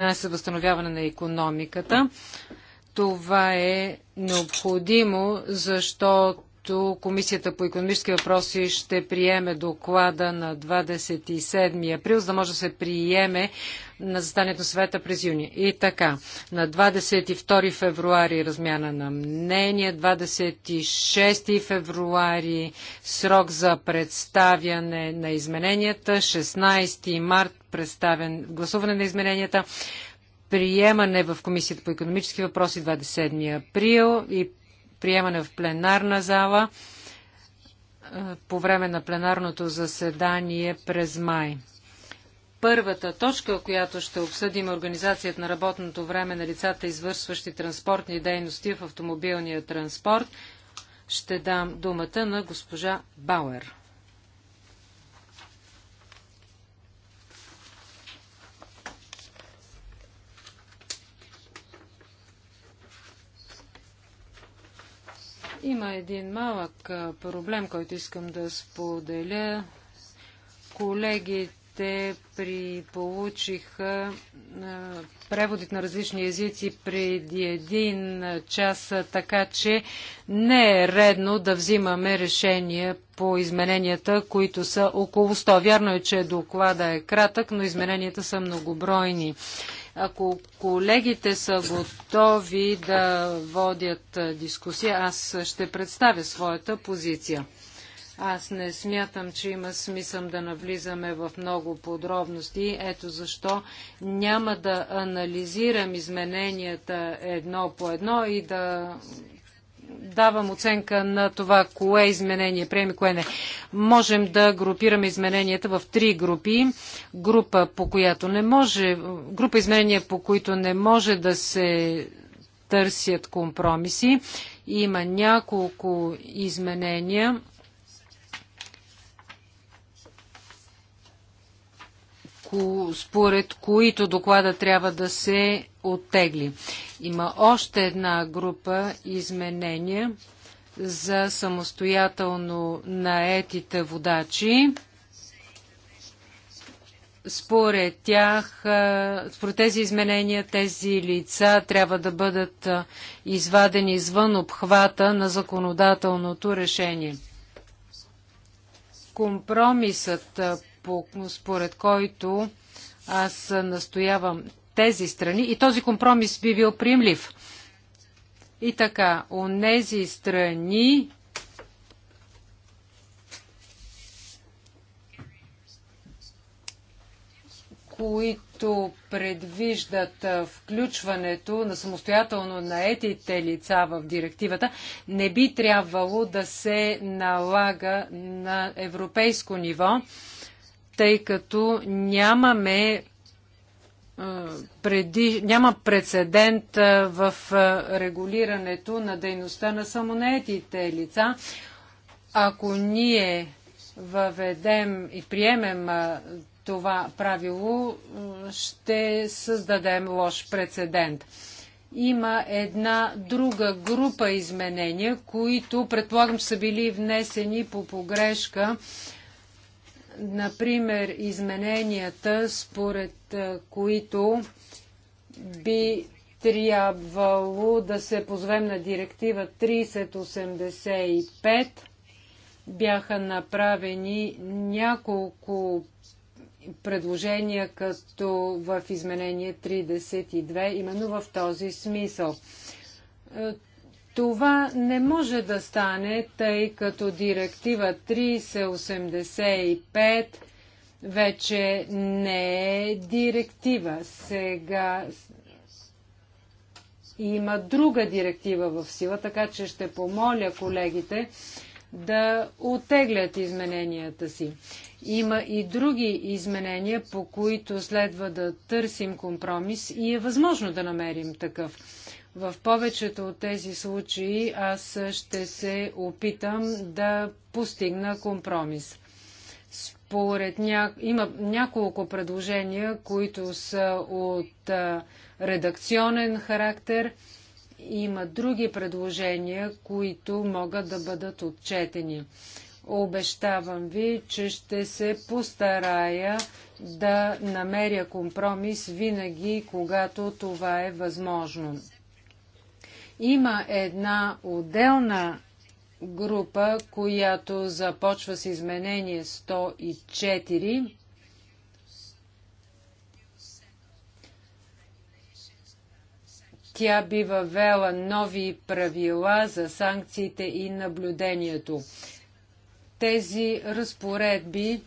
Е, за възстановяване на економиката. Това е необходимо, защото когато Комисията по економически въпроси ще приеме доклада на 27 април, за да може да се приеме на застанието на съвета през юни. И така, на 22 февруари размяна на мнение, 26 февруари срок за представяне на измененията, 16 март представен, гласуване на измененията, приемане в Комисията по економически въпроси 27 април и приемане в пленарна зала е, по време на пленарното заседание през май. Първата точка, която ще обсъдим е организацията на работното време на лицата, извършващи транспортни дейности в автомобилния транспорт. Ще дам думата на госпожа Бауер. Има един малък проблем, който искам да споделя. Колегите при получиха преводите на различни езици преди един час, така че не е редно да взимаме решения по измененията, които са около 100. Вярно е, че доклада е кратък, но измененията са многобройни ако колегите са готови да водят дискусия, аз ще представя своята позиция. Аз не смятам, че има смисъл да навлизаме в много подробности. Ето защо няма да анализирам измененията едно по едно и да давам оценка на това, кое е изменение приеме, кое не. Можем да групираме измененията в три групи. Група, по която не може, група изменения, по които не може да се търсят компромиси. Има няколко изменения. според които доклада трябва да се оттегли. Има още една група изменения за самостоятелно наетите водачи. Според тях, според тези изменения, тези лица трябва да бъдат извадени извън обхвата на законодателното решение. Компромисът, според който аз настоявам тези страни и този компромис би бил приемлив. И така, нези страни, които предвиждат включването на самостоятелно наетите лица в директивата, не би трябвало да се налага на европейско ниво, тъй като нямаме преди, няма прецедент в регулирането на дейността на самонаетите лица. Ако ние въведем и приемем това правило, ще създадем лош прецедент. Има една друга група изменения, които предполагам, че са били внесени по погрешка Например, измененията, според които би трябвало да се позовем на директива 3085, бяха направени няколко предложения, като в изменение 32, именно в този смисъл. Това не може да стане, тъй като директива 3085 вече не е директива. Сега има друга директива в сила, така че ще помоля колегите да отеглят измененията си. Има и други изменения, по които следва да търсим компромис и е възможно да намерим такъв. В повечето от тези случаи аз ще се опитам да постигна компромис. Според ня... Има няколко предложения, които са от а, редакционен характер. Има други предложения, които могат да бъдат отчетени. Обещавам ви, че ще се постарая да намеря компромис винаги, когато това е възможно. Има една отделна група, която започва с изменение 104. Тя би въвела нови правила за санкциите и наблюдението. Тези разпоредби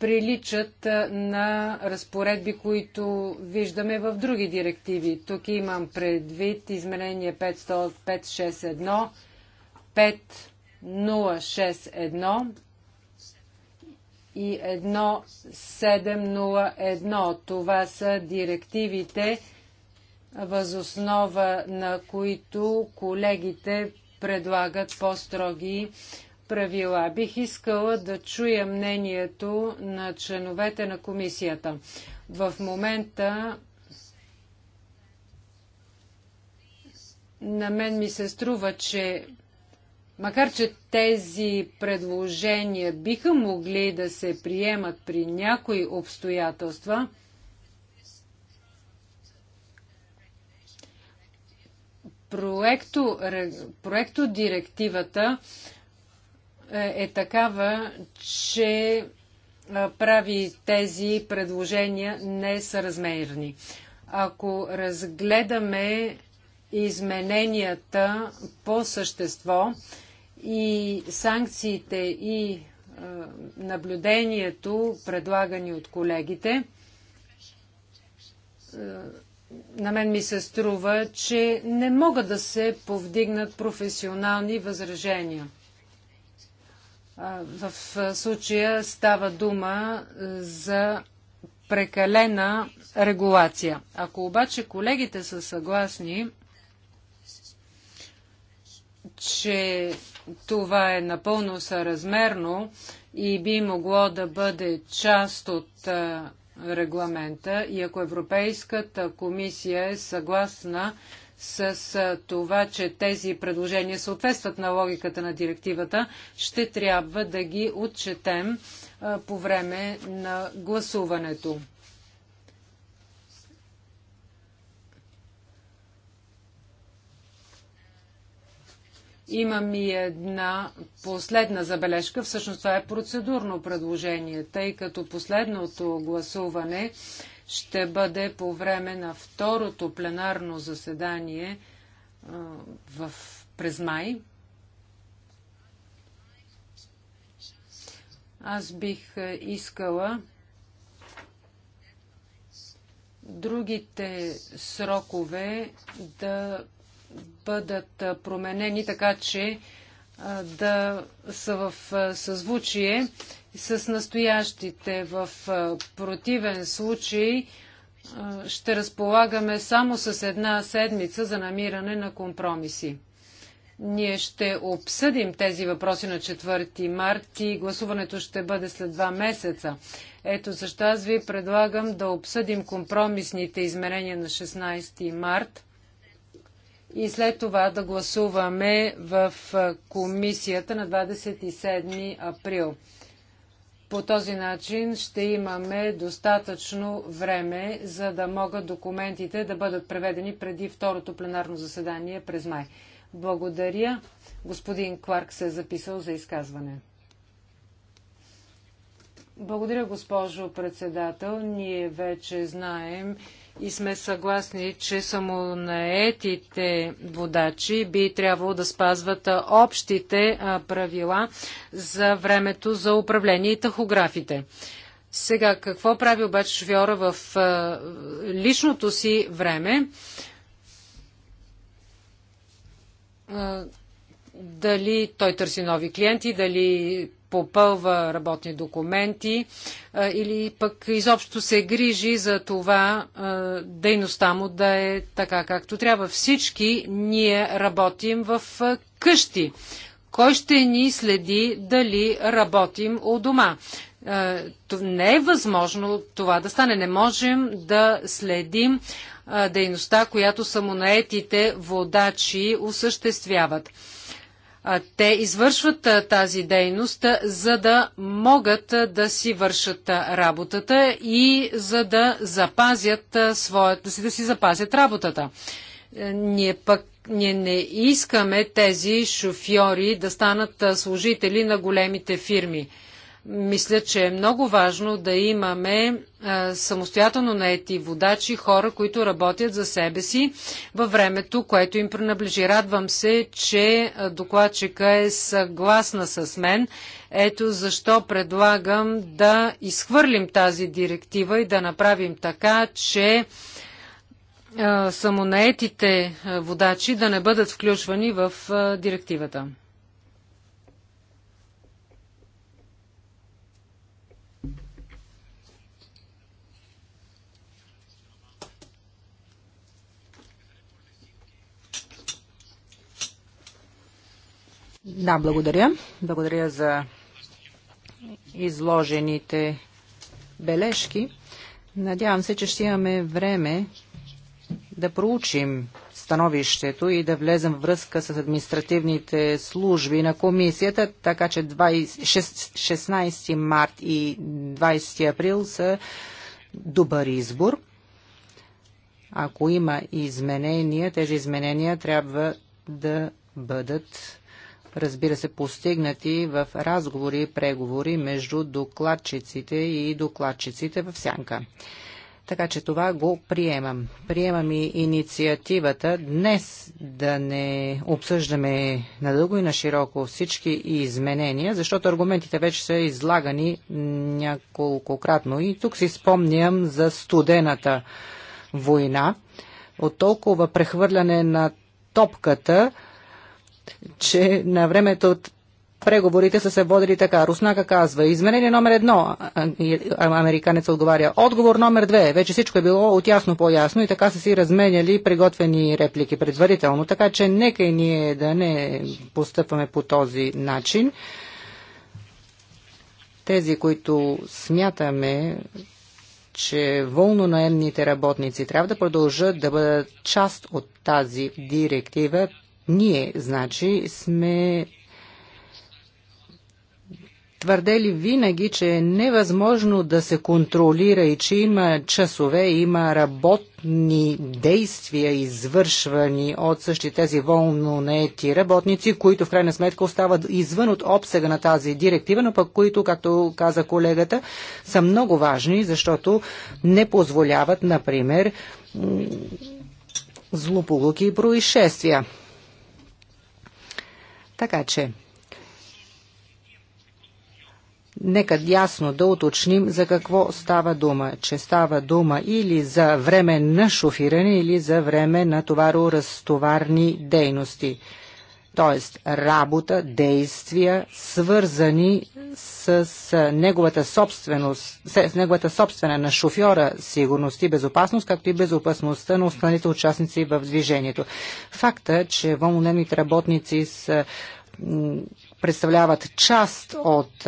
приличат на разпоредби, които виждаме в други директиви. Тук имам предвид изменение 561, 5061 и 1701. Това са директивите, възоснова на които колегите предлагат по-строги правила. Бих искала да чуя мнението на членовете на комисията. В момента на мен ми се струва, че макар че тези предложения биха могли да се приемат при някои обстоятелства, проекто, проекто директивата е, е такава, че прави тези предложения несъразмерни. Ако разгледаме измененията по същество и санкциите и наблюдението, предлагани от колегите, на мен ми се струва, че не могат да се повдигнат професионални възражения. В случая става дума за прекалена регулация. Ако обаче колегите са съгласни, че това е напълно съразмерно и би могло да бъде част от регламента и ако Европейската комисия е съгласна с това, че тези предложения съответстват на логиката на директивата, ще трябва да ги отчетем по време на гласуването. Имам и една последна забележка. Всъщност това е процедурно предложение, тъй като последното гласуване ще бъде по време на второто пленарно заседание в, през май. Аз бих искала другите срокове да бъдат променени така, че да са в съзвучие с настоящите. В противен случай ще разполагаме само с една седмица за намиране на компромиси. Ние ще обсъдим тези въпроси на 4 март и гласуването ще бъде след два месеца. Ето защо аз ви предлагам да обсъдим компромисните измерения на 16 март и след това да гласуваме в комисията на 27 април. По този начин ще имаме достатъчно време, за да могат документите да бъдат преведени преди второто пленарно заседание през май. Благодаря. Господин Кларк се е записал за изказване. Благодаря, госпожо председател. Ние вече знаем, и сме съгласни, че самонаетите водачи би трябвало да спазват общите правила за времето за управление и тахографите. Сега, какво прави обаче шофьора в личното си време? дали той търси нови клиенти, дали попълва работни документи или пък изобщо се грижи за това дейността му да е така както трябва. Всички ние работим в къщи. Кой ще ни следи дали работим у дома? Не е възможно това да стане. Не можем да следим дейността, която самонаетите водачи осъществяват те извършват тази дейност, за да могат да си вършат работата и за да запазят своят, да си, да си запазят работата. Е, ние пък ние не искаме тези шофьори да станат служители на големите фирми. Мисля, че е много важно да имаме самостоятелно наети водачи, хора, които работят за себе си във времето, което им принадлежи. Радвам се, че докладчика е съгласна с мен. Ето защо предлагам да изхвърлим тази директива и да направим така, че самонаетите водачи да не бъдат включвани в директивата. Да, благодаря. Благодаря за изложените бележки. Надявам се, че ще имаме време да проучим становището и да влезем в връзка с административните служби на комисията, така че 20, 16 март и 20 април са добър избор. Ако има изменения, тези изменения трябва да бъдат разбира се, постигнати в разговори и преговори между докладчиците и докладчиците в сянка. Така че това го приемам. Приемам и инициативата днес да не обсъждаме надълго и на широко всички изменения, защото аргументите вече са излагани няколкократно. И тук си спомням за студената война. От толкова прехвърляне на топката, че на времето от преговорите са се водили така. Руснака казва, изменение номер едно, американец отговаря, отговор номер две. Вече всичко е било отясно по-ясно и така са си разменяли приготвени реплики предварително. Така че нека и ние да не постъпваме по този начин. Тези, които смятаме, че вълнонаемните работници трябва да продължат да бъдат част от тази директива, ние, значи, сме твърдели винаги, че е невъзможно да се контролира и че има часове, има работни действия, извършвани от същите тези волно наети работници, които в крайна сметка остават извън от обсега на тази директива, но пък които, както каза колегата, са много важни, защото не позволяват, например, злополуки и происшествия. Така че, нека ясно да уточним за какво става дума. Че става дума или за време на шофиране, или за време на товаро-разтоварни дейности т.е. работа, действия, свързани с неговата собственост, с неговата собствена на шофьора сигурност и безопасност, както и безопасността на останалите участници в движението. Факта, че вълнодневните работници са, представляват част от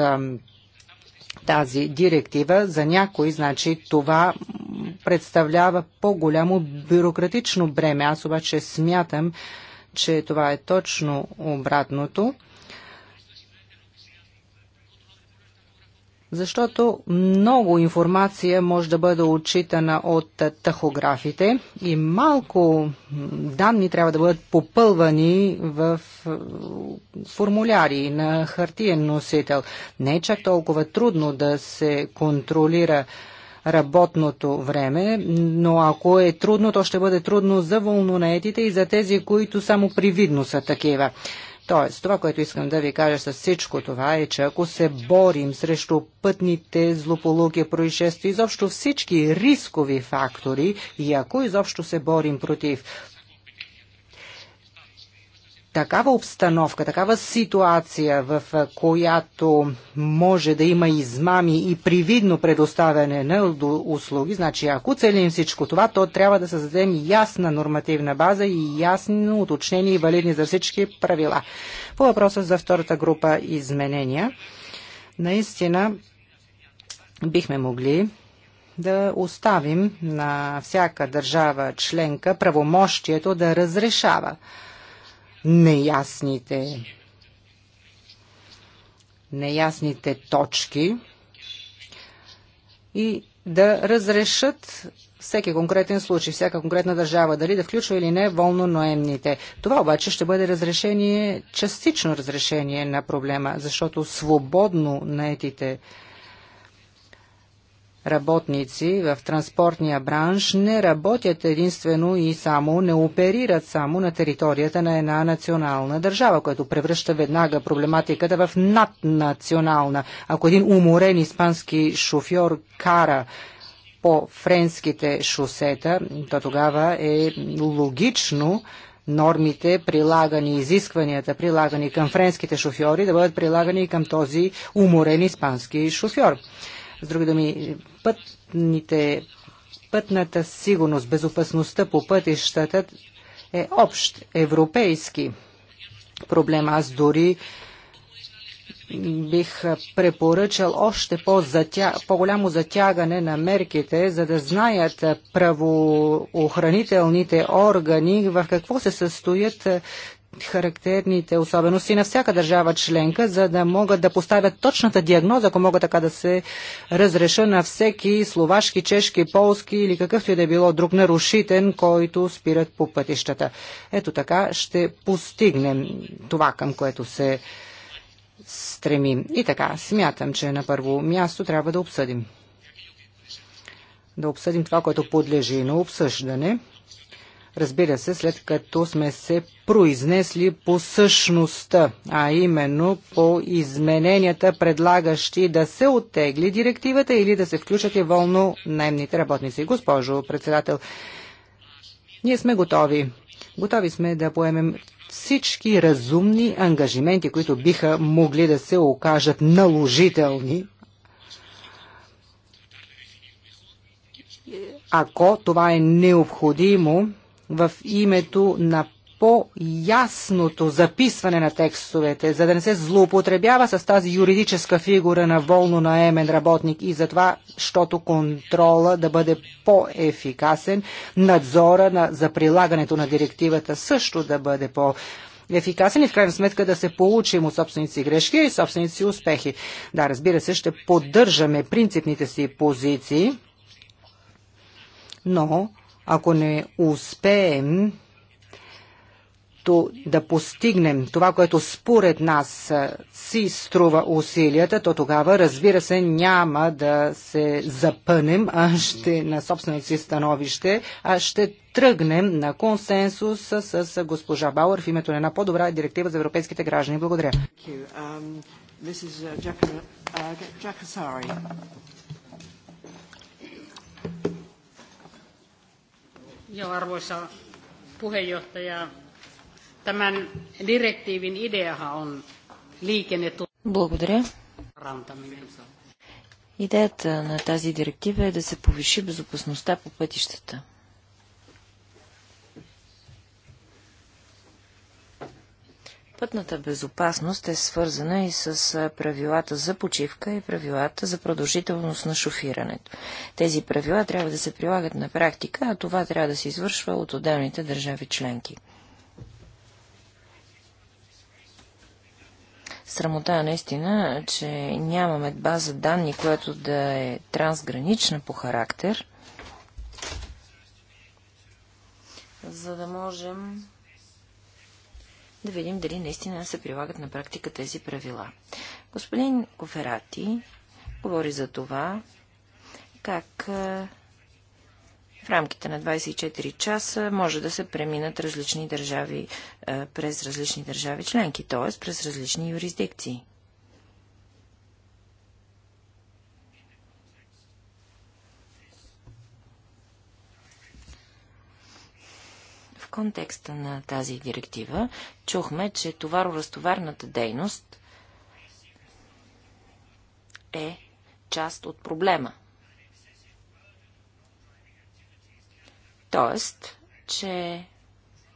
тази директива, за някой, значи, това представлява по-голямо бюрократично бреме. Аз обаче смятам, че това е точно обратното, защото много информация може да бъде отчитана от тахографите и малко данни трябва да бъдат попълвани в формуляри на хартиен носител. Не е чак толкова трудно да се контролира работното време, но ако е трудно, то ще бъде трудно за вълнонаетите и за тези, които само привидно са такива. Тоест, това, което искам да ви кажа с всичко това е, че ако се борим срещу пътните злополуки, происшествия, изобщо всички рискови фактори и ако изобщо се борим против такава обстановка, такава ситуация, в която може да има измами и привидно предоставяне на услуги, значи ако целим всичко това, то трябва да създадем ясна нормативна база и ясно уточнени и валидни за всички правила. По въпроса за втората група изменения, наистина бихме могли да оставим на всяка държава членка правомощието да разрешава неясните, неясните точки и да разрешат всеки конкретен случай, всяка конкретна държава, дали да включва или не волно ноемните. Това обаче ще бъде разрешение, частично разрешение на проблема, защото свободно наетите работници в транспортния бранш не работят единствено и само, не оперират само на територията на една национална държава, което превръща веднага проблематиката в наднационална. Ако един уморен испански шофьор кара по френските шосета, то тогава е логично нормите, прилагани, изискванията, прилагани към френските шофьори, да бъдат прилагани и към този уморен испански шофьор. С други думи, пътните, пътната сигурност, безопасността по пътищата е общ европейски проблем. Аз дори бих препоръчал още по-голямо по затягане на мерките, за да знаят правоохранителните органи в какво се състоят характерните особености на всяка държава членка, за да могат да поставят точната диагноза, ако могат така да се разреша на всеки словашки, чешки, полски или какъвто и да е било друг нарушитен, който спират по пътищата. Ето така ще постигнем това, към което се стремим. И така, смятам, че на първо място трябва да обсъдим. Да обсъдим това, което подлежи на обсъждане – Разбира се, след като сме се произнесли по същността, а именно по измененията, предлагащи да се оттегли директивата или да се включат и волно наемните работници. Госпожо председател, ние сме готови. Готови сме да поемем всички разумни ангажименти, които биха могли да се окажат наложителни ако това е необходимо в името на по-ясното записване на текстовете, за да не се злоупотребява с тази юридическа фигура на волно наемен работник и за това, защото контрола да бъде по-ефикасен, надзора на, за прилагането на директивата също да бъде по ефикасен и в крайна сметка да се получим от собственици грешки и собственици успехи. Да, разбира се, ще поддържаме принципните си позиции, но ако не успеем то, да постигнем това, което според нас си струва усилията, то тогава, разбира се, няма да се запънем а ще, на собственото си становище, а ще тръгнем на консенсус с, с госпожа Бауър в името на една по-добра директива за европейските граждани. Благодаря. Um, arvoisa puheenjohtaja, tämän direktiivin ideahan on liikennetu... Благодаря. Идеята на тази директива е да се повиши безопасността по пътищата. Пътната безопасност е свързана и с правилата за почивка и правилата за продължителност на шофирането. Тези правила трябва да се прилагат на практика, а това трябва да се извършва от отделните държави членки. Срамота е наистина, че нямаме база данни, която да е трансгранична по характер, за да можем да видим дали наистина се прилагат на практика тези правила. Господин Коферати говори за това, как в рамките на 24 часа може да се преминат различни държави, през различни държави членки, т.е. през различни юрисдикции. контекста на тази директива чухме, че товароразтоварната дейност е част от проблема. Тоест, че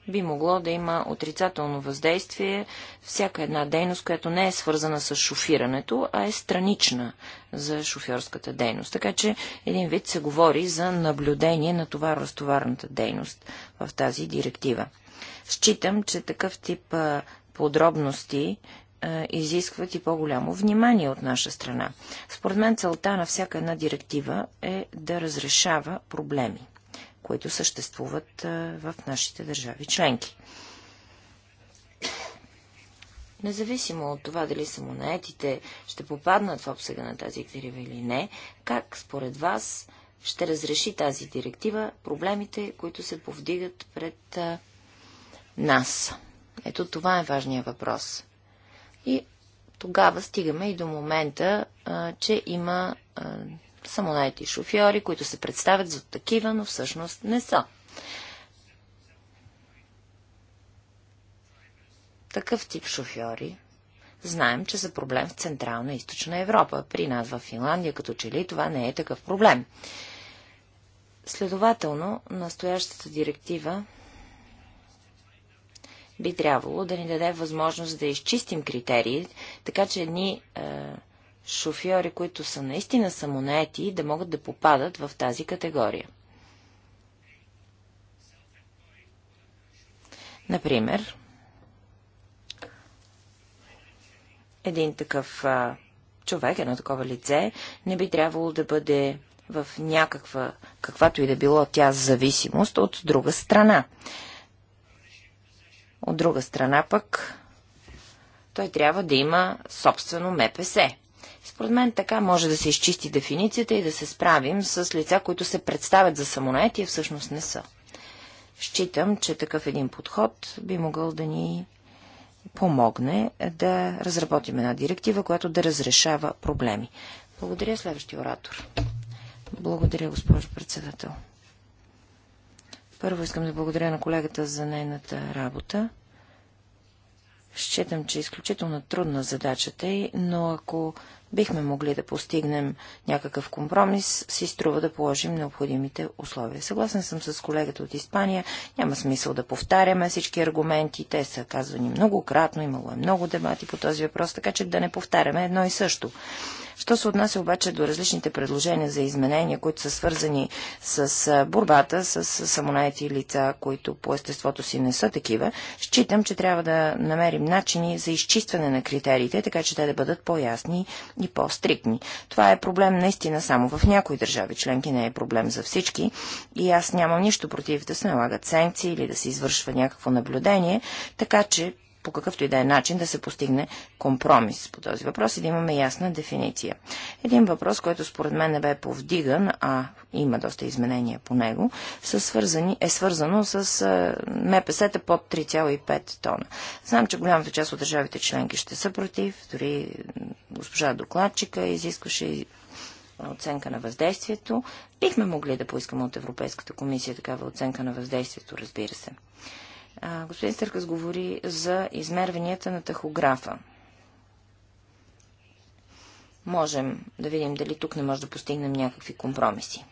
би могло да има отрицателно въздействие всяка една дейност, която не е свързана с шофирането, а е странична за шофьорската дейност. Така че един вид се говори за наблюдение на това разтоварната дейност в тази директива. Считам, че такъв тип подробности изискват и по-голямо внимание от наша страна. Според мен целта на всяка една директива е да разрешава проблеми които съществуват в нашите държави членки. Независимо от това дали самонаетите ще попаднат в обсега на тази директива или не, как според вас ще разреши тази директива проблемите, които се повдигат пред нас? Ето това е важният въпрос. И тогава стигаме и до момента, а, че има а, самонаети шофьори, които се представят за такива, но всъщност не са. Такъв тип шофьори знаем, че са проблем в Централна и Източна Европа. При нас в Финландия, като че ли, това не е такъв проблем. Следователно, настоящата директива би трябвало да ни даде възможност да изчистим критерии, така че едни е, шофьори, които са наистина самонаети, да могат да попадат в тази категория. Например, един такъв а, човек, едно такова лице, не би трябвало да бъде в някаква, каквато и да било тя зависимост от друга страна. От друга страна пък той трябва да има собствено МПС. Според мен така може да се изчисти дефиницията и да се справим с лица, които се представят за самонаети, а всъщност не са. Считам, че такъв един подход би могъл да ни помогне да разработим една директива, която да разрешава проблеми. Благодаря следващия оратор. Благодаря, госпожо председател. Първо искам да благодаря на колегата за нейната работа. Считам, че е изключително трудна задачата й, но ако бихме могли да постигнем някакъв компромис, си струва да положим необходимите условия. Съгласен съм с колегата от Испания, няма смисъл да повтаряме всички аргументи, те са казвани многократно, имало е много дебати по този въпрос, така че да не повтаряме едно и също. Що се отнася обаче до различните предложения за изменения, които са свързани с борбата с самонаети лица, които по естеството си не са такива, считам, че трябва да намерим начини за изчистване на критериите, така че те да бъдат по-ясни и по стриктни Това е проблем наистина само в някои държави членки, не е проблем за всички и аз нямам нищо против да се налагат санкции или да се извършва някакво наблюдение, така че по какъвто и да е начин да се постигне компромис по този въпрос и да имаме ясна дефиниция. Един въпрос, който според мен не бе повдиган, а има доста изменения по него, са свързани, е свързано с МПС-та под 3,5 тона. Знам, че голямата част от държавите членки ще са против, дори госпожа докладчика изискваше оценка на въздействието. Бихме могли да поискаме от Европейската комисия такава оценка на въздействието, разбира се господин Стъркас говори за измерванията на тахографа. Можем да видим дали тук не може да постигнем някакви компромиси.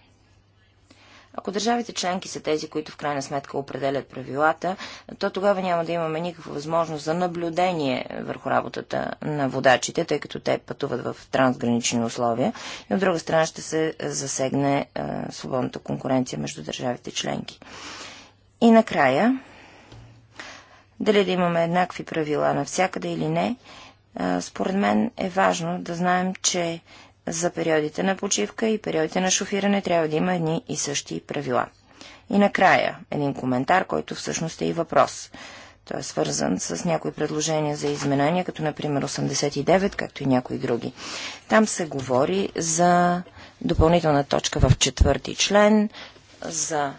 Ако държавите членки са тези, които в крайна сметка определят правилата, то тогава няма да имаме никаква възможност за наблюдение върху работата на водачите, тъй като те пътуват в трансгранични условия. И от друга страна ще се засегне е, свободната конкуренция между държавите членки. И накрая, дали да имаме еднакви правила навсякъде или не, според мен е важно да знаем, че за периодите на почивка и периодите на шофиране трябва да има едни и същи правила. И накрая един коментар, който всъщност е и въпрос. Той е свързан с някои предложения за изменения, като например 89, както и някои други. Там се говори за допълнителна точка в четвърти член за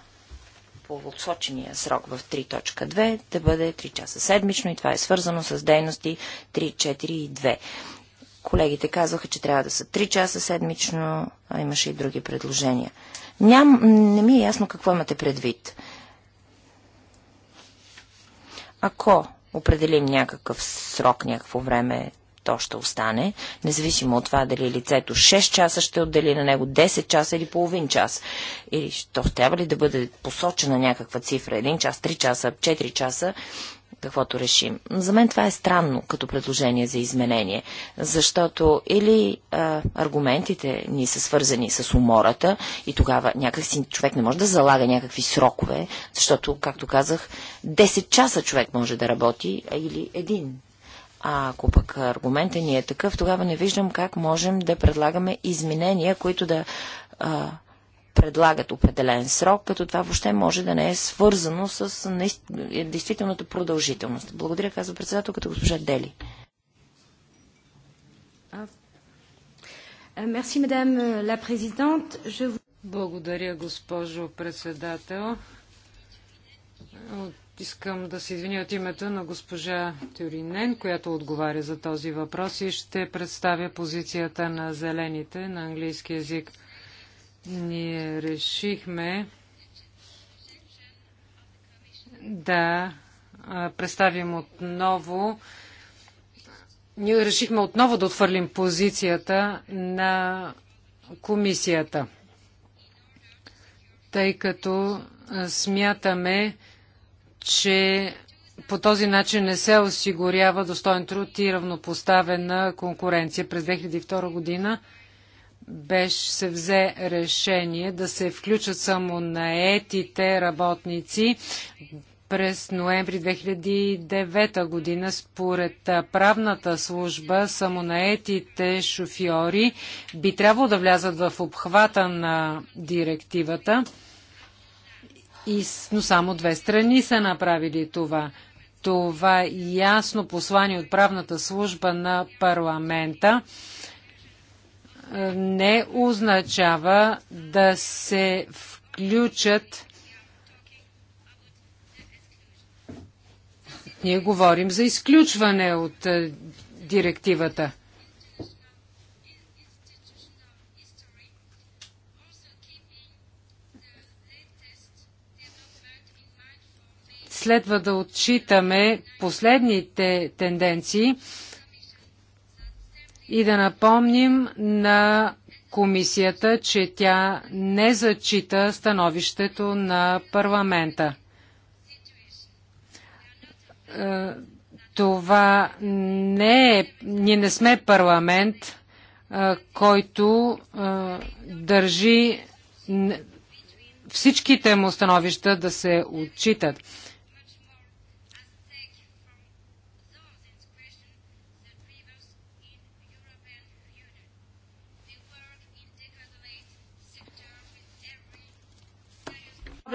по посочения срок в 3.2 да бъде 3 часа седмично и това е свързано с дейности 3, 4 и 2. Колегите казваха, че трябва да са 3 часа седмично, а имаше и други предложения. Ням, не ми е ясно какво имате предвид. Ако определим някакъв срок, някакво време то ще остане, независимо от това дали лицето 6 часа ще отдели на него 10 часа или половин час. Или то трябва ли да бъде посочена някаква цифра, 1 час, 3 часа, 4 часа, каквото решим. За мен това е странно като предложение за изменение, защото или а, аргументите ни са свързани с умората и тогава някакси човек не може да залага някакви срокове, защото, както казах, 10 часа човек може да работи, а или един. А ако пък аргументът ни е такъв, тогава не виждам как можем да предлагаме изменения, които да а, предлагат определен срок, като това въобще може да не е свързано с е, действителната продължителност. Благодаря, казва председателката госпожа Дели. Е, мерси, мадам е, ла президент. Благодаря, госпожо председател. От Искам да се извиня от името на госпожа Тюринен, която отговаря за този въпрос и ще представя позицията на зелените на английски язик. Ние решихме да представим отново. Ние решихме отново да отвърлим позицията на комисията, тъй като смятаме, че по този начин не се осигурява достоен труд и равнопоставена конкуренция. През 2002 година беше се взе решение да се включат само наетите работници през ноември 2009 година според правната служба самонаетите шофьори би трябвало да влязат в обхвата на директивата. И, но само две страни са направили това. Това е ясно послание от правната служба на парламента не означава да се включат. Ние говорим за изключване от е, директивата. следва да отчитаме последните тенденции и да напомним на комисията, че тя не зачита становището на парламента. Е, това не е, ние не сме парламент, е, който е, държи всичките му становища да се отчитат.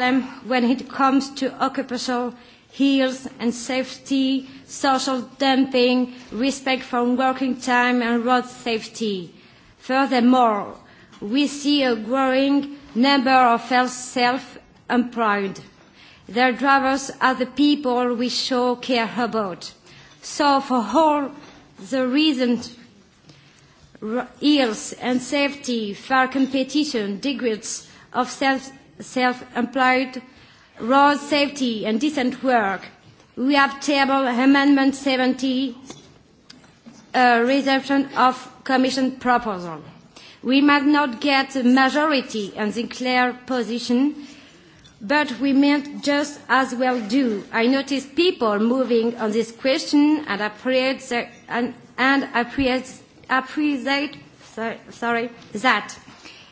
problem when it comes to occupational health and safety, social dumping, respect for working time and road safety. Furthermore, we see a growing number of self-employed. Their drivers are the people we show care about. So for all the reasons, health and safety, fair competition, degrees of self self-employed, road safety and decent work. We have tabled Amendment 70, a reception of Commission proposal. We might not get a majority and the clear position, but we may just as well do. I notice people moving on this question and appreciate, the, and, and appreciate, appreciate sorry, that.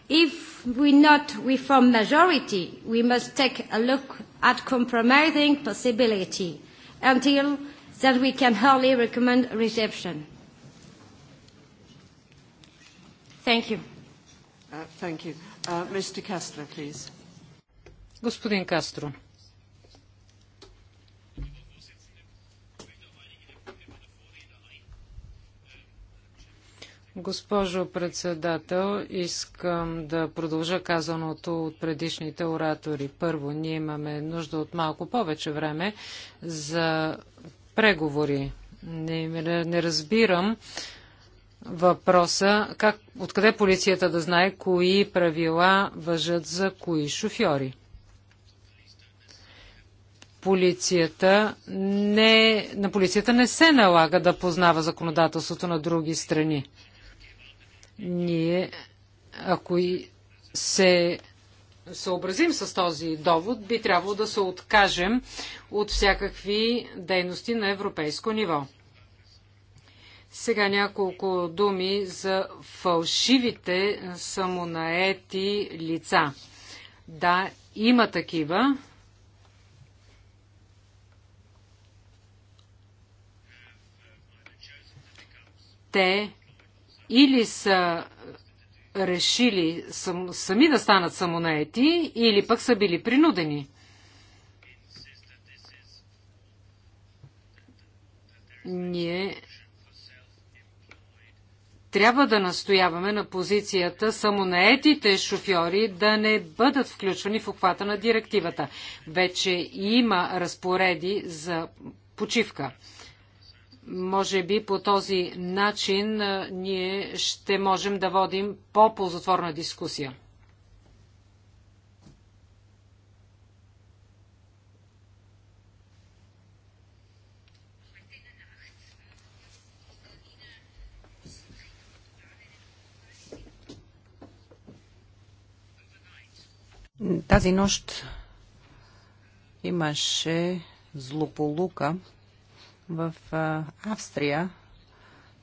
If we not reform majority, we must take a look at compromising possibility until that we can hardly recommend reception. Thank you. Uh, thank you. Uh, Mr. Castro, please. Господин Кастро. Госпожо председател, искам да продължа казаното от предишните оратори. Първо, ние имаме нужда от малко повече време за преговори. Не, не разбирам въпроса как, откъде полицията да знае кои правила въжат за кои шофьори полицията не, на полицията не се налага да познава законодателството на други страни. Ние, ако и се съобразим с този довод, би трябвало да се откажем от всякакви дейности на европейско ниво. Сега няколко думи за фалшивите самонаети лица. Да, има такива. Те или са решили сам, сами да станат самонаети, или пък са били принудени. Ние трябва да настояваме на позицията самонаетите шофьори да не бъдат включвани в обхвата на директивата. Вече има разпореди за почивка. Може би по този начин ние ще можем да водим по-ползотворна дискусия. Тази нощ имаше злополука в Австрия,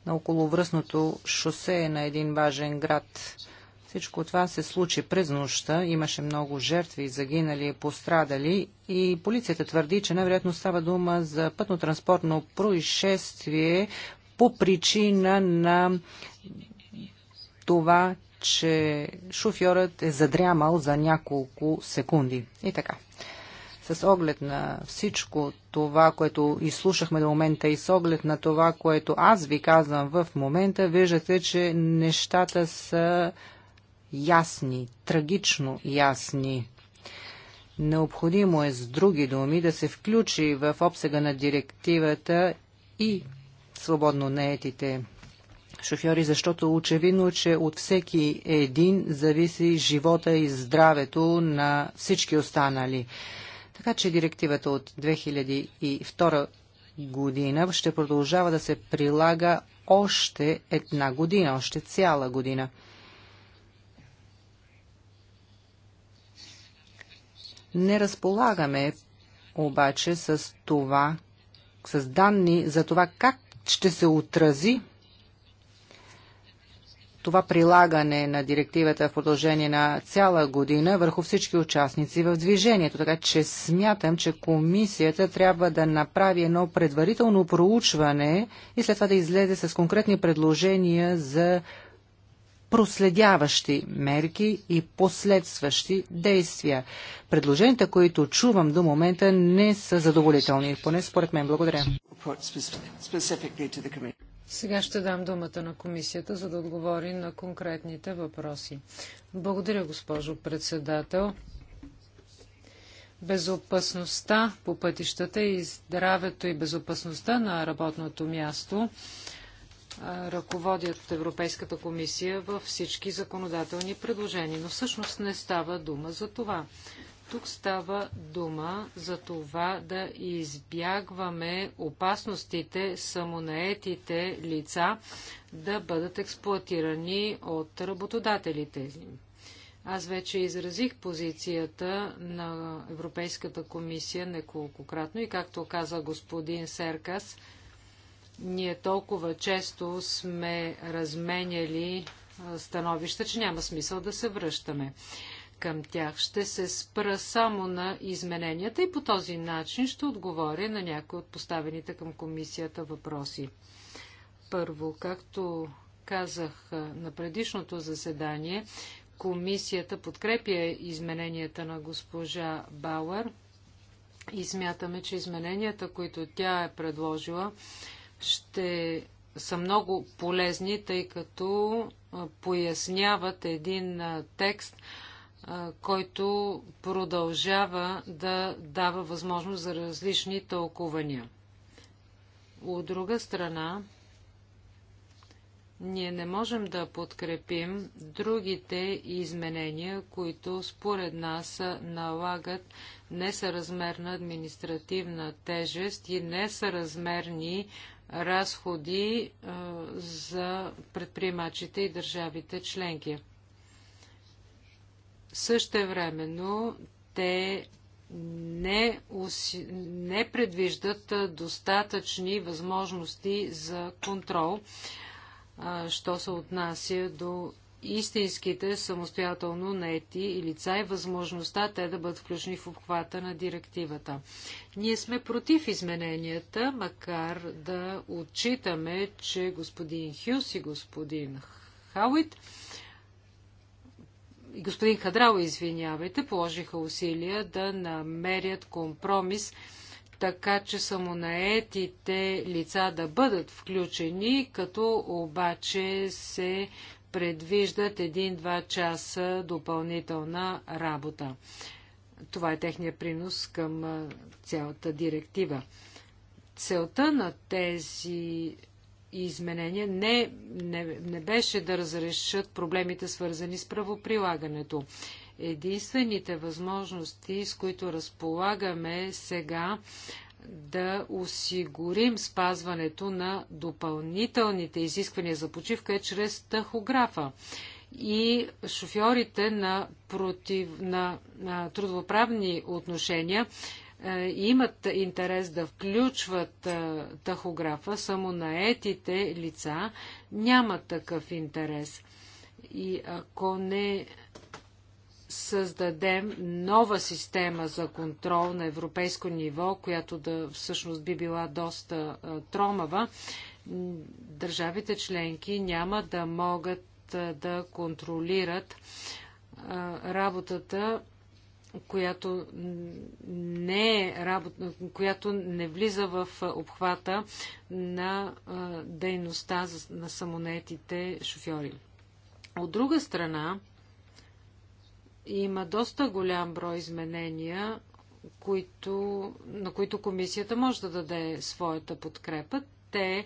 на околовръстното шосе на един важен град. Всичко това се случи през нощта, имаше много жертви, загинали, пострадали и полицията твърди, че най-вероятно става дума за пътно-транспортно происшествие по причина на това, че шофьорът е задрямал за няколко секунди. И така с оглед на всичко това, което изслушахме до момента и с оглед на това, което аз ви казвам в момента, виждате, че нещата са ясни, трагично ясни. Необходимо е с други думи да се включи в обсега на директивата и свободно наетите шофьори, защото очевидно, че от всеки един зависи живота и здравето на всички останали. Така че директивата от 2002 година ще продължава да се прилага още една година, още цяла година. Не разполагаме обаче с това, с данни за това как ще се отрази това прилагане на директивата в продължение на цяла година върху всички участници в движението. Така че смятам, че комисията трябва да направи едно предварително проучване и след това да излезе с конкретни предложения за проследяващи мерки и последстващи действия. Предложенията, които чувам до момента, не са задоволителни, поне според мен. Благодаря. Сега ще дам думата на комисията, за да отговори на конкретните въпроси. Благодаря, госпожо председател. Безопасността по пътищата и здравето и безопасността на работното място ръководят Европейската комисия във всички законодателни предложения. Но всъщност не става дума за това. Тук става дума за това да избягваме опасностите самонаетите лица да бъдат експлуатирани от работодателите. Аз вече изразих позицията на Европейската комисия неколкократно и както каза господин Серкас, ние толкова често сме разменяли становища, че няма смисъл да се връщаме към тях. Ще се спра само на измененията и по този начин ще отговоря на някои от поставените към комисията въпроси. Първо, както казах на предишното заседание, комисията подкрепя измененията на госпожа Бауер и смятаме, че измененията, които тя е предложила, ще са много полезни, тъй като поясняват един текст, който продължава да дава възможност за различни тълкувания. От друга страна, ние не можем да подкрепим другите изменения, които според нас налагат несъразмерна административна тежест и несъразмерни разходи за предприемачите и държавите членки. Същевременно те не, уси... не предвиждат достатъчни възможности за контрол, а, що се отнася до истинските самостоятелно наети и лица и възможността те да бъдат включени в обхвата на директивата. Ние сме против измененията, макар да отчитаме, че господин Хюс и господин Хауит господин Хадрал, извинявайте, положиха усилия да намерят компромис, така че самонаетите лица да бъдат включени, като обаче се предвиждат 1-2 часа допълнителна работа. Това е техния принос към цялата директива. Целта на тези изменения не, не, не беше да разрешат проблемите, свързани с правоприлагането. Единствените възможности, с които разполагаме сега, да осигурим спазването на допълнителните изисквания за почивка е чрез тахографа. И шофьорите на, против, на, на трудовоправни отношения е, имат интерес да включват е, тахографа, само наетите лица нямат такъв интерес. И ако не създадем нова система за контрол на европейско ниво, която да всъщност би била доста е, тромава, държавите членки няма да могат да контролират работата която не, е работа, която не влиза в обхвата на дейността на самонетите шофьори. От друга страна, има доста голям брой изменения, които, на които комисията може да даде своята подкрепа. Те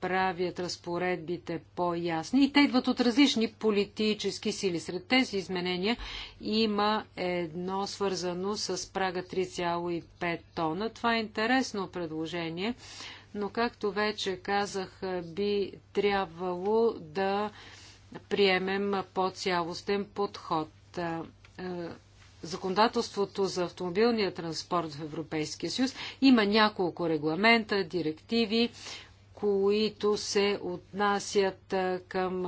правят разпоредбите по-ясни и те идват от различни политически сили. Сред тези изменения има едно свързано с прага 3,5 тона. Това е интересно предложение, но както вече казах, би трябвало да приемем по-цялостен подход. Е, е, законодателството за автомобилния транспорт в Европейския съюз има няколко регламента, директиви, които се отнасят към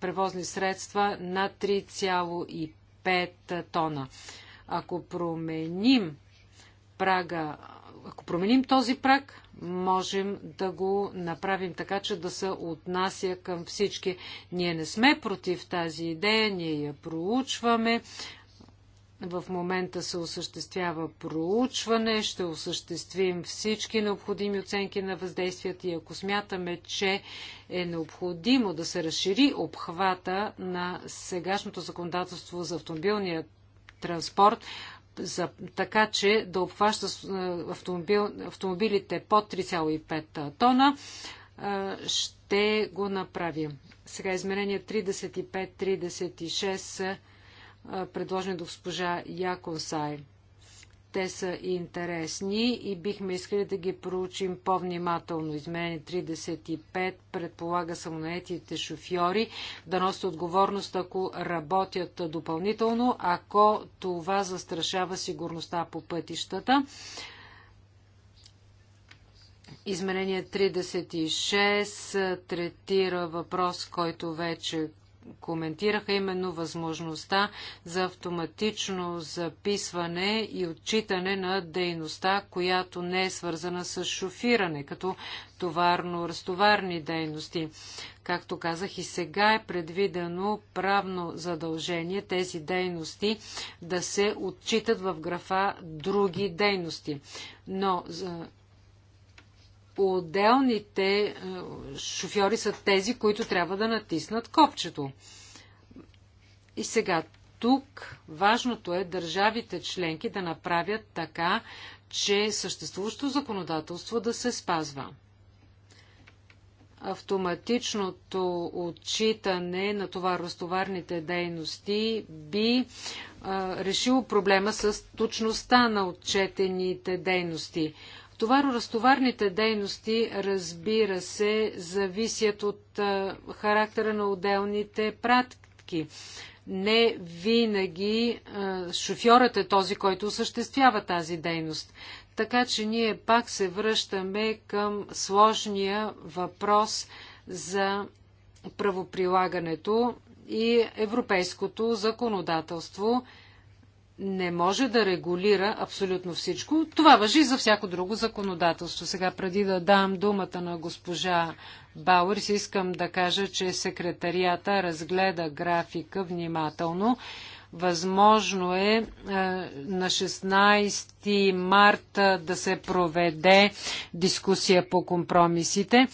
превозни средства на 3,5 тона. Ако променим прага, ако променим този праг, можем да го направим така, че да се отнася към всички. Ние не сме против тази идея, ние я проучваме, в момента се осъществява проучване, ще осъществим всички необходими оценки на въздействията и ако смятаме, че е необходимо да се разшири обхвата на сегашното законодателство за автомобилния транспорт, за, така че да обхваща автомобил, автомобилите под 3,5 тона, ще го направим. Сега измерения 35-36 предложени до госпожа Яконсай. Те са интересни и бихме искали да ги проучим по-внимателно. Изменение 35 предполага самонаетите шофьори да носят отговорност, ако работят допълнително, ако това застрашава сигурността по пътищата. измерение 36 третира въпрос, който вече коментираха именно възможността за автоматично записване и отчитане на дейността, която не е свързана с шофиране, като товарно-разтоварни дейности. Както казах и сега е предвидено правно задължение тези дейности да се отчитат в графа други дейности. Но отделните е, шофьори са тези, които трябва да натиснат копчето. И сега тук важното е държавите членки да направят така, че съществуващото законодателство да се спазва. Автоматичното отчитане на товаростоварните дейности би а, е, решило проблема с точността на отчетените дейности. Товароразтоварните дейности, разбира се, зависят от характера на отделните пратки. Не винаги шофьорът е този, който осъществява тази дейност. Така че ние пак се връщаме към сложния въпрос за правоприлагането и европейското законодателство – не може да регулира абсолютно всичко. Това въжи за всяко друго законодателство. Сега, преди да дам думата на госпожа Бауер, си искам да кажа, че секретарията разгледа графика внимателно. Възможно е, е на 16 марта е, да се проведе дискусия по компромисите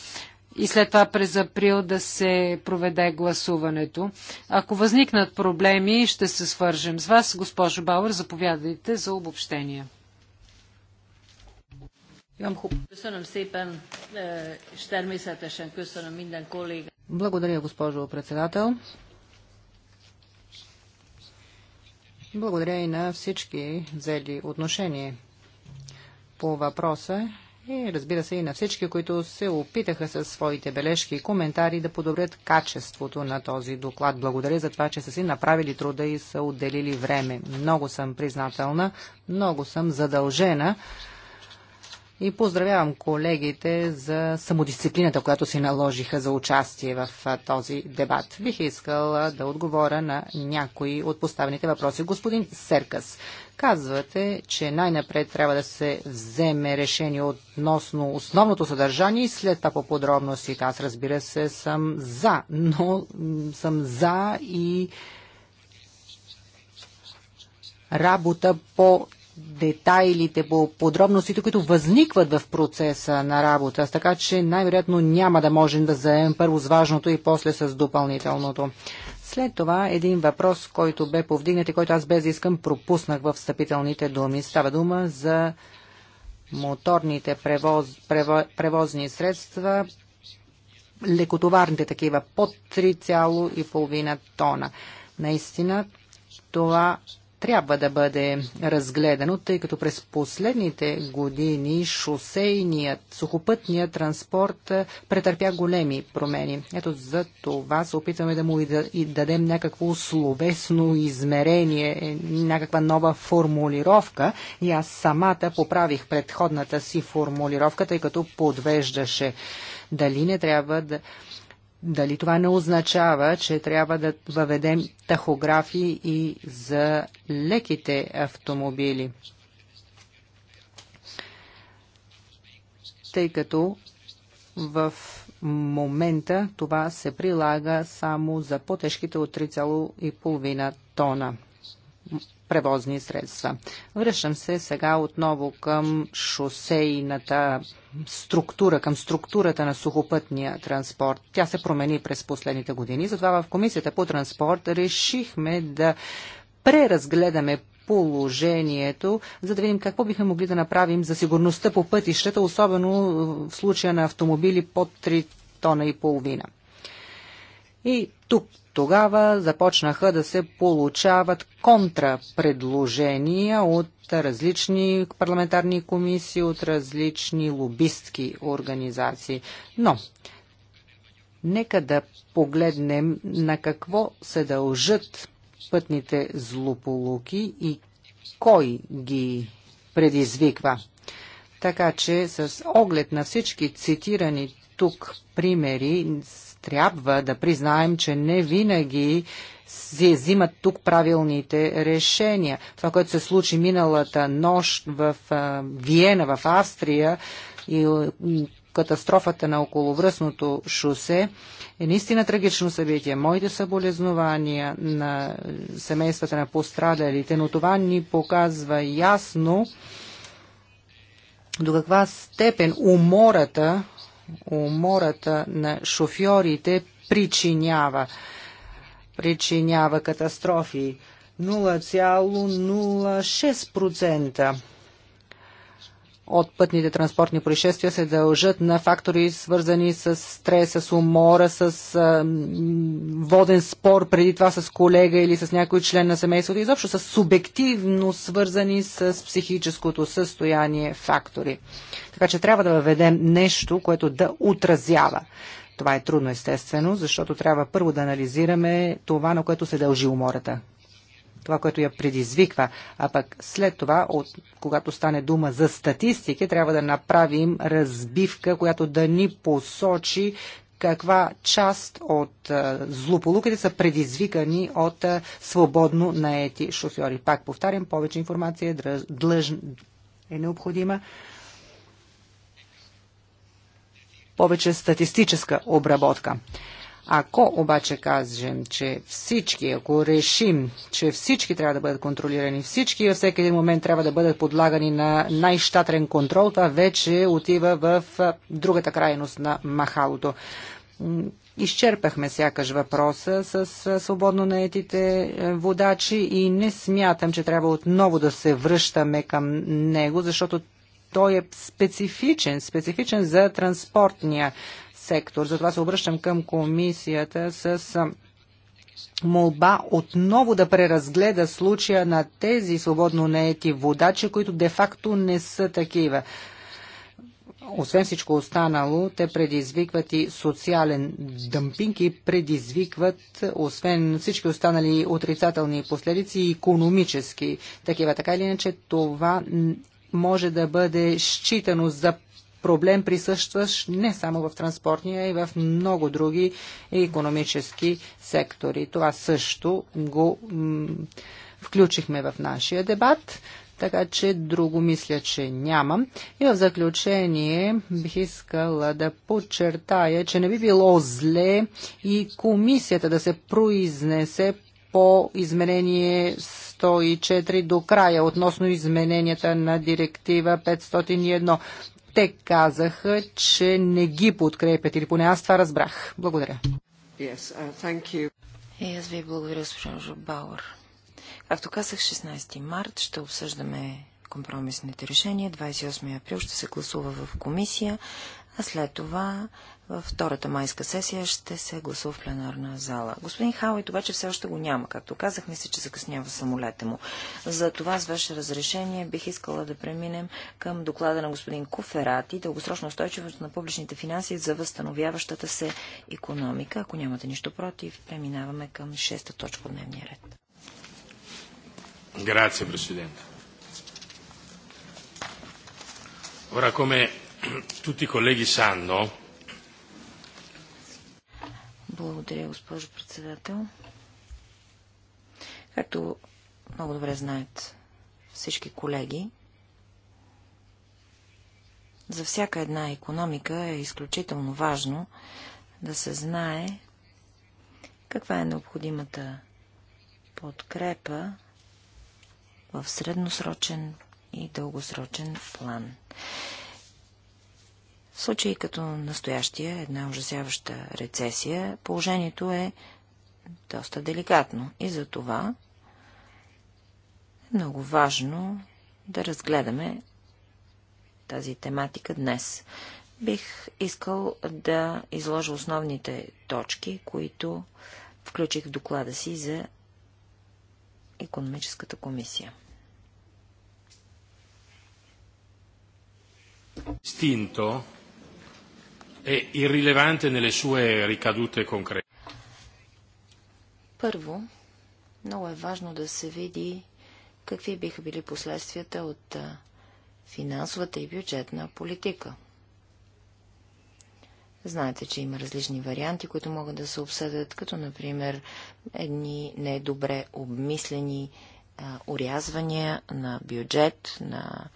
и след това през април да се проведе гласуването. Ако възникнат проблеми, ще се свържем с вас. Госпожо Бауър, заповядайте за обобщение. Благодаря, госпожо председател. Благодаря и на всички взели отношение по въпроса и разбира се и на всички, които се опитаха със своите бележки и коментари да подобрят качеството на този доклад. Благодаря за това, че са си направили труда и са отделили време. Много съм признателна, много съм задължена и поздравявам колегите за самодисциплината, която си наложиха за участие в този дебат. Бих искал да отговоря на някои от поставените въпроси. Господин Серкас, казвате, че най-напред трябва да се вземе решение относно основното съдържание и след това по подробностите. Аз разбира се съм за, но съм за и работа по детайлите, по подробностите, които възникват в процеса на работа. Така че най-вероятно няма да можем да заемем първо с важното и после с допълнителното. След това един въпрос, който бе повдигнат и който аз без искам пропуснах в встъпителните думи. Става дума за моторните превоз, прево, превозни средства, лекотоварните такива под 3,5 тона. Наистина това трябва да бъде разгледано, тъй като през последните години шосейният, сухопътният транспорт претърпя големи промени. Ето за това се опитваме да му и дадем някакво словесно измерение, е, някаква нова формулировка. И аз самата поправих предходната си формулировка, тъй като подвеждаше дали не трябва да дали това не означава, че трябва да въведем тахографии и за леките автомобили? Тъй като в момента това се прилага само за по-тежките от 3,5 тона превозни средства. Връщам се сега отново към шосейната структура, към структурата на сухопътния транспорт. Тя се промени през последните години, затова в Комисията по транспорт решихме да преразгледаме положението, за да видим какво бихме могли да направим за сигурността по пътищата, особено в случая на автомобили под 3 тона и половина. И тук тогава започнаха да се получават контрапредложения от различни парламентарни комисии, от различни лобистки организации. Но, нека да погледнем на какво се дължат пътните злополуки и кой ги предизвиква. Така че с оглед на всички цитирани тук примери трябва да признаем, че не винаги се взимат тук правилните решения. Това, което се случи миналата нощ в Виена, в Австрия и катастрофата на околовръстното шосе е наистина трагично събитие. Моите съболезнования на семействата на пострадалите, но това ни показва ясно до каква степен умората умората на шофьорите причинява. Причинява катастрофи. 0,06% от пътните транспортни происшествия се дължат на фактори свързани с стрес, с умора, с а, воден спор преди това с колега или с някой член на семейството, изобщо с субективно свързани с психическото състояние фактори. Така че трябва да въведем нещо, което да отразява. Това е трудно естествено, защото трябва първо да анализираме това, на което се дължи умората това, което я предизвиква. А пък след това, от, когато стане дума за статистики, трябва да направим разбивка, която да ни посочи каква част от а, злополуките са предизвикани от а, свободно наети шофьори. Пак повтарям, повече информация дръж, длъж, е необходима. Повече статистическа обработка. Ако обаче кажем, че всички, ако решим, че всички трябва да бъдат контролирани, всички във всеки един момент трябва да бъдат подлагани на най-щатрен контрол, това вече отива в другата крайност на махалото. Изчерпахме сякаш въпроса с свободно наетите водачи и не смятам, че трябва отново да се връщаме към него, защото той е специфичен, специфичен за транспортния сектор. Затова се обръщам към комисията с молба отново да преразгледа случая на тези свободно неети водачи, които де-факто не са такива. Освен всичко останало, те предизвикват и социален дъмпинг и предизвикват, освен всички останали отрицателни последици, и економически такива. Така или иначе, това може да бъде считано за проблем присъстващ не само в транспортния, а и в много други економически сектори. Това също го включихме в нашия дебат, така че друго мисля, че нямам. И в заключение бих искала да подчертая, че не би било зле и комисията да се произнесе по изменение 104 до края относно измененията на директива 501 те казаха, че не ги подкрепят или поне аз това разбрах. Благодаря. Yes, uh, thank you. И аз ви благодаря, госпожо Жобауър. Както казах, 16 март ще обсъждаме компромисните решения. 28 април ще се гласува в комисия а след това във втората майска сесия ще се гласува в пленарна зала. Господин Хауит обаче все още го няма. Както казах, мисля, че закъснява самолета му. За това с ваше разрешение бих искала да преминем към доклада на господин Куферати, дългосрочна устойчивост на публичните финанси за възстановяващата се економика. Ако нямате нищо против, преминаваме към шеста точка от дневния ред. Грация, президент. Ora come tutti i colleghi sanno. Благодаря, госпожо председател. Както много добре знаят всички колеги, за всяка една економика е изключително важно да се знае каква е необходимата подкрепа в средносрочен и дългосрочен план. В случаи като настоящия, една ужасяваща рецесия, положението е доста деликатно и за това е много важно да разгледаме тази тематика днес. Бих искал да изложа основните точки, които включих в доклада си за економическата комисия. Стинто е irrilevante nelle суе рикадуте concrete. Първо, много е важно да се види какви биха били последствията от финансовата и бюджетна политика. Знаете, че има различни варианти, които могат да се обсъдят, като например едни недобре обмислени а, урязвания на бюджет, на а,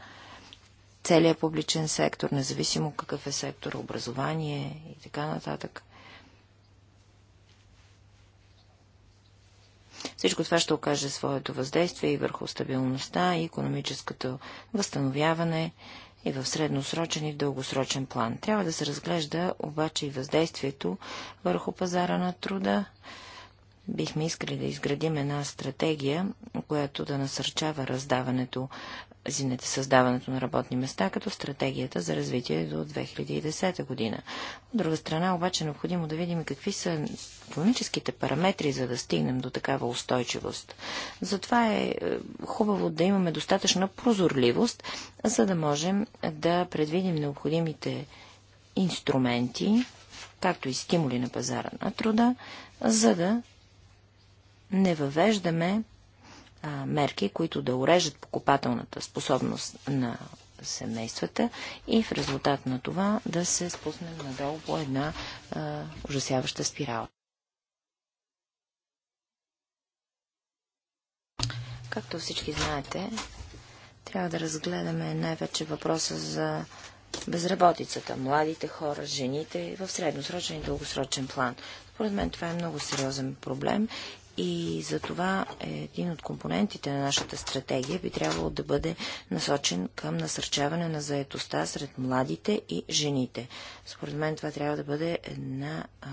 целият публичен сектор, независимо какъв е сектор, образование и така нататък. Всичко това ще окаже своето въздействие и върху стабилността, и економическото възстановяване, и в средносрочен и в дългосрочен план. Трябва да се разглежда обаче и въздействието върху пазара на труда. Бихме искали да изградим една стратегия, която да насърчава раздаването Зинете създаването на работни места като стратегията за развитие до 2010 година. От друга страна, обаче, е необходимо да видим какви са економическите параметри, за да стигнем до такава устойчивост. Затова е, е хубаво да имаме достатъчна прозорливост, за да можем да предвидим необходимите инструменти, както и стимули на пазара на труда, за да не въвеждаме мерки, които да урежат покупателната способност на семействата и в резултат на това да се спуснем надолу по една а, ужасяваща спирала. Както всички знаете, трябва да разгледаме най-вече въпроса за безработицата, младите хора, жените в средносрочен и дългосрочен план. Според мен това е много сериозен проблем и за това е един от компонентите на нашата стратегия би трябвало да бъде насочен към насърчаване на заетостта сред младите и жените. Според мен това трябва да бъде една, а,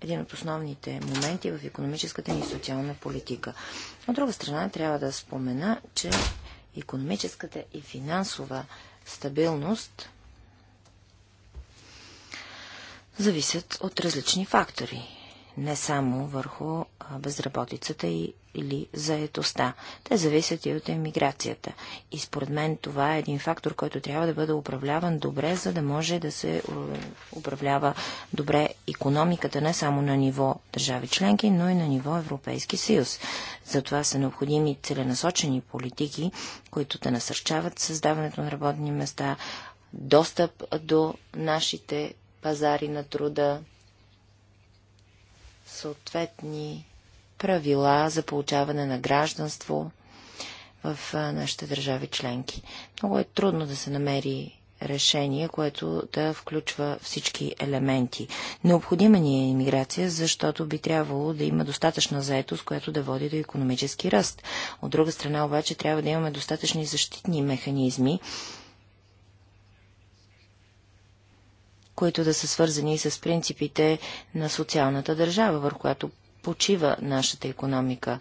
един от основните моменти в економическата ни социална политика. От друга страна, трябва да спомена, че економическата и финансова стабилност зависят от различни фактори не само върху безработицата и, или заетостта. Те зависят и от емиграцията. И според мен това е един фактор, който трябва да бъде управляван добре, за да може да се управлява добре економиката не само на ниво държави членки, но и на ниво Европейски съюз. Затова са необходими целенасочени политики, които да насърчават създаването на работни места, достъп до нашите пазари на труда, съответни правила за получаване на гражданство в нашите държави членки. Много е трудно да се намери решение, което да включва всички елементи. Необходима ни е иммиграция, защото би трябвало да има достатъчна заетост, която да води до економически ръст. От друга страна обаче трябва да имаме достатъчни защитни механизми, които да са свързани с принципите на социалната държава, върху която почива нашата економика.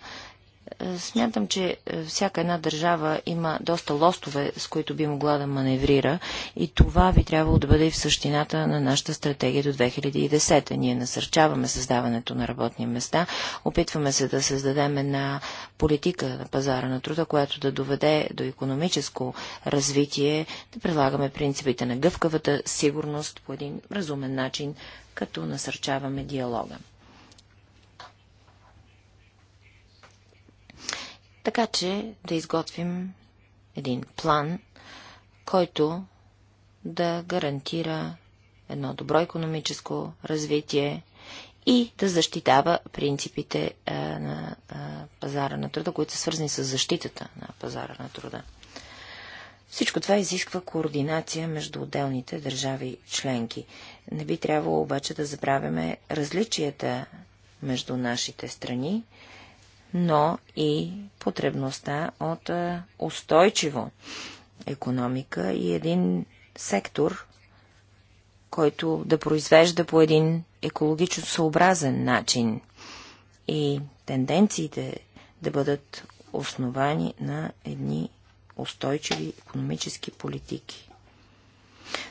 Е, смятам, че е, всяка една държава има доста лостове, с които би могла да маневрира и това би трябвало да бъде и в същината на нашата стратегия до 2010. Ние насърчаваме създаването на работни места, опитваме се да създадем една политика на пазара на труда, която да доведе до економическо развитие, да прилагаме принципите на гъвкавата сигурност по един разумен начин, като насърчаваме диалога. така че да изготвим един план, който да гарантира едно добро економическо развитие и да защитава принципите е, на е, пазара на труда, които са свързани с защитата на пазара на труда. Всичко това изисква координация между отделните държави членки. Не би трябвало обаче да забравяме различията между нашите страни но и потребността от устойчиво економика и един сектор, който да произвежда по един екологично съобразен начин и тенденциите да бъдат основани на едни устойчиви економически политики.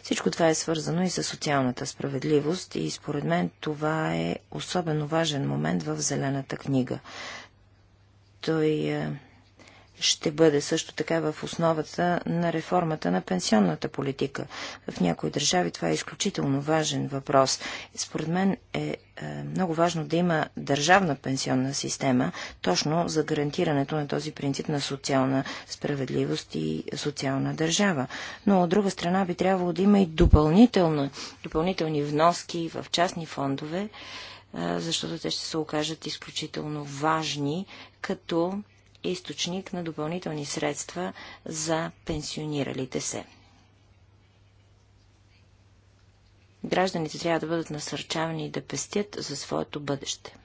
Всичко това е свързано и с социалната справедливост и според мен това е особено важен момент в Зелената книга. Той е, ще бъде също така в основата на реформата на пенсионната политика. В някои държави това е изключително важен въпрос. Според мен е, е, много важно да има държавна пенсионна система, точно за гарантирането на този принцип на социална справедливост и социална държава. Но от друга страна би трябвало да има и допълнителни вноски в частни фондове, е, защото те ще се окажат изключително важни като източник на допълнителни средства за пенсиониралите се. Гражданите трябва да бъдат насърчавани и да пестят за своето бъдеще.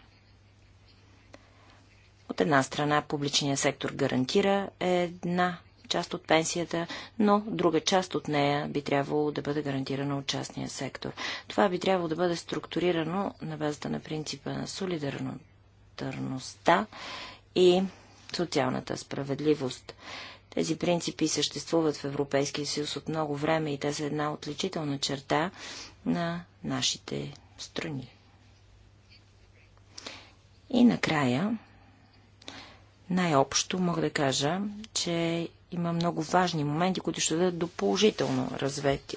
От една страна публичният сектор гарантира една част от пенсията, но друга част от нея би трябвало да бъде гарантирана от частния сектор. Това би трябвало да бъде структурирано на базата на принципа на солидарността и социалната справедливост. Тези принципи съществуват в Европейския съюз от много време и те са една отличителна черта на нашите страни. И накрая, най-общо мога да кажа, че има много важни моменти, които ще дадат до положително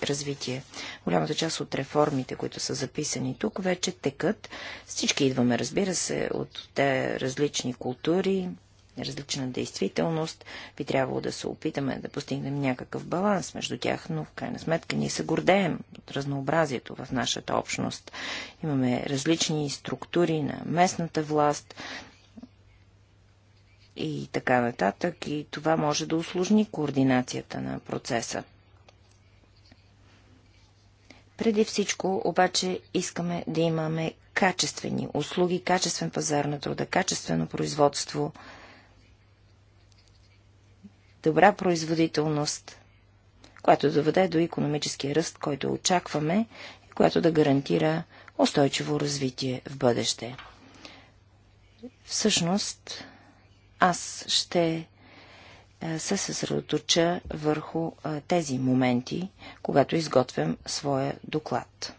развитие. Голямата част от реформите, които са записани тук, вече текат. Всички идваме, разбира се, от те различни култури, различна действителност. Би трябвало да се опитаме да постигнем някакъв баланс между тях, но в крайна сметка ние се гордеем от разнообразието в нашата общност. Имаме различни структури на местната власт, и така нататък. И това може да усложни координацията на процеса. Преди всичко, обаче, искаме да имаме качествени услуги, качествен пазар на труда, качествено производство, добра производителност, която да доведе до економическия ръст, който очакваме и която да гарантира устойчиво развитие в бъдеще. Всъщност, аз ще е, се съсредоточа върху е, тези моменти, когато изготвям своя доклад.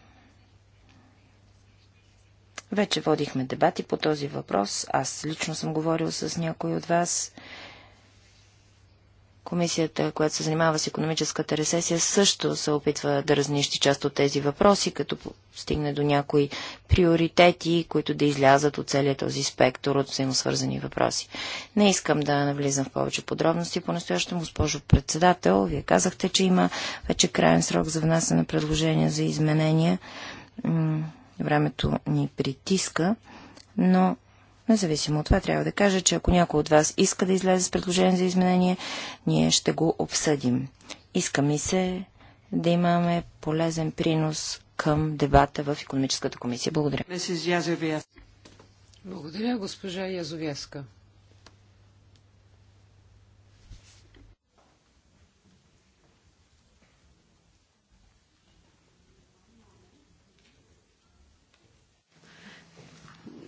Вече водихме дебати по този въпрос. Аз лично съм говорил с някой от вас Комисията, която се занимава с економическата ресесия, също се опитва да разнищи част от тези въпроси, като стигне до някои приоритети, които да излязат от целият този спектър от взаимосвързани въпроси. Не искам да навлизам в повече подробности. По-настоящем, госпожо председател, вие казахте, че има вече крайен срок за внасяне на предложения за изменения. Времето ни притиска, но Независимо от това, трябва да кажа, че ако някой от вас иска да излезе с предложение за изменение, ние ще го обсъдим. Иска ми се да имаме полезен принос към дебата в економическата комисия. Благодаря. Благодаря, госпожа Язовяска.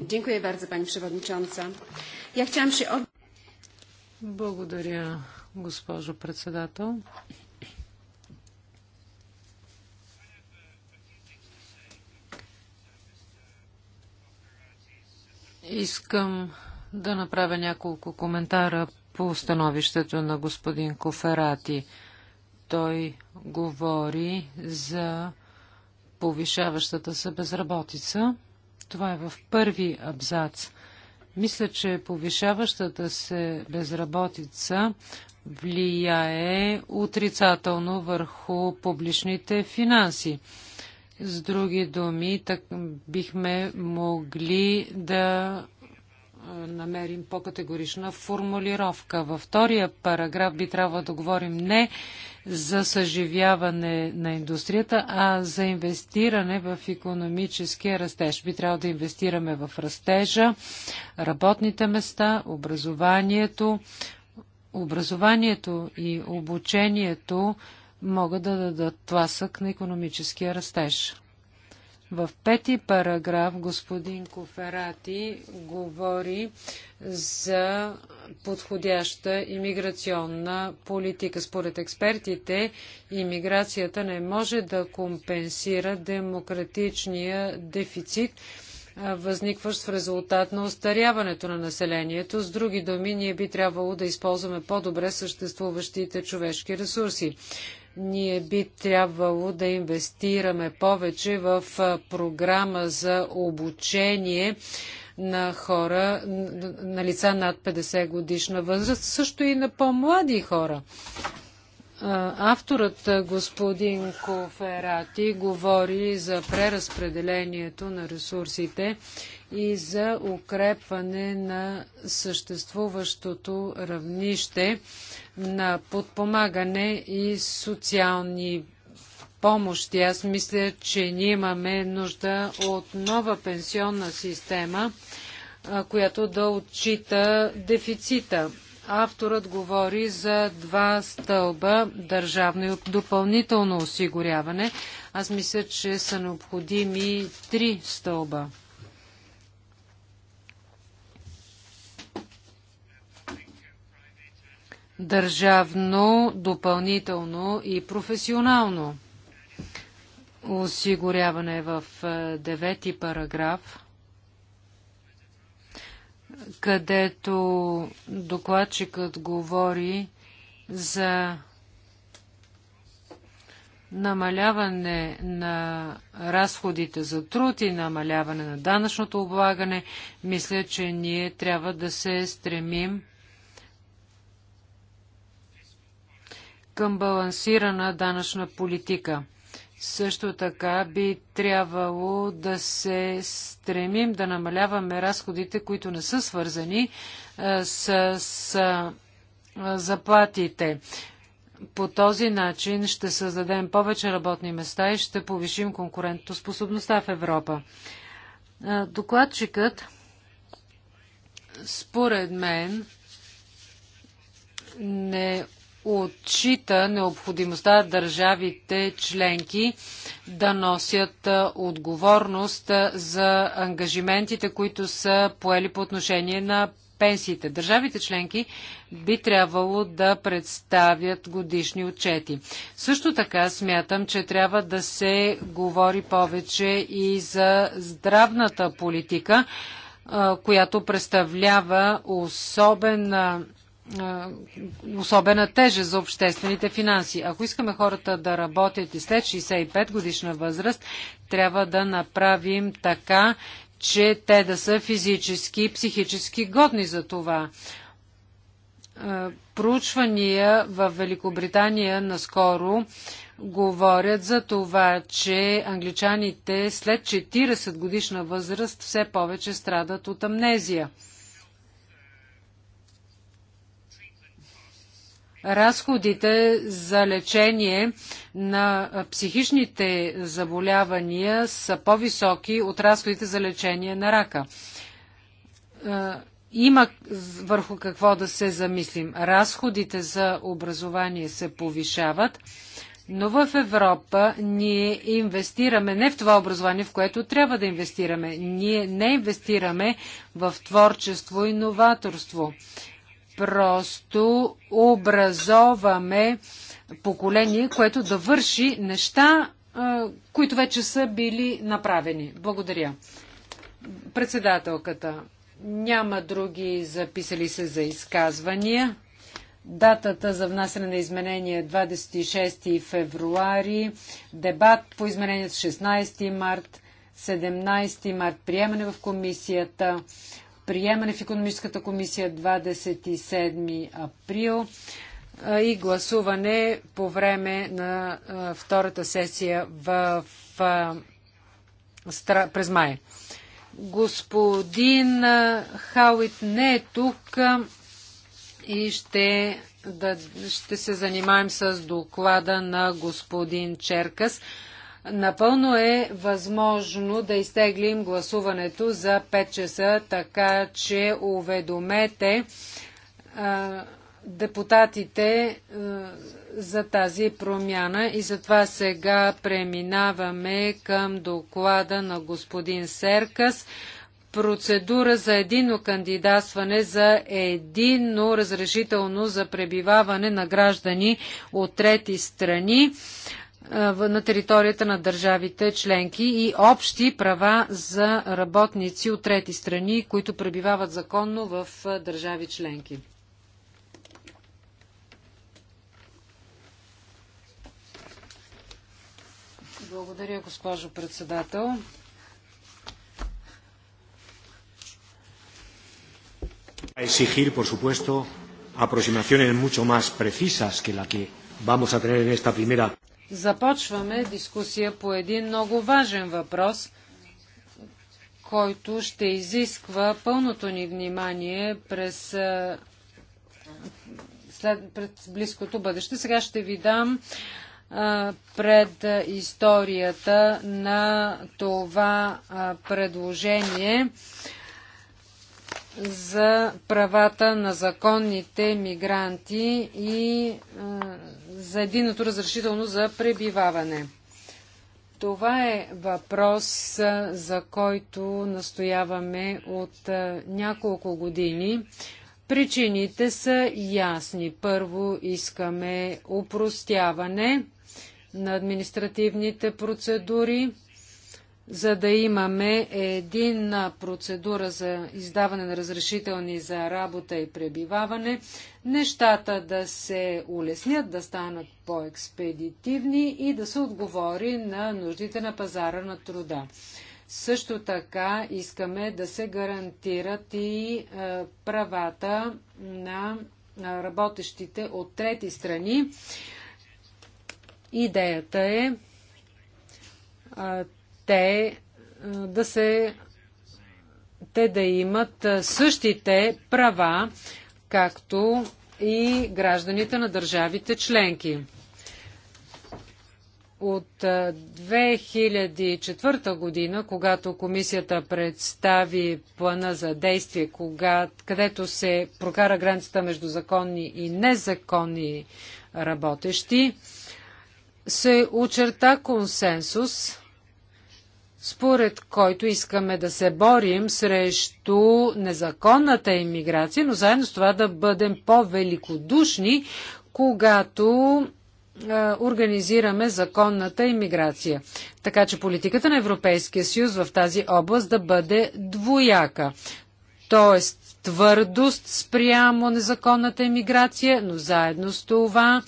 Dziękuję bardzo, pani przewodnicząca. Ja chciałam się od... Благодаря, госпожо председател. Искам да направя няколко коментара по становището на господин Коферати. Той говори за повишаващата се безработица. Това е в първи абзац. Мисля, че повишаващата се безработица влияе отрицателно върху публичните финанси. С други думи, так, бихме могли да намерим по-категорична формулировка. Във втория параграф би трябвало да говорим не за съживяване на индустрията, а за инвестиране в економическия растеж. Би трябвало да инвестираме в растежа, работните места, образованието. Образованието и обучението могат да дадат тласък на економическия растеж. В пети параграф господин Коферати говори за подходяща имиграционна политика. Според експертите, имиграцията не може да компенсира демократичния дефицит, възникващ в резултат на остаряването на населението. С други думи, ние би трябвало да използваме по-добре съществуващите човешки ресурси. Ние би трябвало да инвестираме повече в програма за обучение на хора, на лица над 50 годишна възраст, също и на по-млади хора. Авторът господин Коферати говори за преразпределението на ресурсите и за укрепване на съществуващото равнище на подпомагане и социални помощи. Аз мисля, че ние имаме нужда от нова пенсионна система, която да отчита дефицита Авторът говори за два стълба държавно и допълнително осигуряване. Аз мисля, че са необходими три стълба. Държавно, допълнително и професионално осигуряване в е, девети параграф където докладчикът говори за намаляване на разходите за труд и намаляване на данъчното облагане, мисля, че ние трябва да се стремим към балансирана данъчна политика – също така би трябвало да се стремим да намаляваме разходите, които не са свързани е, с, с е, заплатите. По този начин ще създадем повече работни места и ще повишим конкурентоспособността в Европа. Е, докладчикът, според мен, не отчита необходимостта държавите членки да носят отговорност за ангажиментите, които са поели по отношение на пенсиите. Държавите членки би трябвало да представят годишни отчети. Също така смятам, че трябва да се говори повече и за здравната политика, която представлява особена особена тежест за обществените финанси. Ако искаме хората да работят и след 65 годишна възраст, трябва да направим така, че те да са физически и психически годни за това. Проучвания в Великобритания наскоро говорят за това, че англичаните след 40 годишна възраст все повече страдат от амнезия. Разходите за лечение на психичните заболявания са по-високи от разходите за лечение на рака. Е, има върху какво да се замислим. Разходите за образование се повишават, но в Европа ние инвестираме не в това образование, в което трябва да инвестираме. Ние не инвестираме в творчество и новаторство. Просто образоваме поколение, което да върши неща, които вече са били направени. Благодаря. Председателката, няма други записали се за изказвания. Датата за внасяне на изменение е 26 февруари, дебат по изменението 16 март, 17 март, приемане в комисията, приемане в економическата комисия 27 април и гласуване по време на втората сесия в, в през май. Господин Хауит не е тук и ще, да, ще се занимаем с доклада на господин Черкас. Напълно е възможно да изтеглим гласуването за 5 часа, така че уведомете а, депутатите а, за тази промяна. И затова сега преминаваме към доклада на господин Серкас процедура за едино кандидатстване за едино разрешително за пребиваване на граждани от трети страни на територията на държавите членки и общи права за работници от трети страни, които пребивават законно в държави членки. Благодаря, госпожо председател. A exigir, por supuesto, aproximaciones mucho más precisas que la que vamos a tener en esta primera. Започваме дискусия по един много важен въпрос, който ще изисква пълното ни внимание през, след, пред близкото бъдеще. Сега ще ви дам пред историята на това предложение за правата на законните мигранти и за единното разрешително за пребиваване. Това е въпрос, за който настояваме от няколко години. Причините са ясни. Първо искаме упростяване на административните процедури за да имаме единна процедура за издаване на разрешителни за работа и пребиваване, нещата да се улеснят, да станат по-експедитивни и да се отговори на нуждите на пазара на труда. Също така искаме да се гарантират и е, правата на е, работещите от трети страни. Идеята е, е те да се те да имат същите права, както и гражданите на държавите членки. От 2004 година, когато комисията представи плана за действие, кога, където се прокара границата между законни и незаконни работещи, се очерта консенсус според който искаме да се борим срещу незаконната иммиграция, но заедно с това да бъдем по-великодушни, когато организираме законната иммиграция. Така че политиката на Европейския съюз в тази област да бъде двояка. Тоест твърдост спрямо незаконната иммиграция, но заедно с това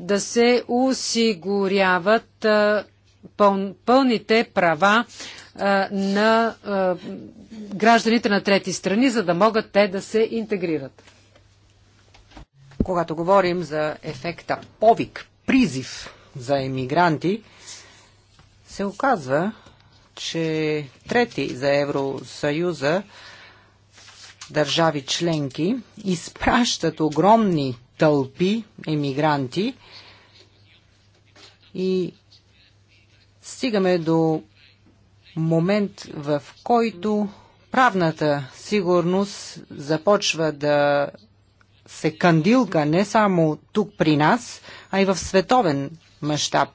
да се осигуряват а, пълните права на гражданите на трети страни, за да могат те да се интегрират. Когато говорим за ефекта повик, призив за емигранти, се оказва, че трети за Евросъюза държави членки изпращат огромни тълпи емигранти и стигаме до момент, в който правната сигурност започва да се кандилка не само тук при нас, а и в световен мащаб.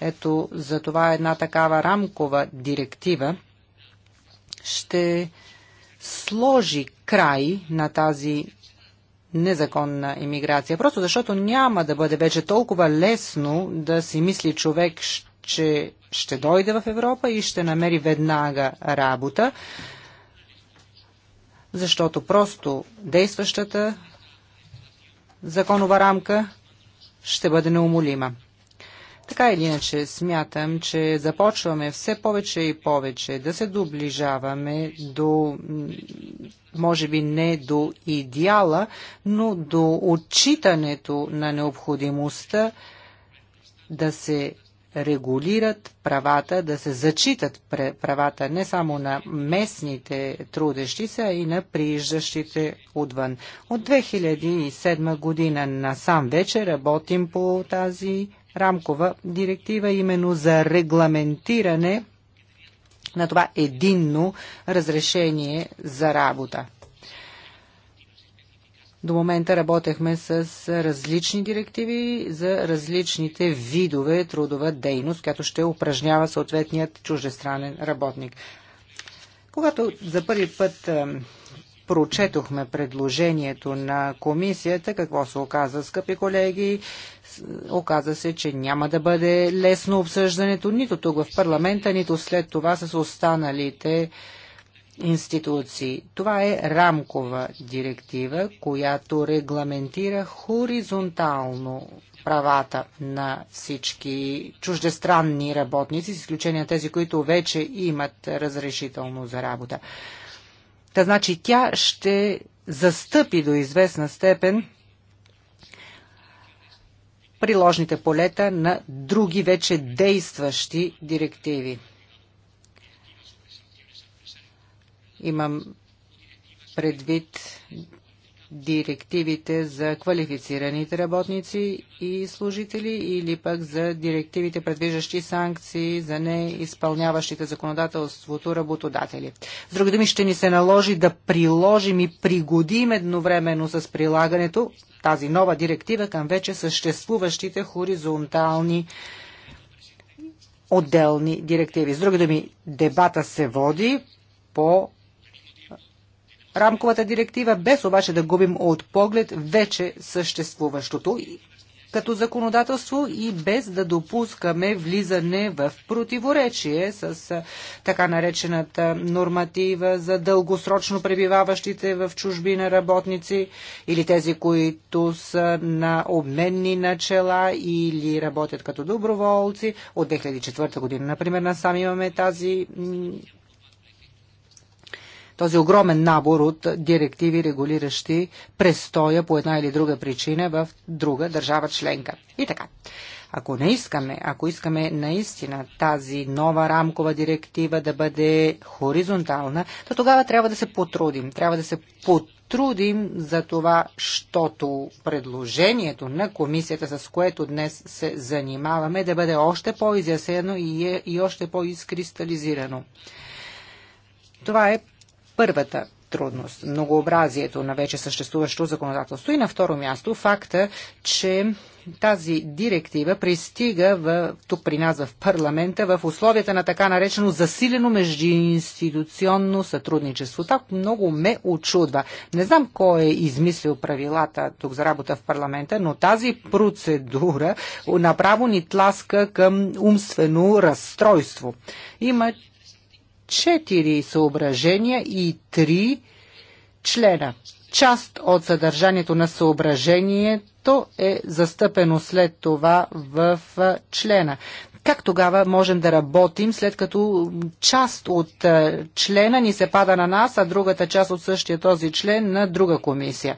Ето за това една такава рамкова директива ще сложи край на тази незаконна иммиграция. Просто защото няма да бъде вече толкова лесно да си мисли човек, че ще дойде в Европа и ще намери веднага работа, защото просто действащата законова рамка ще бъде неумолима. Така или иначе смятам, че започваме все повече и повече да се доближаваме до, може би не до идеала, но до отчитането на необходимостта да се регулират правата, да се зачитат правата не само на местните трудещи се, а и на прииждащите отвън. От 2007 година насам вече работим по тази рамкова директива именно за регламентиране на това единно разрешение за работа. До момента работехме с различни директиви за различните видове трудова дейност, която ще упражнява съответният чуждестранен работник. Когато за първи път е, прочетохме предложението на комисията, какво се оказа, скъпи колеги, оказа се, че няма да бъде лесно обсъждането нито тук в парламента, нито след това с останалите институции. Това е рамкова директива, която регламентира хоризонтално правата на всички чуждестранни работници, с изключение на тези, които вече имат разрешително за работа. Та значи тя ще застъпи до известна степен приложните полета на други вече действащи директиви. Имам предвид директивите за квалифицираните работници и служители или пък за директивите предвиждащи санкции за неизпълняващите законодателството работодатели. С други думи ще ни се наложи да приложим и пригодим едновременно с прилагането тази нова директива към вече съществуващите хоризонтални отделни директиви. С други думи, дебата се води по рамковата директива, без обаче да губим от поглед вече съществуващото като законодателство и без да допускаме влизане в противоречие с така наречената норматива за дългосрочно пребиваващите в чужбина работници или тези, които са на обменни начала или работят като доброволци. От 2004 година, например, насам имаме тази този огромен набор от директиви, регулиращи престоя по една или друга причина в друга държава членка. И така. Ако не искаме, ако искаме наистина тази нова рамкова директива да бъде хоризонтална, то тогава трябва да се потрудим. Трябва да се потрудим за това, щото предложението на комисията, с което днес се занимаваме, да бъде още по-изясено и, е, и още по-изкристализирано. Това е първата трудност – многообразието на вече съществуващо законодателство. И на второ място факта, че тази директива пристига в, тук при нас в парламента в условията на така наречено засилено междуинституционно сътрудничество. Так много ме очудва. Не знам кой е измислил правилата тук за работа в парламента, но тази процедура направо ни тласка към умствено разстройство. Има четири съображения и три члена. Част от съдържанието на съображението е застъпено след това в члена. Как тогава можем да работим, след като част от члена ни се пада на нас, а другата част от същия този член на друга комисия?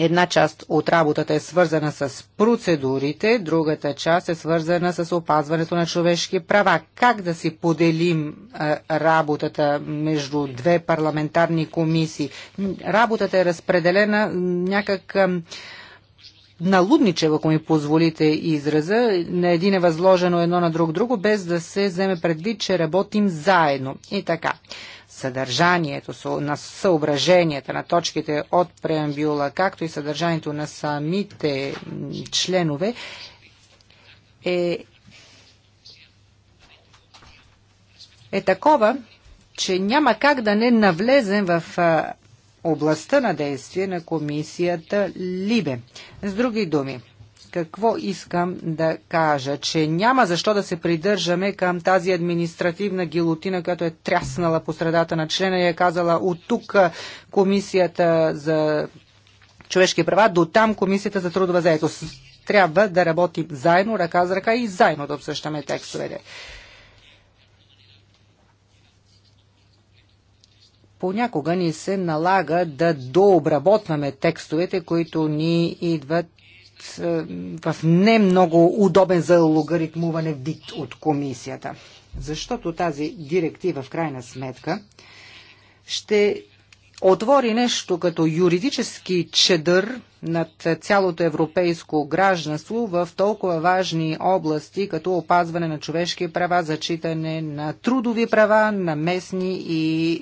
Една част от работата е свързана с процедурите, другата част е свързана с опазването на човешки права. Как да си поделим работата между две парламентарни комисии? Работата е разпределена някак налудничево, ако ми позволите израза. На един е възложено едно на друг друго, без да се вземе предвид, че работим заедно. И така съдържанието, на съображенията, на точките от преамбюла, както и съдържанието на самите членове, е, е такова, че няма как да не навлезем в областта на действие на комисията Либе. С други думи, какво искам да кажа? Че няма защо да се придържаме към тази административна гилотина, която е тряснала по средата на члена и е казала от тук комисията за човешки права, до там комисията за трудова заедост. Трябва да работим заедно, ръка за ръка и заедно да обсъщаме текстовете. понякога ни се налага да дообработваме текстовете, които ни идват е, в не много удобен за логаритмуване вид от комисията. Защото тази директива в крайна сметка ще отвори нещо като юридически чедър над цялото европейско гражданство в толкова важни области, като опазване на човешки права, зачитане на трудови права, на местни и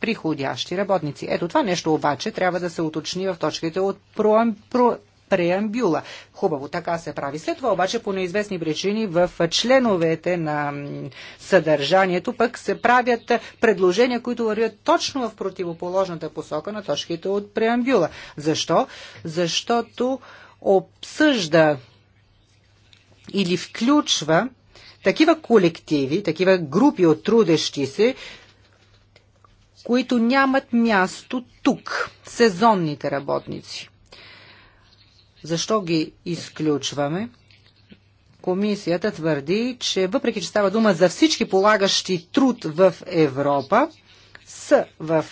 приходящи работници. Ето това нещо обаче трябва да се уточни в точките от про, про, преамбюла. Хубаво, така се прави. След това обаче по неизвестни причини в членовете на съдържанието пък се правят предложения, които вървят точно в противоположната посока на точките от преамбюла. Защо? Защото обсъжда или включва такива колективи, такива групи от трудещи се, които нямат място тук, сезонните работници. Защо ги изключваме? Комисията твърди, че въпреки, че става дума за всички полагащи труд в Европа, са в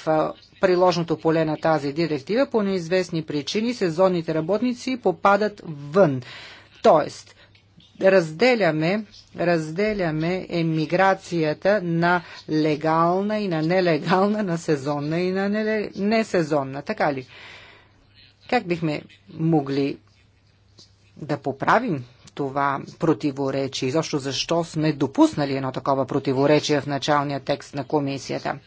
приложното поле на тази директива, по неизвестни причини сезонните работници попадат вън. Тоест, разделяме, разделяме емиграцията на легална и на нелегална, на сезонна и на несезонна. Така ли? Как бихме могли да поправим това противоречие и защо сме допуснали едно такова противоречие в началния текст на комисията?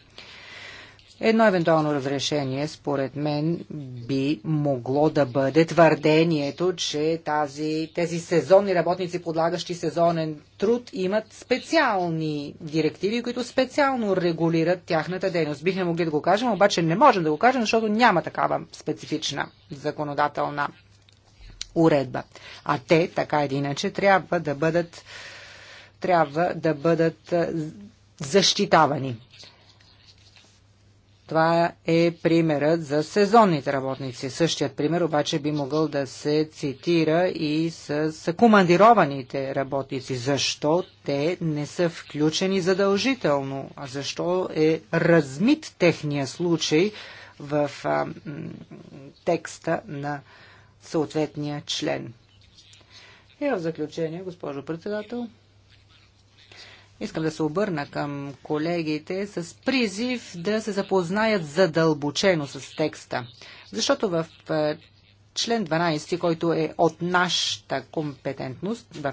Едно евентуално разрешение, според мен, би могло да бъде твърдението, че тази, тези сезонни работници, подлагащи сезонен труд, имат специални директиви, които специално регулират тяхната дейност. Бихме могли да го кажем, обаче не можем да го кажем, защото няма такава специфична законодателна уредба. А те, така или иначе, трябва да бъдат, трябва да бъдат защитавани. Това е примерът за сезонните работници. Същият пример обаче би могъл да се цитира и с командированите работници. Защо те не са включени задължително? А защо е размит техния случай в а, текста на съответния член? И в заключение, госпожо председател, Искам да се обърна към колегите с призив да се запознаят задълбочено с текста. Защото в е, член 12, който е от нашата компетентност,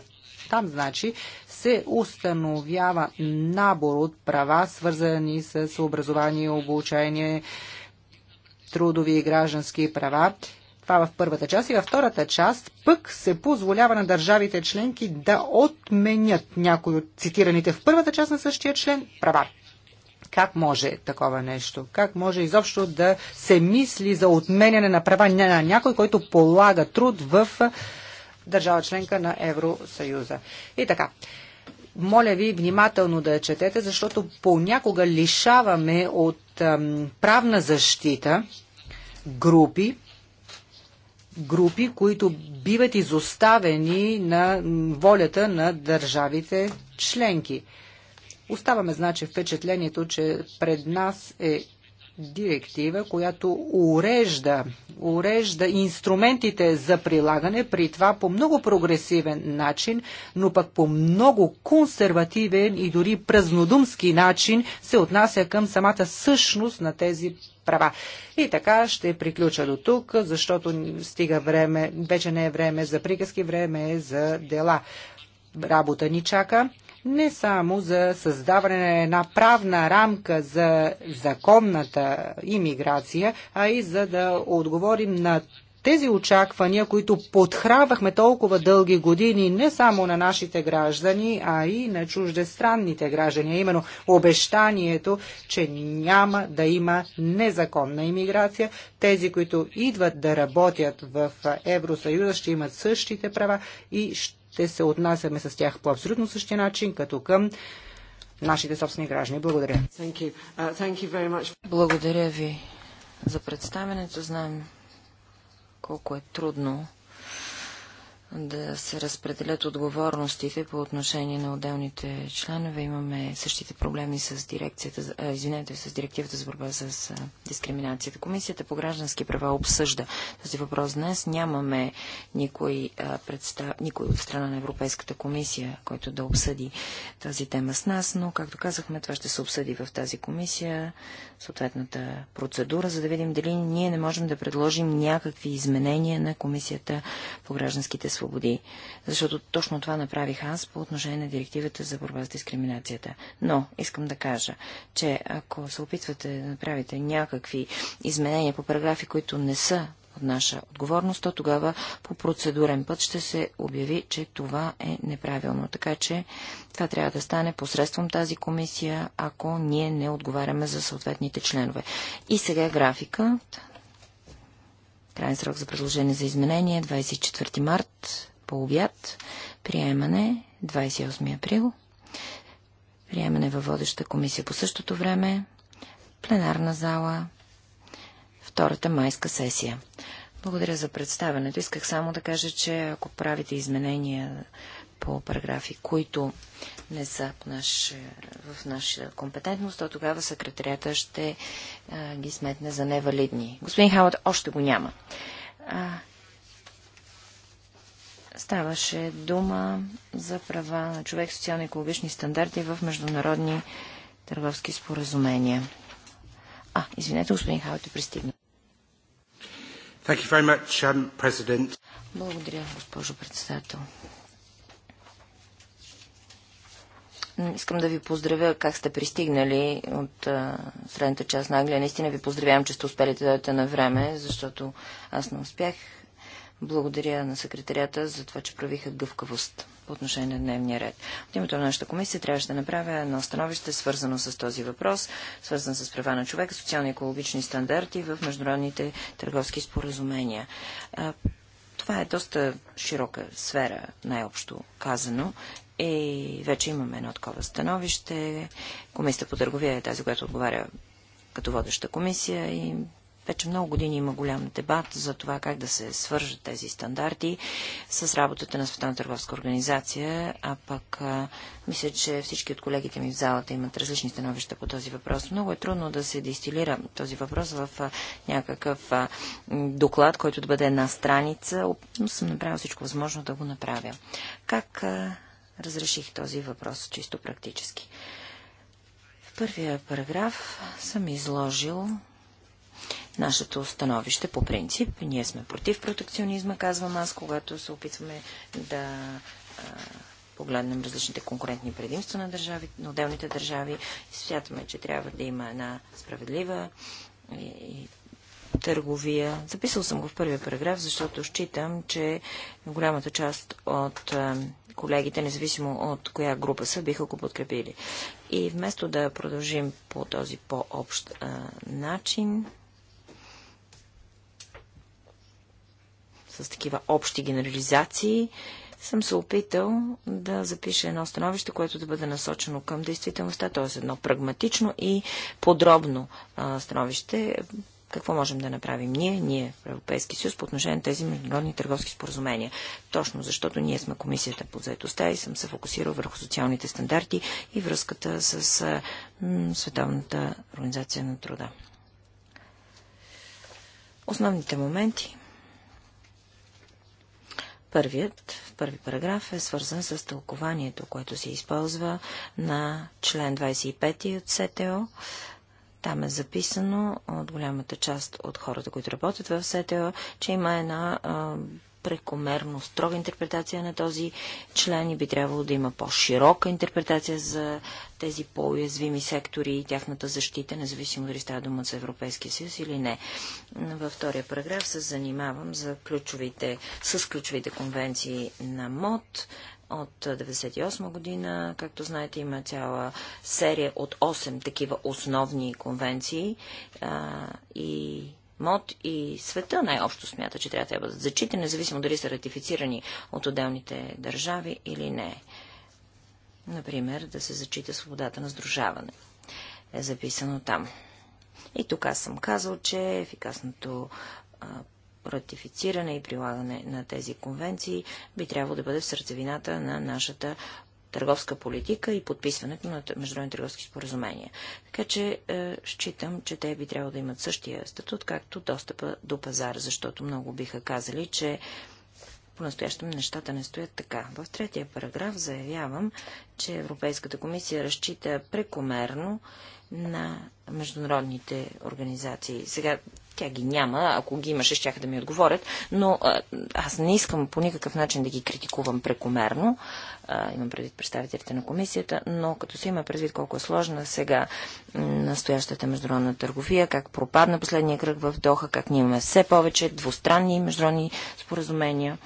там, значи, се установява набор от права, свързани с образование, обучение, трудови и граждански права, това в първата част. И във втората част пък се позволява на държавите членки да отменят някои от цитираните в първата част на същия член права. Как може такова нещо? Как може изобщо да се мисли за отменяне на права на някой, който полага труд в държава членка на Евросъюза? И така моля ви внимателно да я четете, защото понякога лишаваме от ам, правна защита групи, групи, които биват изоставени на волята на държавите членки. Оставаме, значи, впечатлението, че пред нас е директива, която урежда, урежда инструментите за прилагане, при това по много прогресивен начин, но пък по много консервативен и дори празнодумски начин се отнася към самата същност на тези права. И така ще приключа до тук, защото стига време, вече не е време за приказки, време е за дела. Работа ни чака не само за създаване на една правна рамка за законната имиграция, а и за да отговорим на тези очаквания, които подхравахме толкова дълги години не само на нашите граждани, а и на чуждестранните граждани, а именно обещанието, че няма да има незаконна иммиграция. Тези, които идват да работят в Евросъюза, ще имат същите права и ще ще се отнасяме с тях по абсолютно същия начин, като към нашите собствени граждани. Благодаря. Thank you. Uh, thank you Благодаря ви за представенето. Знаем колко е трудно да се разпределят отговорностите по отношение на отделните членове. Имаме същите проблеми с, дирекцията, а, извинете, с директивата за борба с дискриминацията. Комисията по граждански права обсъжда този въпрос днес. Нямаме никой, а, представ... никой от страна на Европейската комисия, който да обсъди тази тема с нас, но, както казахме, това ще се обсъди в тази комисия съответната процедура, за да видим дали ние не можем да предложим някакви изменения на Комисията по гражданските свободи. Защото точно това направих аз по отношение на директивата за борба с дискриминацията. Но искам да кажа, че ако се опитвате да направите някакви изменения по параграфи, които не са под наша отговорност, то тогава по процедурен път ще се обяви, че това е неправилно. Така че това трябва да стане посредством тази комисия, ако ние не отговаряме за съответните членове. И сега графика. Крайен срок за предложение за изменение 24 е март по обяд. Приемане 28 април. Приемане във водеща комисия по същото време. Пленарна зала втората майска сесия. Благодаря за представенето. Исках само да кажа, че ако правите изменения по параграфи, които не са в, наш, в наша компетентност, то тогава секретарията ще а, ги сметне за невалидни. Господин Хават още го няма. А, ставаше дума за права на човек, социално-екологични стандарти в международни търговски споразумения. А, извинете, господин Хават, е пристигна. Much, um, Благодаря, госпожо председател. Искам да ви поздравя как сте пристигнали от а, средната част на Англия. Наистина ви поздравявам, че сте успели да дадете на време, защото аз не успях. Благодаря на секретарята за това, че правиха гъвкавост по отношение на дневния ред. От името на нашата комисия трябваше да направя едно становище, свързано с този въпрос, свързан с права на човека, социално екологични стандарти в международните търговски споразумения. Това е доста широка сфера, най-общо казано. И вече имаме едно такова становище. Комисията по търговия е тази, която отговаря като водеща комисия и вече много години има голям дебат за това как да се свържат тези стандарти с работата на Световната търговска организация, а пък а, мисля, че всички от колегите ми в залата имат различни становища по този въпрос. Много е трудно да се дистилира този въпрос в а, някакъв а, доклад, който да бъде една страница, но съм направил всичко възможно да го направя. Как а, разреших този въпрос чисто практически? В първия параграф съм изложил нашето становище по принцип. Ние сме против протекционизма, казвам аз, когато се опитваме да а, погледнем различните конкурентни предимства на, държави, на отделните държави. смятаме, че трябва да има една справедлива и, и търговия. Записал съм го в първия параграф, защото считам, че голямата част от колегите, независимо от коя група са, биха го подкрепили. И вместо да продължим по този по-общ начин, с такива общи генерализации, съм се опитал да запиша едно становище, което да бъде насочено към действителността, т.е. едно прагматично и подробно а, становище. Какво можем да направим ние, ние в Европейски съюз, по отношение на тези международни търговски споразумения? Точно защото ние сме комисията по заедостта и съм се фокусирал върху социалните стандарти и връзката с а, м, Световната организация на труда. Основните моменти Първият, първи параграф е свързан с тълкованието, което се използва на член 25 от СТО. Там е записано от голямата част от хората, които работят в СТО, че има една а, прекомерно строга интерпретация на този член и би трябвало да има по-широка интерпретация за тези по-уязвими сектори и тяхната защита, независимо дали става дума за Европейския съюз или не. Във втория параграф се занимавам за ключовите, с ключовите конвенции на МОД, от 1998 година. Както знаете, има цяла серия от 8 такива основни конвенции а, и МОД и света най-общо смята, че трябва да бъдат зачитани, независимо дали са ратифицирани от отделните държави или не. Например, да се зачита свободата на сдружаване. Е записано там. И тук аз съм казал, че ефикасното ратифициране и прилагане на тези конвенции би трябвало да бъде в сърцевината на нашата търговска политика и подписването на международни търговски споразумения. Така че е, считам, че те би трябвало да имат същия статут, както достъпа до пазара, защото много биха казали, че по-настоящем нещата не стоят така. В третия параграф заявявам, че Европейската комисия разчита прекомерно на международните организации. Сега тя ги няма, ако ги имаше, ще да ми отговорят, но е, аз не искам по никакъв начин да ги критикувам прекомерно а, имам предвид представителите на комисията, но като се има предвид колко е сложна сега настоящата международна търговия, как пропадна последния кръг в Доха, как ние имаме все повече двустранни международни споразумения,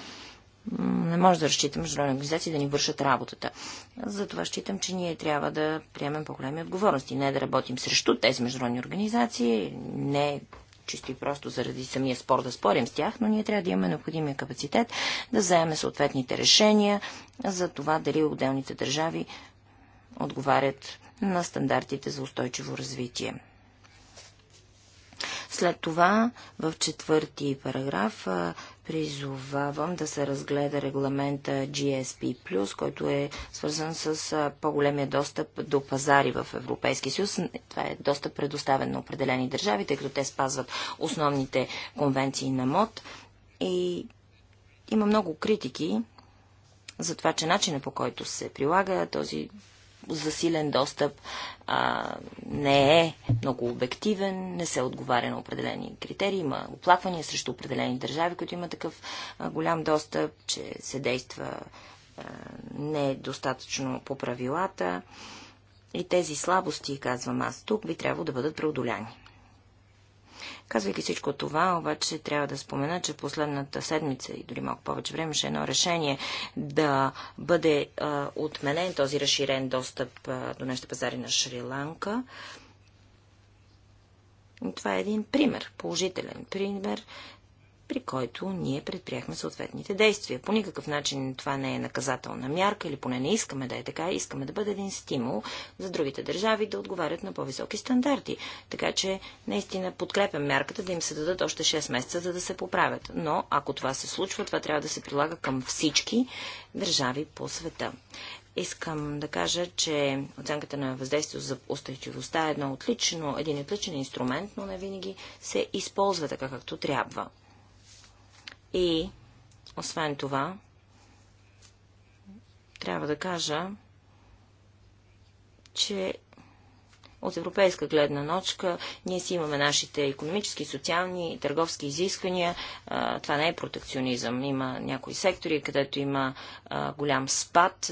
не може да разчитаме международни организации да ни вършат работата. Затова считам, че ние трябва да приемем по-големи отговорности. Не да работим срещу тези международни организации, не чисто и просто заради самия спор да спорим с тях, но ние трябва да имаме необходимия капацитет да вземем съответните решения за това дали отделните държави отговарят на стандартите за устойчиво развитие. След това в четвърти параграф призовавам да се разгледа регламента GSP+, който е свързан с по-големия достъп до пазари в Европейския съюз. Това е достъп предоставен на определени държави, тъй като те спазват основните конвенции на МОД. И има много критики за това, че начинът по който се прилага този засилен достъп а, не е много обективен, не се отговаря на определени критерии, има оплаквания срещу определени държави, които има такъв а, голям достъп, че се действа а, не е достатъчно по правилата. И тези слабости, казвам аз тук, би трябвало да бъдат преодоляни. Казвайки всичко това, обаче трябва да спомена, че последната седмица и дори малко повече време ще е едно решение да бъде а, отменен този разширен достъп а, до нашите пазари на Шри-Ланка. Това е един пример, положителен пример при който ние предприехме съответните действия. По никакъв начин това не е наказателна мярка или поне не искаме да е така, искаме да бъде един стимул за другите държави да отговарят на по-високи стандарти. Така че наистина подкрепям мярката да им се дадат още 6 месеца, за да се поправят. Но ако това се случва, това трябва да се прилага към всички държави по света. Искам да кажа, че оценката на въздействие за устойчивостта е едно отлично, един отличен инструмент, но не винаги се използва така, както трябва. И освен това, трябва да кажа, че от европейска гледна ночка ние си имаме нашите економически, социални и търговски изисквания. Това не е протекционизъм. Има някои сектори, където има голям спад,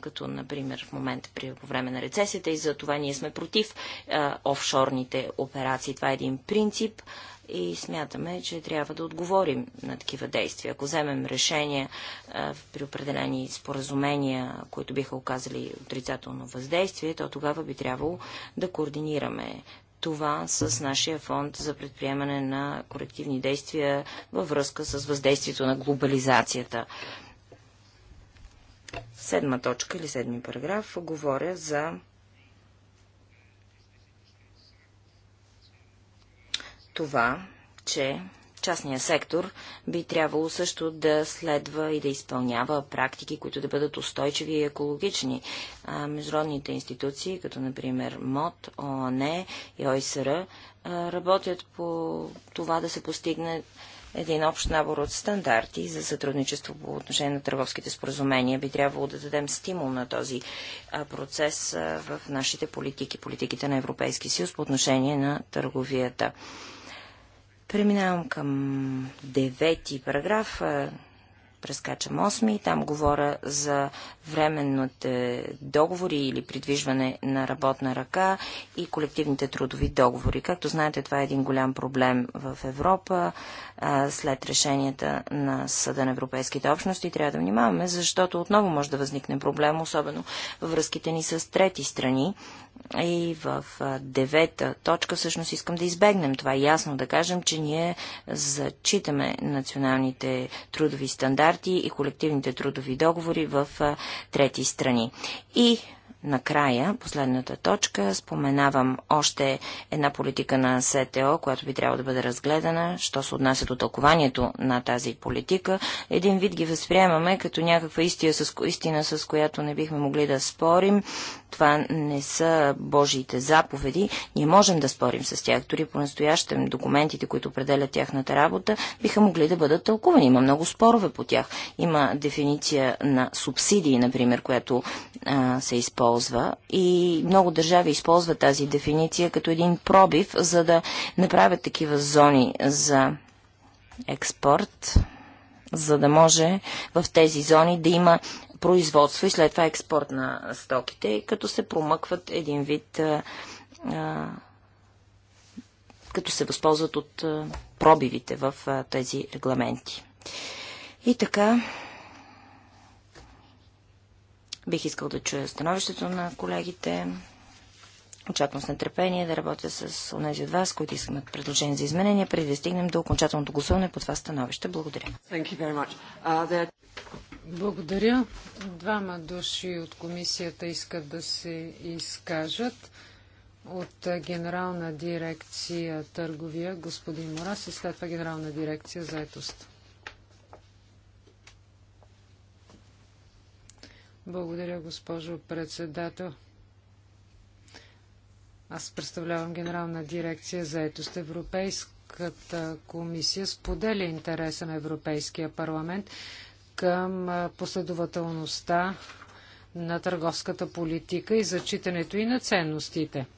като например в момента при, по време на рецесията и за това ние сме против офшорните операции. Това е един принцип, и смятаме, че трябва да отговорим на такива действия. Ако вземем решение при определени споразумения, които биха оказали отрицателно въздействие, то тогава би трябвало да координираме това с нашия фонд за предприемане на корективни действия във връзка с въздействието на глобализацията. Седма точка или седми параграф говоря за това, че частният сектор би трябвало също да следва и да изпълнява практики, които да бъдат устойчиви и екологични. А, международните институции, като например МОД, ООН и ОИСР, работят по това да се постигне един общ набор от стандарти за сътрудничество по отношение на търговските споразумения. Би трябвало да дадем стимул на този процес в нашите политики, политиките на Европейски съюз по отношение на търговията. Преминавам към девети параграф, прескачам 8 там говоря за временните договори или придвижване на работна ръка и колективните трудови договори. Както знаете, това е един голям проблем в Европа. След решенията на Съда на Европейските общности трябва да внимаваме, защото отново може да възникне проблем, особено във връзките ни с трети страни, и в девета точка всъщност искам да избегнем това. Ясно да кажем, че ние зачитаме националните трудови стандарти и колективните трудови договори в трети страни. И Накрая, последната точка, споменавам още една политика на СТО, която би трябвало да бъде разгледана, що се отнася до тълкованието на тази политика. Един вид ги възприемаме като някаква истина с, истина, с която не бихме могли да спорим. Това не са Божиите заповеди. Ние можем да спорим с тях. Дори по-настоящем документите, които определят тяхната работа, биха могли да бъдат тълкувани. Има много спорове по тях. Има дефиниция на субсидии, например, която а, се използва използва и много държави използват тази дефиниция като един пробив, за да направят такива зони за експорт, за да може в тези зони да има производство и след това експорт на стоките, като се промъкват един вид, а, а, като се възползват от а, пробивите в тези регламенти. И така, Бих искал да чуя становището на колегите. Очаквам с нетърпение да работя с тези от вас, които искат предложение за изменения, преди да стигнем до окончателното гласуване по това становище. Благодаря. Uh, there... Благодаря. Двама души от комисията искат да се изкажат. От генерална дирекция търговия господин Морас и след това генерална дирекция заетост. Благодаря, госпожо председател. Аз представлявам генерална дирекция за етост. Европейската комисия споделя интереса на Европейския парламент към последователността на търговската политика и зачитането и на ценностите –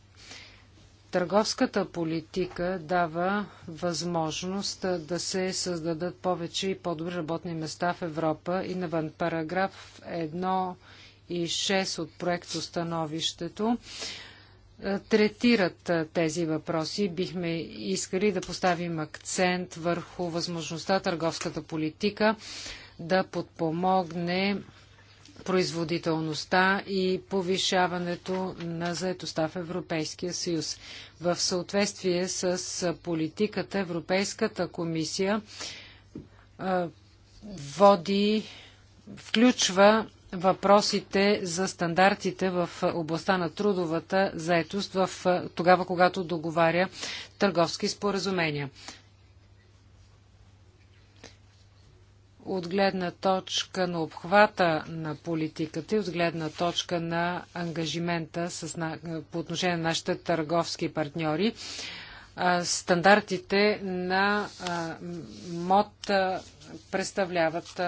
Търговската политика дава възможност да се създадат повече и по-добри работни места в Европа и навън. Параграф 1 и 6 от проекто становището третират тези въпроси. Бихме искали да поставим акцент върху възможността търговската политика да подпомогне производителността и повишаването на заетостта в Европейския съюз. В съответствие с политиката Европейската комисия води, включва въпросите за стандартите в областта на трудовата заетост в тогава, когато договаря търговски споразумения. от гледна точка на обхвата на политиката и от гледна точка на ангажимента с, на, по отношение на нашите търговски партньори. Стандартите на МОД представляват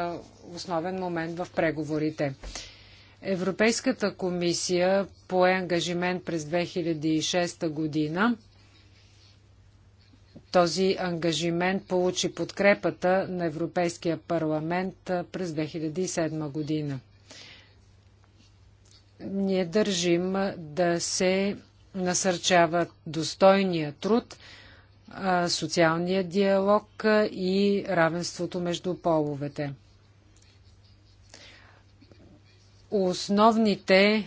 основен момент в преговорите. Европейската комисия пое ангажимент през 2006 година този ангажимент получи подкрепата на Европейския парламент през 2007 година. Ние държим да се насърчава достойния труд, социалния диалог и равенството между половете. Основните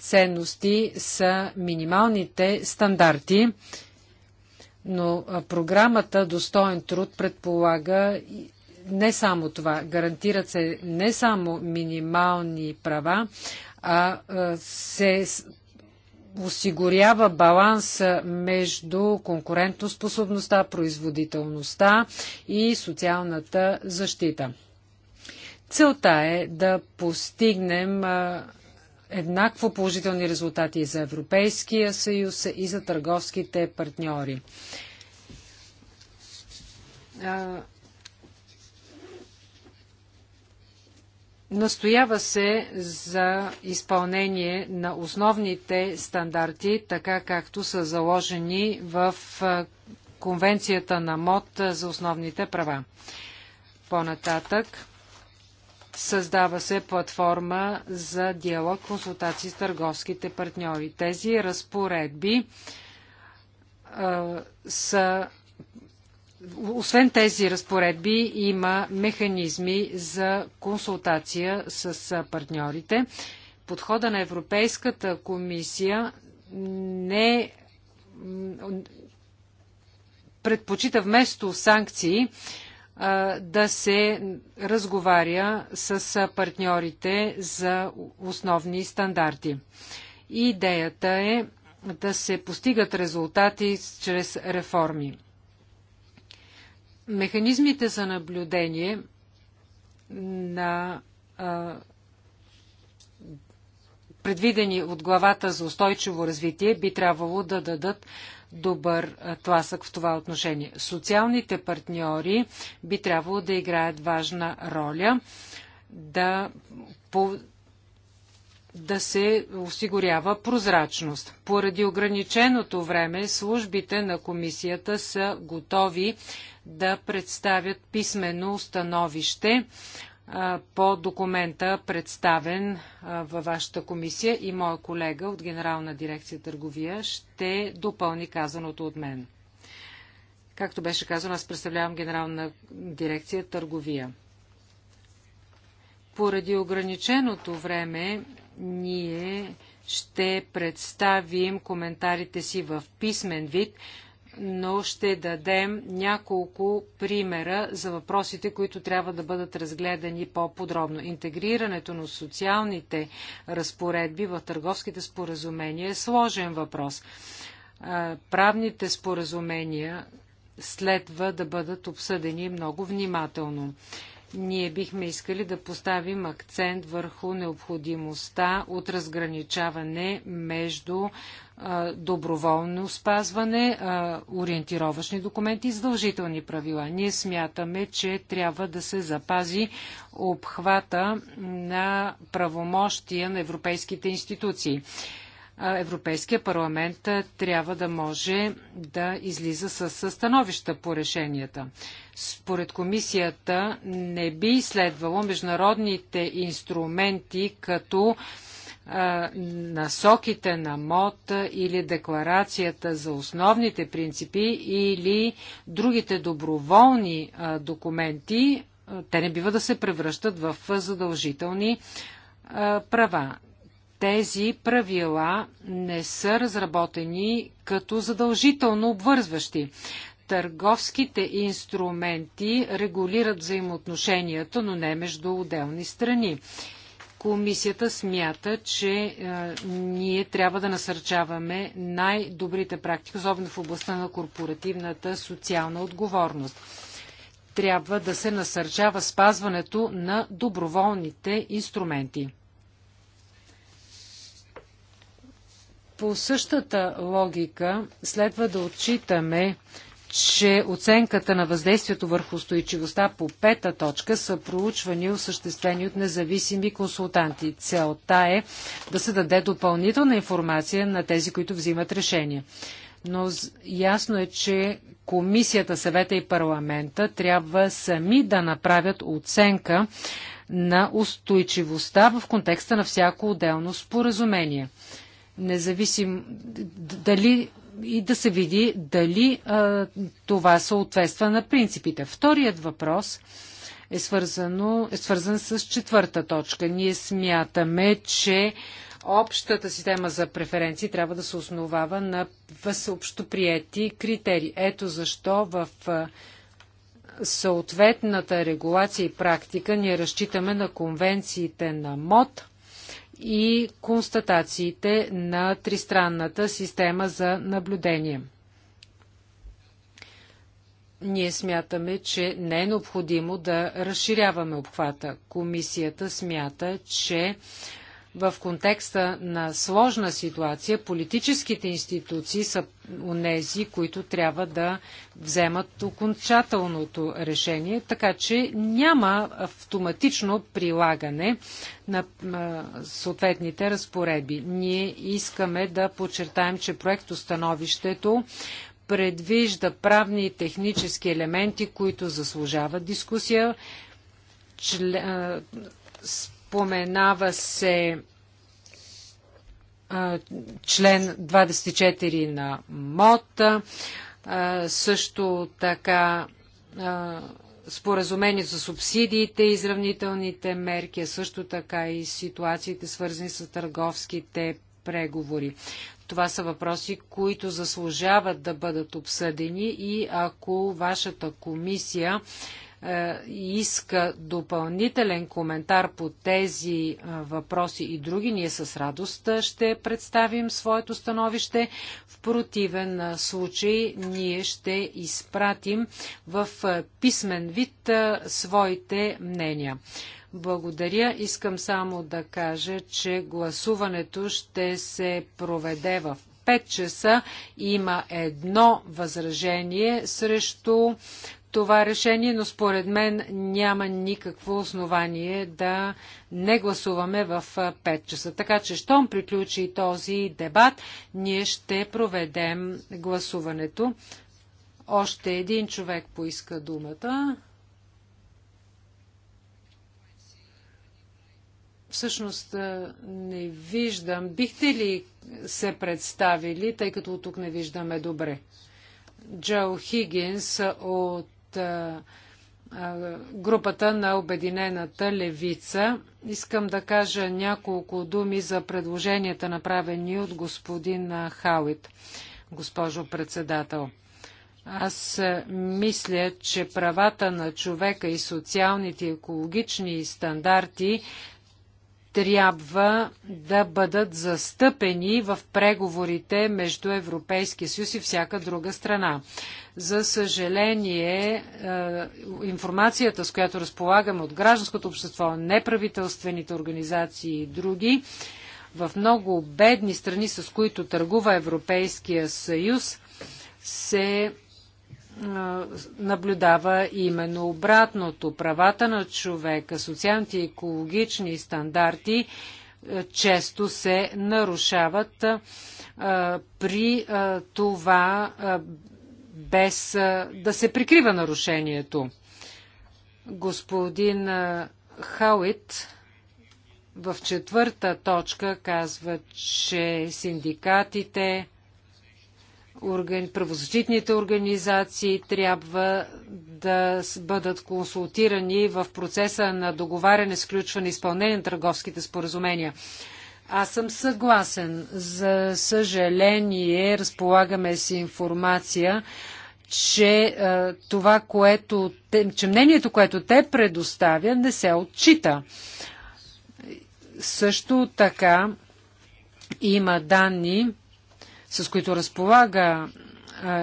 ценности са минималните стандарти, но програмата Достоен труд предполага не само това. Гарантират се не само минимални права, а се осигурява баланс между конкурентоспособността, производителността и социалната защита. Целта е да постигнем еднакво положителни резултати за Европейския съюз и за търговските партньори. Настоява се за изпълнение на основните стандарти, така както са заложени в Конвенцията на МОД за основните права. По-нататък Създава се платформа за диалог, консултации с търговските партньори. Тези разпоредби а, са. Освен тези разпоредби, има механизми за консултация с партньорите. Подхода на Европейската комисия не предпочита вместо санкции да се разговаря с партньорите за основни стандарти. Идеята е да се постигат резултати чрез реформи. Механизмите за наблюдение на предвидени от главата за устойчиво развитие би трябвало да дадат добър тласък в това отношение. Социалните партньори би трябвало да играят важна роля да, по, да се осигурява прозрачност. Поради ограниченото време службите на комисията са готови да представят писмено становище по документа, представен във вашата комисия и моя колега от Генерална дирекция търговия ще допълни казаното от мен. Както беше казано, аз представлявам Генерална дирекция търговия. Поради ограниченото време ние ще представим коментарите си в писмен вид, но ще дадем няколко примера за въпросите, които трябва да бъдат разгледани по-подробно. Интегрирането на социалните разпоредби в търговските споразумения е сложен въпрос. Правните споразумения следва да бъдат обсъдени много внимателно. Ние бихме искали да поставим акцент върху необходимостта от разграничаване между доброволно спазване, ориентировъчни документи и задължителни правила. Ние смятаме, че трябва да се запази обхвата на правомощия на европейските институции. Европейския парламент трябва да може да излиза с становища по решенията. Според комисията не би следвало международните инструменти като насоките на МОД или декларацията за основните принципи или другите доброволни документи, те не бива да се превръщат в задължителни права тези правила не са разработени като задължително обвързващи. Търговските инструменти регулират взаимоотношенията, но не между отделни страни. Комисията смята, че е, ние трябва да насърчаваме най-добрите практики, особено в областта на корпоративната социална отговорност. Трябва да се насърчава спазването на доброволните инструменти. по същата логика следва да отчитаме, че оценката на въздействието върху устойчивостта по пета точка са проучвани и осъществени от независими консултанти. Целта е да се даде допълнителна информация на тези, които взимат решения. Но ясно е, че комисията, съвета и парламента трябва сами да направят оценка на устойчивостта в контекста на всяко отделно споразумение независим дали и да се види дали а, това съответства на принципите. Вторият въпрос е, свързано, е свързан с четвърта точка. Ние смятаме, че общата система за преференции трябва да се основава на общоприети критерии. Ето защо в съответната регулация и практика ние разчитаме на конвенциите на МОД – и констатациите на тристранната система за наблюдение. Ние смятаме, че не е необходимо да разширяваме обхвата. Комисията смята, че в контекста на сложна ситуация политическите институции са унези, които трябва да вземат окончателното решение, така че няма автоматично прилагане на съответните разпоредби. Ние искаме да подчертаем, че проектостановището предвижда правни и технически елементи, които заслужават дискусия. Споменава се член 24 на МОТА, също така споразумение за субсидиите, изравнителните мерки, а също така и ситуациите свързани с търговските преговори. Това са въпроси, които заслужават да бъдат обсъдени и ако вашата комисия е, иска допълнителен коментар по тези е, въпроси и други, ние с радост е, ще представим своето становище. В противен случай ние ще изпратим в писмен вид своите мнения. Благодаря. Искам само да кажа, че гласуването ще се проведе в 5 часа има едно възражение срещу това решение, но според мен няма никакво основание да не гласуваме в 5 часа. Така че, щом приключи този дебат, ние ще проведем гласуването. Още един човек поиска думата. Всъщност не виждам. Бихте ли се представили, тъй като тук не виждаме добре? Джо Хигинс от от групата на Обединената левица. Искам да кажа няколко думи за предложенията, направени от господин Хауит, госпожо председател. Аз мисля, че правата на човека и социалните и екологични стандарти трябва да бъдат застъпени в преговорите между Европейския съюз и всяка друга страна. За съжаление, е, информацията, с която разполагаме от гражданското общество, неправителствените организации и други, в много бедни страни, с които търгува Европейския съюз, се наблюдава именно обратното. Правата на човека, социалните и екологични стандарти често се нарушават при това без да се прикрива нарушението. Господин Хауит в четвърта точка казва, че синдикатите органи... правозащитните организации трябва да бъдат консултирани в процеса на договаряне, сключване и изпълнение на търговските споразумения. Аз съм съгласен. За съжаление, разполагаме с информация, че е, това, което че мнението, което те предоставя, не се отчита. Също така има данни, с които разполага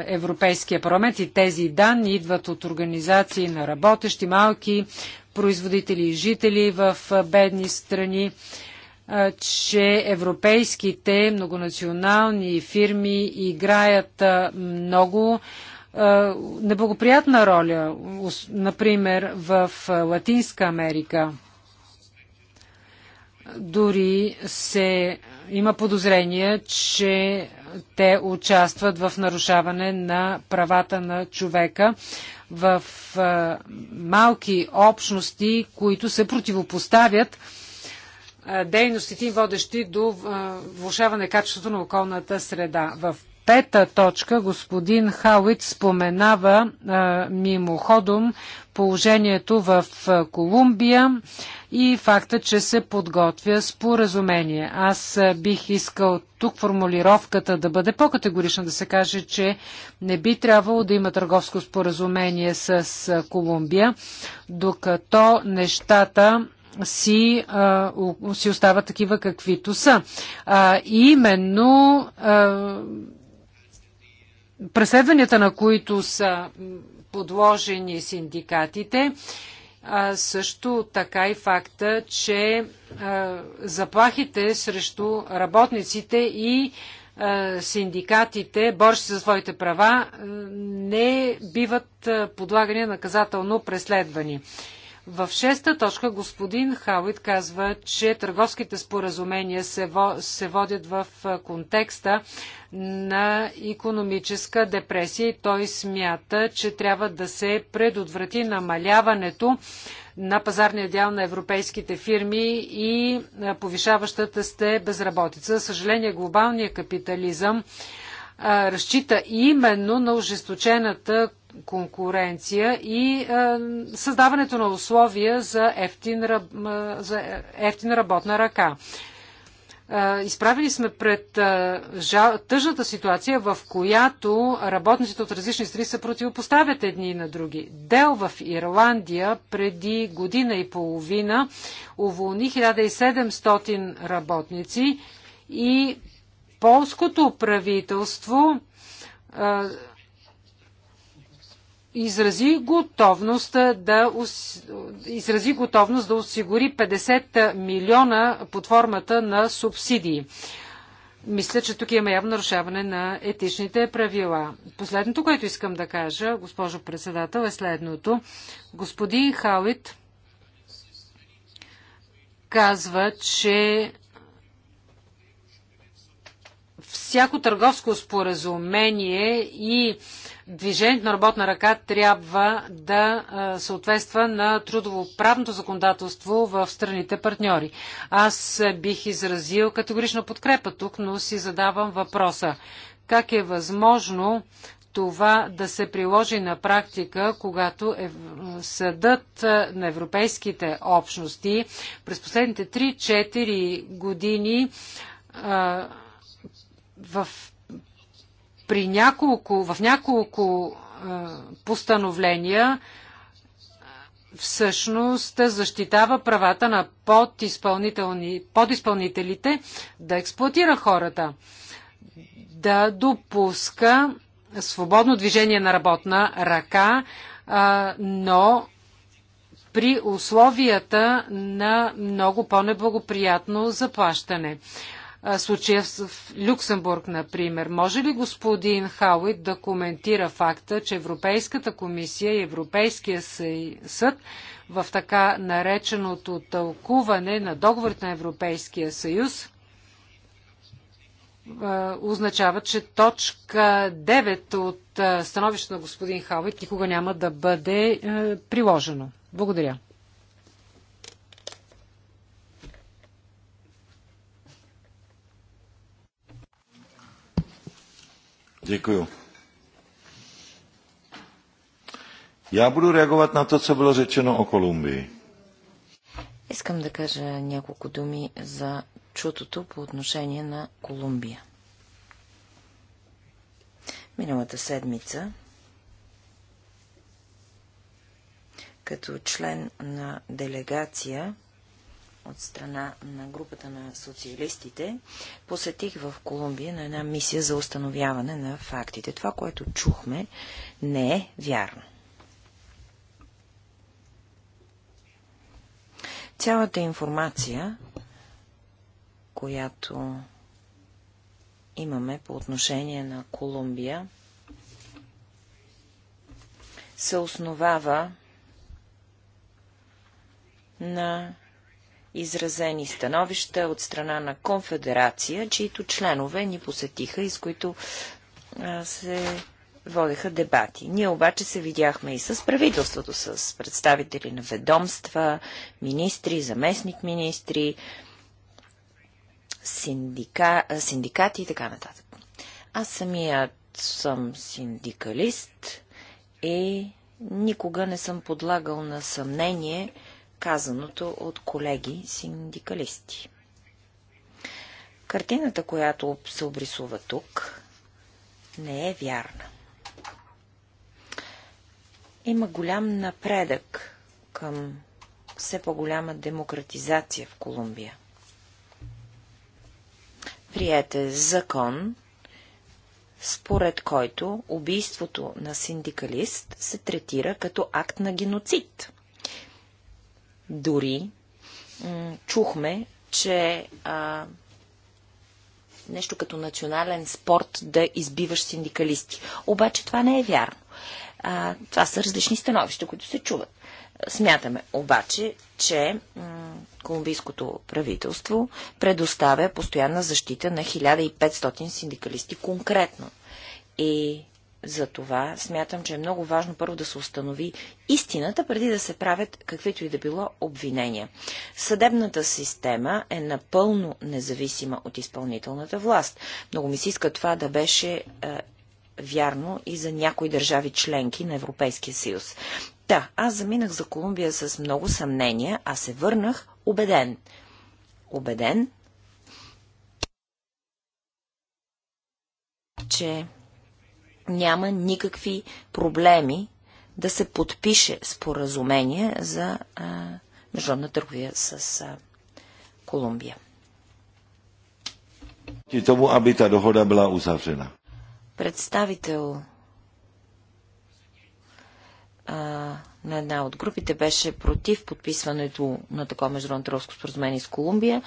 Европейския парламент и тези данни идват от организации на работещи, малки производители и жители в бедни страни, че европейските многонационални фирми играят много неблагоприятна роля, например в Латинска Америка – дори се има подозрение, че те участват в нарушаване на правата на човека в малки общности, които се противопоставят дейностите водещи до влушаване качеството на околната среда. В пета точка господин Хауит споменава а, мимоходом положението в Колумбия и факта, че се подготвя споразумение. Аз бих искал тук формулировката да бъде по-категорична, да се каже, че не би трябвало да има търговско споразумение с Колумбия, докато нещата си, а, си остават такива каквито са. А, именно а, преследванията, на които са подложени синдикатите, а, също така и факта, че а, заплахите срещу работниците и а, синдикатите, борщи за своите права, не биват подлагани наказателно преследвани. В шеста точка господин Хауит казва, че търговските споразумения се, водят в контекста на економическа депресия и той смята, че трябва да се предотврати намаляването на пазарния дял на европейските фирми и повишаващата сте безработица. За съжаление, глобалният капитализъм разчита именно на ожесточената конкуренция и е, създаването на условия за ефтин, за ефтин работна ръка. Е, изправили сме пред е, тъжната ситуация, в която работниците от различни страни се противопоставят едни на други. Дел в Ирландия преди година и половина уволни 1700 работници и полското правителство е, изрази готовност да, изрази готовност да осигури 50 милиона под формата на субсидии. Мисля, че тук има явно нарушаване на етичните правила. Последното, което искам да кажа, госпожо председател, е следното. Господин Халит казва, че всяко търговско споразумение и движението на работна ръка трябва да съответства на трудовоправното законодателство в страните партньори. Аз бих изразил категорична подкрепа тук, но си задавам въпроса. Как е възможно това да се приложи на практика, когато е, съдът на европейските общности през последните 3-4 години в при няколко, в няколко е, постановления е, всъщност защитава правата на подизпълнителите да експлуатира хората, да допуска свободно движение на работна ръка, е, но при условията на много по-неблагоприятно заплащане случая в Люксембург, например. Може ли господин Хауит да коментира факта, че Европейската комисия и Европейския съд в така нареченото тълкуване на договорите на Европейския съюз означава, че точка 9 от становището на господин Хауит никога няма да бъде приложено. Благодаря. Děkuju. Já budu reagovat na to, co bylo řečeno o Kolumbii. Искам да кажа няколко думи за чутото по отношение на Колумбия. Миналата седмица, като член на делегация от страна на групата на социалистите, посетих в Колумбия на една мисия за установяване на фактите. Това, което чухме, не е вярно. Цялата информация, която имаме по отношение на Колумбия, се основава на изразени становища от страна на конфедерация, чието членове ни посетиха и с които а, се водеха дебати. Ние обаче се видяхме и с правителството, с представители на ведомства, министри, заместник-министри, синдика, синдикати и така нататък. Аз самият съм синдикалист и никога не съм подлагал на съмнение казаното от колеги синдикалисти. Картината, която се обрисува тук, не е вярна. Има голям напредък към все по-голяма демократизация в Колумбия. Приете закон, според който убийството на синдикалист се третира като акт на геноцид. Дори чухме, че а, нещо като национален спорт да избиваш синдикалисти. Обаче това не е вярно. А, това са различни становища, които се чуват. Смятаме обаче, че колумбийското правителство предоставя постоянна защита на 1500 синдикалисти конкретно. И за това смятам, че е много важно първо да се установи истината, преди да се правят каквито и да било обвинения. Съдебната система е напълно независима от изпълнителната власт. Много ми се иска това да беше е, вярно и за някои държави членки на Европейския съюз. Да, аз заминах за Колумбия с много съмнения, а се върнах убеден. Убеден, че няма никакви проблеми да се подпише споразумение за а, международна търговия с а, Колумбия. Тому, аби та дохода била uzavřena. Представител а, на една от групите беше против подписването на такова международно търговско споразумение с Колумбия.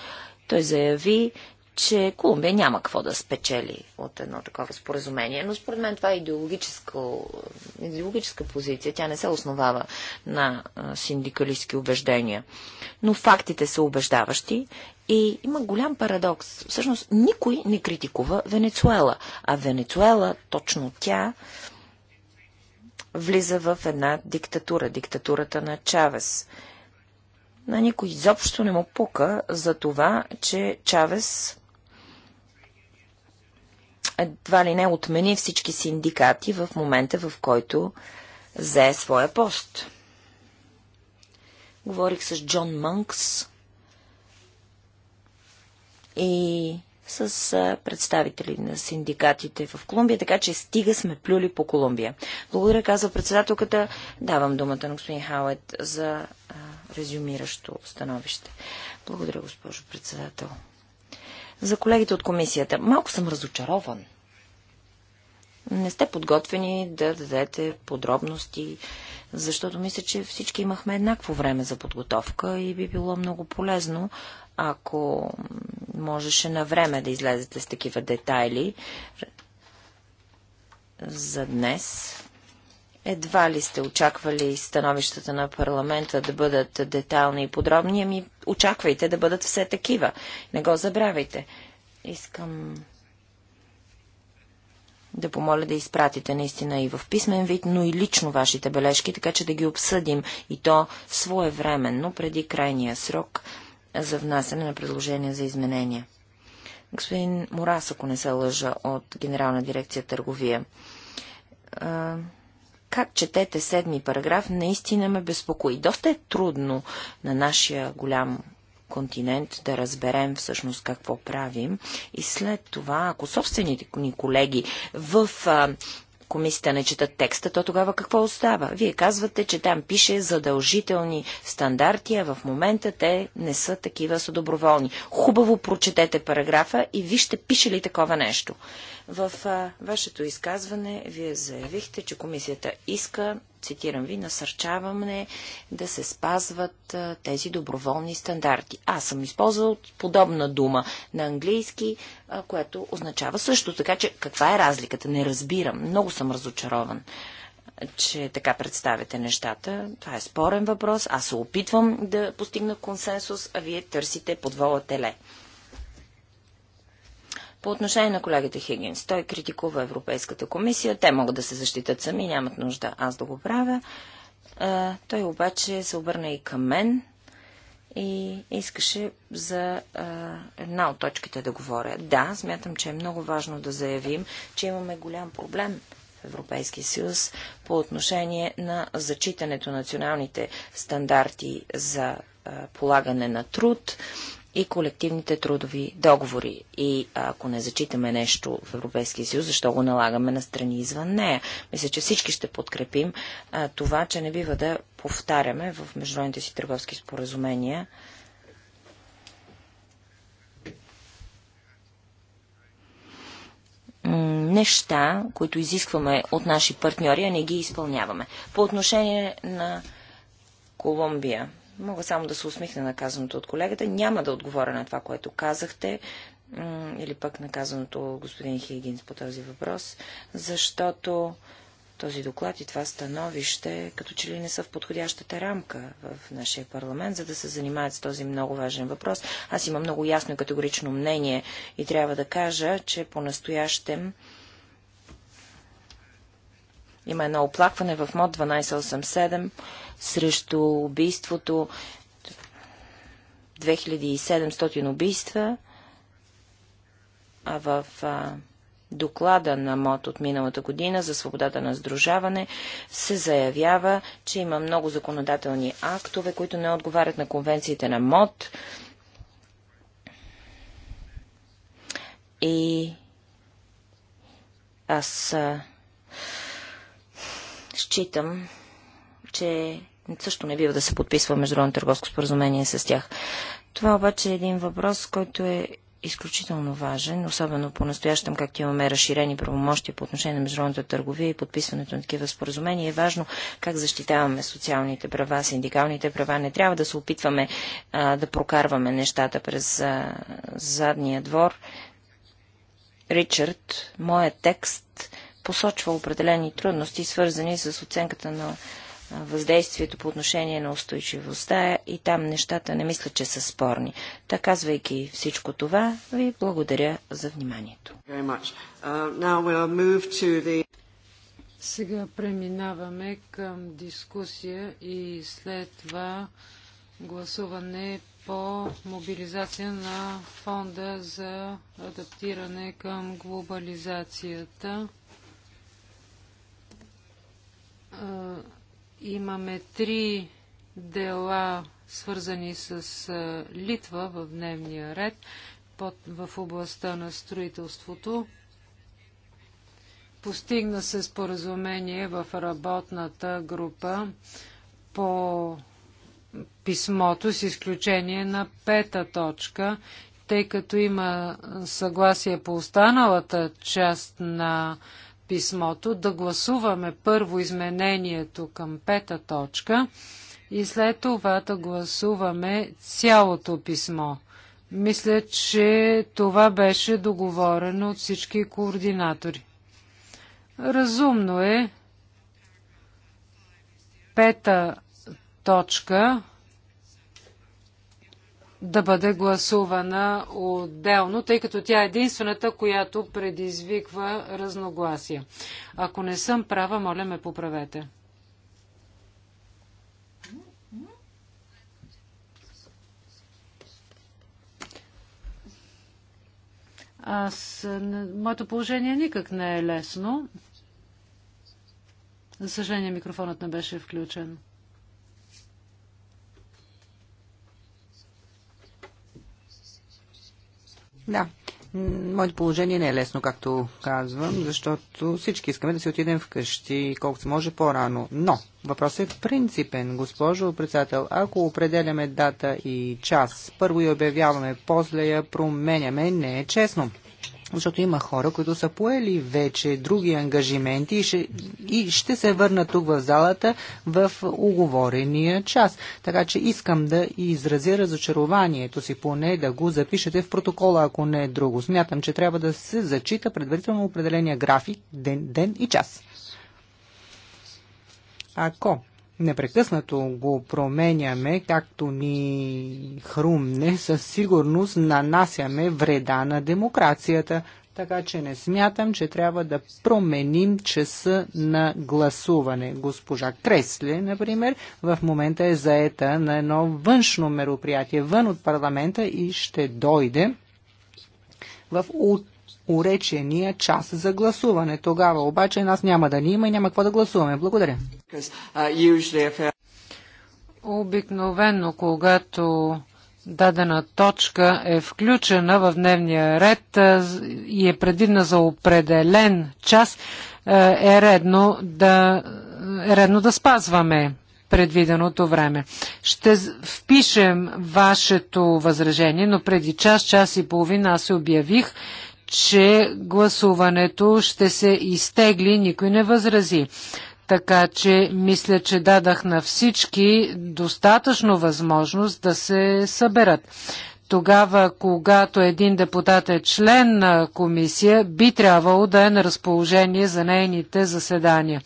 Той заяви, че Колумбия няма какво да спечели от едно такова споразумение, но според мен това е идеологическа, идеологическа позиция. Тя не се основава на синдикалистски убеждения. Но фактите са убеждаващи и има голям парадокс. Всъщност никой не критикува Венецуела, а Венецуела, точно тя, влиза в една диктатура, диктатурата на Чавес на никой изобщо не му пука за това, че Чавес едва ли не отмени всички синдикати в момента, в който взе своя пост. Говорих с Джон Мънкс и с представители на синдикатите в Колумбия, така че стига сме плюли по Колумбия. Благодаря, казва председателката. Давам думата на господин Хаует за резюмиращо становище. Благодаря, госпожо председател за колегите от комисията. Малко съм разочарован. Не сте подготвени да дадете подробности, защото мисля, че всички имахме еднакво време за подготовка и би било много полезно, ако можеше на време да излезете с такива детайли за днес, едва ли сте очаквали становищата на парламента да бъдат детални и подробни, ами очаквайте да бъдат все такива. Не го забравяйте. Искам да помоля да изпратите наистина и в писмен вид, но и лично вашите бележки, така че да ги обсъдим и то своевременно, преди крайния срок за внасяне на предложения за изменения. Господин Морас, ако не се лъжа, от Генерална дирекция търговия как четете седми параграф, наистина ме безпокои. Доста е трудно на нашия голям континент да разберем всъщност какво правим и след това, ако собствените ни колеги в а, комисията не четат текста, то тогава какво остава? Вие казвате, че там пише задължителни стандарти, а в момента те не са такива, са доброволни. Хубаво прочетете параграфа и вижте пише ли такова нещо. В вашето изказване вие заявихте, че комисията иска, цитирам ви, насърчаване да се спазват тези доброволни стандарти. Аз съм използвал подобна дума на английски, което означава също. Така че каква е разликата? Не разбирам. Много съм разочарован че така представяте нещата. Това е спорен въпрос. Аз се опитвам да постигна консенсус, а вие търсите подвола теле. По отношение на колегата Хигинс, той критикува Европейската комисия. Те могат да се защитат сами, нямат нужда аз да го правя. А, той обаче се обърна и към мен и искаше за а, една от точките да говоря. Да, смятам, че е много важно да заявим, че имаме голям проблем в Европейския съюз по отношение на зачитането на националните стандарти за полагане на труд и колективните трудови договори. И ако не зачитаме нещо в Европейския съюз, защо го налагаме на страни извън нея? Мисля, че всички ще подкрепим а, това, че не бива да повтаряме в международните си търговски споразумения неща, които изискваме от наши партньори, а не ги изпълняваме. По отношение на Колумбия. Мога само да се усмихна на казаното от колегата. Няма да отговоря на това, което казахте или пък наказаното господин Хигинс по този въпрос, защото този доклад и това становище като че ли не са в подходящата рамка в нашия парламент, за да се занимаят с този много важен въпрос. Аз имам много ясно и категорично мнение и трябва да кажа, че по-настоящем има едно оплакване в МОД 1287 срещу убийството 2700 убийства, а в а, доклада на МОД от миналата година за свободата на сдружаване се заявява, че има много законодателни актове, които не отговарят на конвенциите на МОД и аз а, считам, че също не бива да се подписва международно търговско споразумение с тях. Това обаче е един въпрос, който е изключително важен, особено по-настоящем, както имаме разширени правомощия по отношение на международната търговия и подписването на такива споразумения. Е важно как защитаваме социалните права, синдикалните права. Не трябва да се опитваме а, да прокарваме нещата през а, задния двор. Ричард, моят текст посочва определени трудности, свързани с оценката на въздействието по отношение на устойчивостта и там нещата не мисля, че са спорни. Та казвайки всичко това, ви благодаря за вниманието. Uh, Сега преминаваме към дискусия и след това гласуване по мобилизация на фонда за адаптиране към глобализацията. Имаме три дела, свързани с Литва в дневния ред под, в областта на строителството. Постигна се споразумение в работната група по писмото с изключение на пета точка, тъй като има съгласие по останалата част на писмото, да гласуваме първо изменението към пета точка и след това да гласуваме цялото писмо. Мисля, че това беше договорено от всички координатори. Разумно е пета точка да бъде гласувана отделно, тъй като тя е единствената, която предизвиква разногласия. Ако не съм права, моля ме поправете. Аз, моето положение никак не е лесно. За съжаление, микрофонът не беше включен. Да. Моето положение не е лесно, както казвам, защото всички искаме да си отидем вкъщи колкото се може по-рано. Но въпросът е принципен, госпожо председател. Ако определяме дата и час, първо я обявяваме, после я променяме, не е честно защото има хора, които са поели вече други ангажименти и ще, и ще се върнат тук в залата в уговорения час. Така че искам да изразя разочарованието си, поне да го запишете в протокола, ако не е друго. Смятам, че трябва да се зачита предварително определения график, ден, ден и час. Ако непрекъснато го променяме, както ни хрумне, със сигурност нанасяме вреда на демокрацията. Така че не смятам, че трябва да променим часа на гласуване. Госпожа Кресле, например, в момента е заета на едно външно мероприятие вън от парламента и ще дойде в утре уречения час за гласуване. Тогава обаче нас няма да ни има и няма какво да гласуваме. Благодаря. Обикновено, когато дадена точка е включена в дневния ред и е предвидна за определен час, е редно да, е редно да спазваме предвиденото време. Ще впишем вашето възражение, но преди час, час и половина аз се обявих, че гласуването ще се изтегли, никой не възрази. Така че мисля, че дадах на всички достатъчно възможност да се съберат. Тогава, когато един депутат е член на комисия, би трябвало да е на разположение за нейните заседания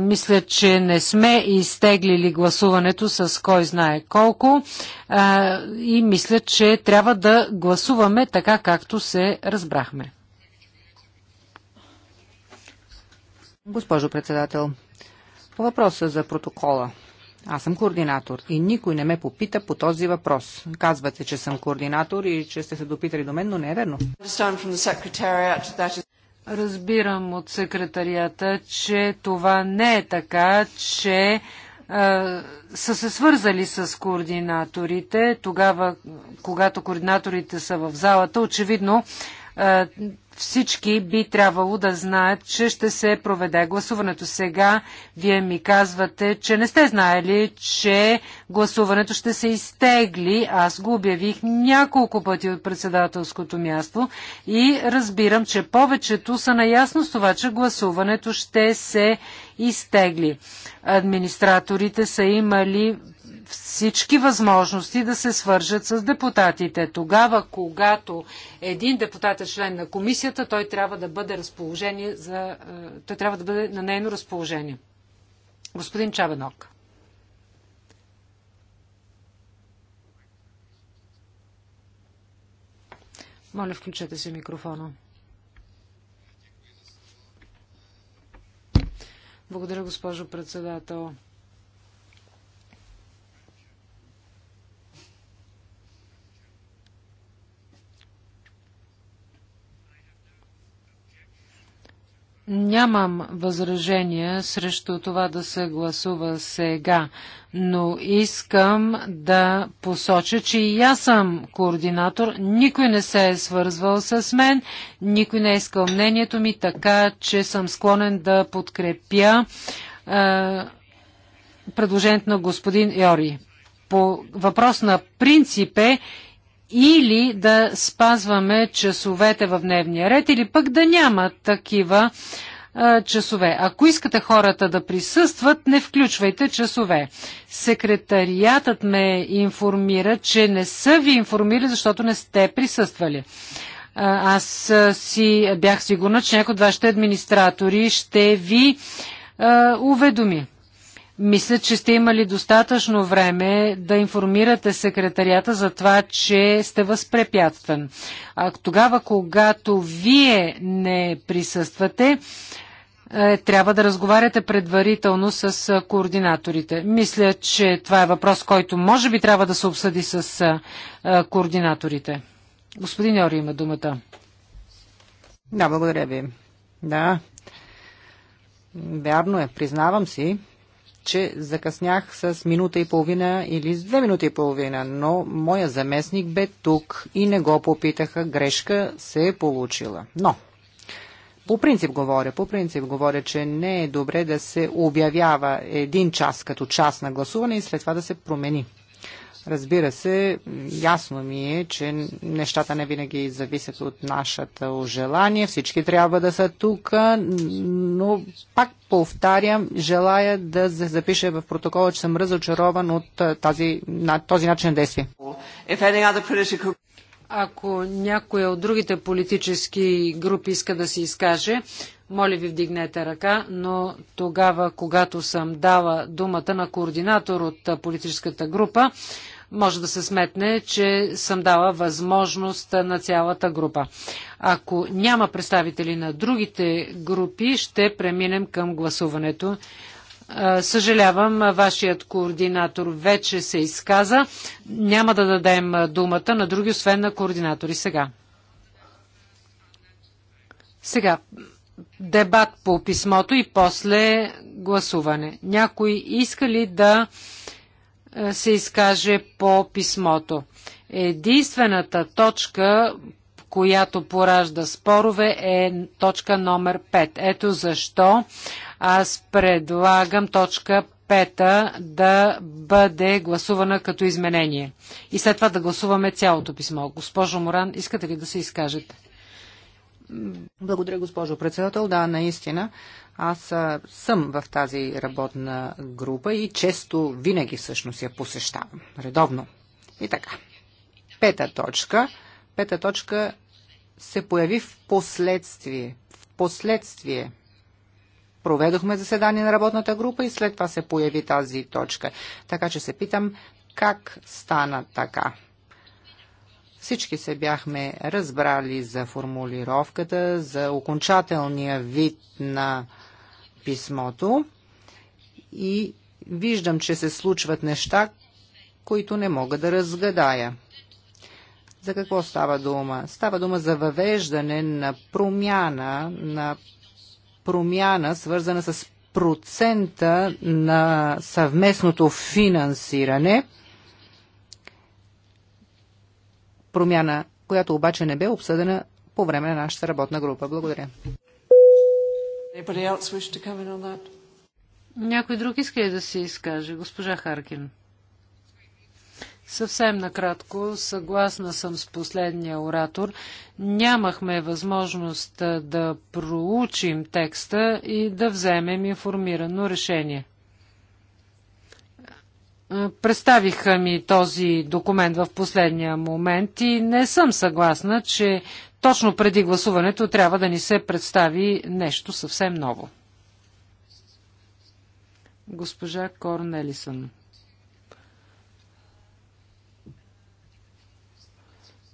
мисля, че не сме изтеглили гласуването с кой знае колко и мисля, че трябва да гласуваме така, както се разбрахме. Госпожо председател, по въпроса за протокола. Аз съм координатор и никой не ме попита по този въпрос. Казвате, че съм координатор и че сте се допитали до мен, но не е верно. Разбирам от секретарията, че това не е така, че е, са се свързали с координаторите. Тогава, когато координаторите са в залата, очевидно е, всички би трябвало да знаят, че ще се проведе гласуването. Сега вие ми казвате, че не сте знаели, че гласуването ще се изтегли. Аз го обявих няколко пъти от председателското място и разбирам, че повечето са наясно с това, че гласуването ще се изтегли. Администраторите са имали всички възможности да се свържат с депутатите. Тогава, когато един депутат е член на комисията, той трябва да бъде разположение за, е, той трябва да бъде на нейно разположение. Господин Чабенок. Моля, включете си микрофона. Благодаря, госпожо председател. Нямам възражения срещу това да се гласува сега, но искам да посоча, че и аз съм координатор. Никой не се е свързвал с мен, никой не е искал мнението ми, така че съм склонен да подкрепя е, предложението на господин Йори. По въпрос на принцип е, или да спазваме часовете в дневния ред, или пък да няма такива а, часове. Ако искате хората да присъстват, не включвайте часове. Секретариатът ме информира, че не са ви информирали, защото не сте присъствали. А, аз си бях сигурна, че някой от вашите администратори ще ви а, уведоми. Мисля, че сте имали достатъчно време да информирате секретарията за това, че сте възпрепятстван. А тогава, когато вие не присъствате, е, трябва да разговаряте предварително с координаторите. Мисля, че това е въпрос, който може би трябва да се обсъди с координаторите. Господин Йори има думата. Да, благодаря ви. Да, вярно е, признавам си, че закъснях с минута и половина или с две минути и половина, но моя заместник бе тук и не го попитаха. Грешка се е получила. Но, по принцип говоря, по принцип говоря, че не е добре да се обявява един час като час на гласуване и след това да се промени. Разбира се, ясно ми е, че нещата не винаги зависят от нашата желание. Всички трябва да са тук, но пак повтарям, желая да се запише в протокола, че съм разочарован от тази, на този начин на действие. Ако някой от другите политически групи иска да се изкаже, моля ви вдигнете ръка, но тогава, когато съм дала думата на координатор от политическата група, може да се сметне, че съм дала възможност на цялата група. Ако няма представители на другите групи, ще преминем към гласуването. Съжалявам, вашият координатор вече се изказа. Няма да дадем думата на други, освен на координатори сега. Сега, дебат по писмото и после гласуване. Някой иска ли да е, се изкаже по писмото. Единствената точка, която поражда спорове, е точка номер 5. Ето защо аз предлагам точка 5 да бъде гласувана като изменение. И след това да гласуваме цялото писмо. Госпожо Моран, искате ли да се изкажете? Благодаря, госпожо председател. Да, наистина. Аз съм в тази работна група и често винаги всъщност я посещавам. Редовно. И така. Пета точка. Пета точка се появи в последствие. В последствие. Проведохме заседание на работната група и след това се появи тази точка. Така че се питам как стана така. Всички се бяхме разбрали за формулировката, за окончателния вид на писмото и виждам, че се случват неща, които не мога да разгадая. За какво става дума? Става дума за въвеждане на промяна, на промяна, свързана с процента на съвместното финансиране, промяна, която обаче не бе обсъдена по време на нашата работна група. Благодаря. Някой друг иска ли да се изкаже? Госпожа Харкин. Съвсем накратко, съгласна съм с последния оратор. Нямахме възможност да проучим текста и да вземем информирано решение. Представиха ми този документ в последния момент и не съм съгласна, че точно преди гласуването трябва да ни се представи нещо съвсем ново. Госпожа Корнелисън.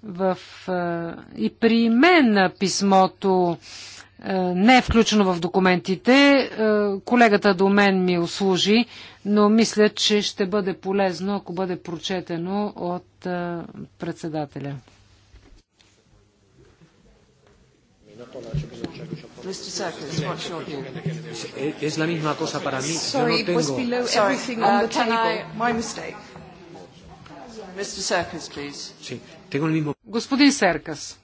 В, и при мен писмото не е включено в документите. Колегата до мен ми услужи, но мисля, че ще бъде полезно, ако бъде прочетено от председателя. Es la misma cosa para mí. Sorry, Yo no tengo... everything on the table. My mistake. Mr. Serkis, please. Sí, tengo el mismo... Господин Серкас,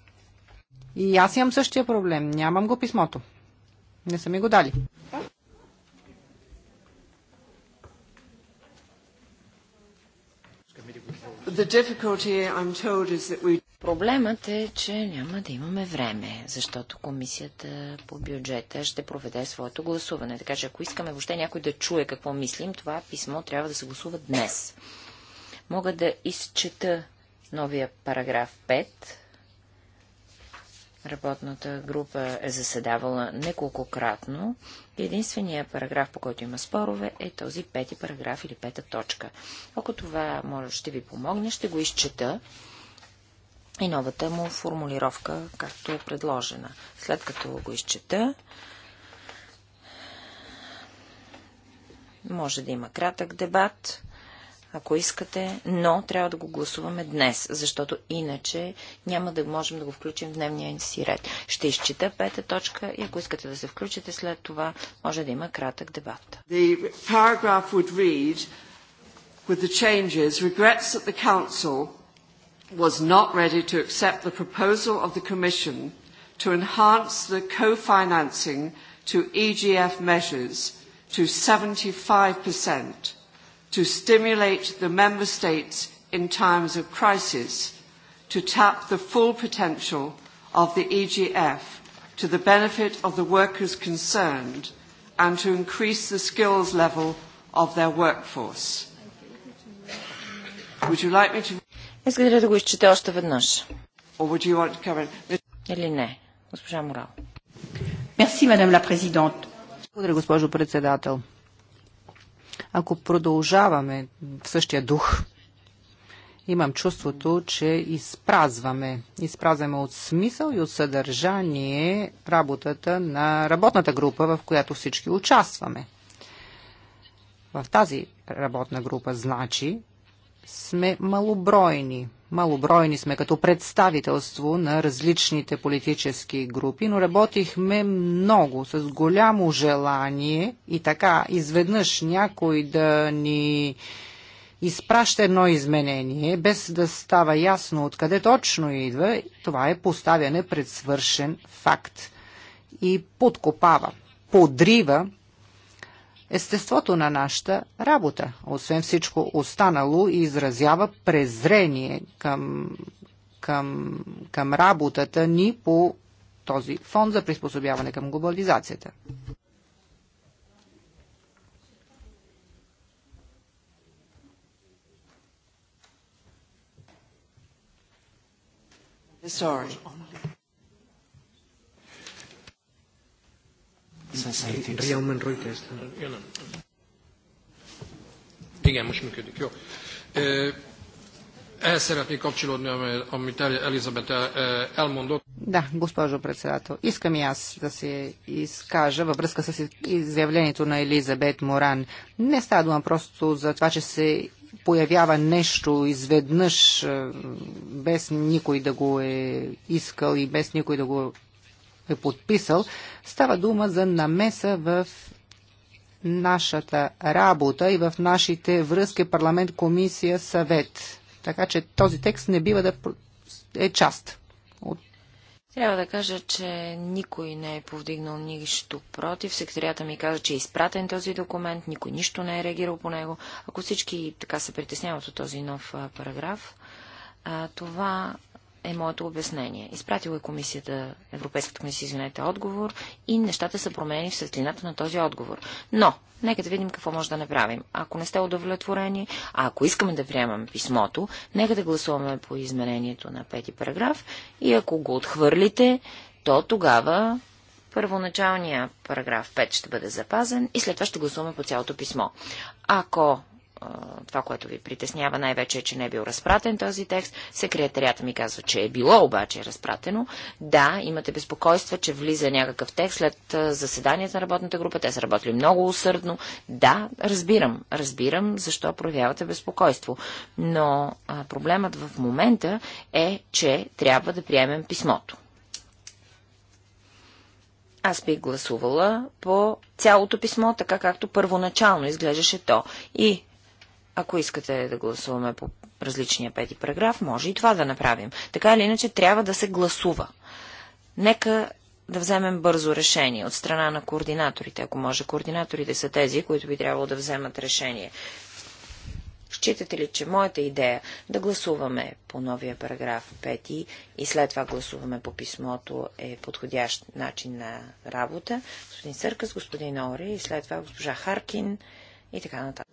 и аз имам същия проблем. Нямам го писмото. Не са ми го дали. The difficulty, I'm told, is that we Проблемът е, че няма да имаме време, защото комисията по бюджета ще проведе своето гласуване. Така че ако искаме въобще някой да чуе какво мислим, това писмо трябва да се гласува днес. Мога да изчета новия параграф 5. Работната група е заседавала неколкократно. Единственият параграф, по който има спорове, е този пети параграф или пета точка. Ако това може ще ви помогне, ще го изчета и новата му формулировка, както е предложена. След като го изчета, може да има кратък дебат, ако искате, но трябва да го гласуваме днес, защото иначе няма да можем да го включим в дневния си ред. Ще изчита пета точка и ако искате да се включите след това, може да има кратък дебат. The paragraph would read, with the changes, regrets that the council was not ready to accept the proposal of the Commission to enhance the co-financing to EGF measures to 75% to stimulate the Member States in times of crisis to tap the full potential of the EGF to the benefit of the workers concerned and to increase the skills level of their workforce. Would you like me to Искате ли да го изчете още веднъж? Или не? Госпожа Морал. Мерси, мадам ла президент. Благодаря, госпожо председател. Ако продължаваме в същия дух, имам чувството, че изпразваме. Изпразваме от смисъл и от съдържание работата на работната група, в която всички участваме. В тази работна група, значи, сме малобройни. Малобройни сме като представителство на различните политически групи, но работихме много, с голямо желание и така изведнъж някой да ни изпраща едно изменение, без да става ясно откъде точно идва, това е поставяне пред свършен факт и подкопава, подрива естеството на нашата работа. Освен всичко останало и изразява презрение към, към, към работата ни по този фонд за приспособяване към глобализацията. Sorry. Riaumen Reuters. Igen, most működik. Jó. Ehhez szeretnék kapcsolódni, amit Elizabeth elmondott. Да, госпожо председател, искам и аз да се изкажа във връзка с изявлението на Елизабет Моран. Не става дума просто за това, че се появява нещо изведнъж без никой да го е искал и без никой да го е подписал, става дума за намеса в нашата работа и в нашите връзки парламент, комисия, съвет. Така че този текст не бива да е част от трябва да кажа, че никой не е повдигнал нищо против. Секретарията ми каза, че е изпратен този документ, никой нищо не е реагирал по него. Ако всички така се притесняват от този нов а, параграф, а, това е моето обяснение. Изпратила е комисията, Европейската комисия, извинете, отговор и нещата са променени в светлината на този отговор. Но, нека да видим какво може да направим. Ако не сте удовлетворени, а ако искаме да приемаме писмото, нека да гласуваме по изменението на пети параграф и ако го отхвърлите, то тогава първоначалният параграф 5 ще бъде запазен и след това ще гласуваме по цялото писмо. Ако това, което ви притеснява най-вече е, че не е бил разпратен този текст. Секретарията ми казва, че е било обаче разпратено. Да, имате безпокойства, че влиза някакъв текст след заседанията на работната група. Те са работили много усърдно. Да, разбирам. Разбирам защо проявявате безпокойство. Но а, проблемът в момента е, че трябва да приемем писмото. Аз бих гласувала по цялото писмо, така както първоначално изглеждаше то. И ако искате да гласуваме по различния пети параграф, може и това да направим. Така или иначе, трябва да се гласува. Нека да вземем бързо решение от страна на координаторите. Ако може, координаторите са тези, които би трябвало да вземат решение. Считате ли, че моята идея да гласуваме по новия параграф 5 и след това гласуваме по писмото е подходящ начин на работа? Господин Съркъс, господин Ори и след това госпожа Харкин и така нататък.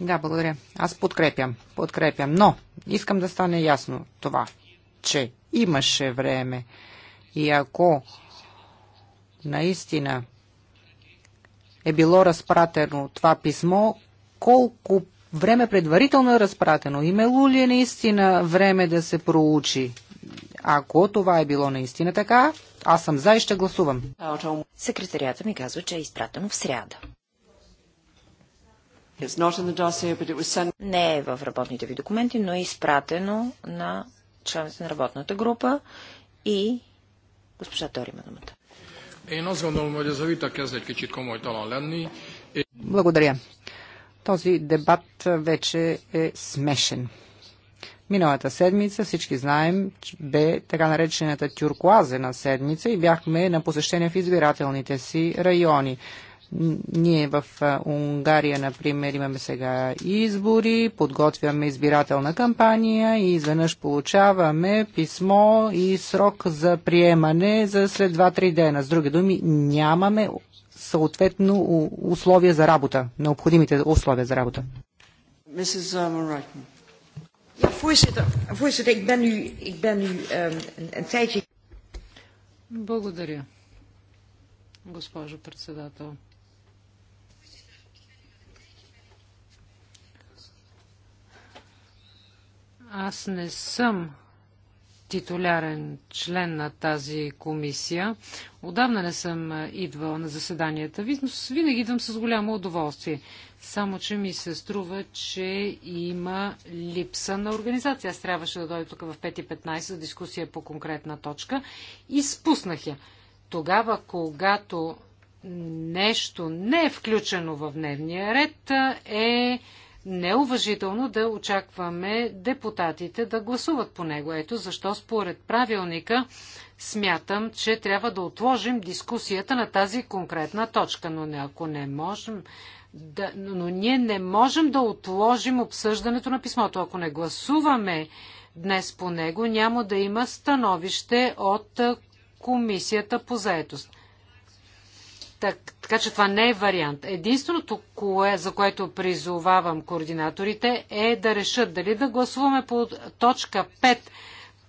Да, благодаря. Аз подкрепям. Подкрепям. Но искам да стане ясно това, че имаше време и ако наистина е било разпратено това писмо, колко време предварително е разпратено? имало ли е наистина време да се проучи? Ако това е било наистина така, аз съм за и ще гласувам. Секретарията ми казва, че е изпратено в сряда. Не е в работните ви документи, но е изпратено на членовете на работната група и госпожа Тори има думата. Благодаря. Този дебат вече е смешен. Миналата седмица, всички знаем, бе така наречената тюркуазена седмица и бяхме на посещение в избирателните си райони. Ние в Унгария, например, имаме сега избори, подготвяме избирателна кампания и изведнъж получаваме писмо и срок за приемане за след 2-3 дена. С други думи, нямаме съответно условия за работа, необходимите условия за работа. Mrs. Moraitin. Ja, voorzitter, voorzitter ik ben nu, ik ben nu um, een, een tijdje. Благодаря, госпожо председател. Аз не съм титулярен член на тази комисия. Отдавна не съм идвал на заседанията ви, но винаги идвам с голямо удоволствие. Само, че ми се струва, че има липса на организация. Аз трябваше да дойда тук в 5.15 за дискусия по конкретна точка и спуснах я. Тогава, когато нещо не е включено в дневния ред, е неуважително да очакваме депутатите да гласуват по него. Ето защо според правилника смятам, че трябва да отложим дискусията на тази конкретна точка. Но не, ако не можем, да, но ние не можем да отложим обсъждането на писмото. Ако не гласуваме днес по него, няма да има становище от комисията по заетост. Так, така че това не е вариант. Единственото, кое, за което призовавам координаторите, е да решат дали да гласуваме по точка 5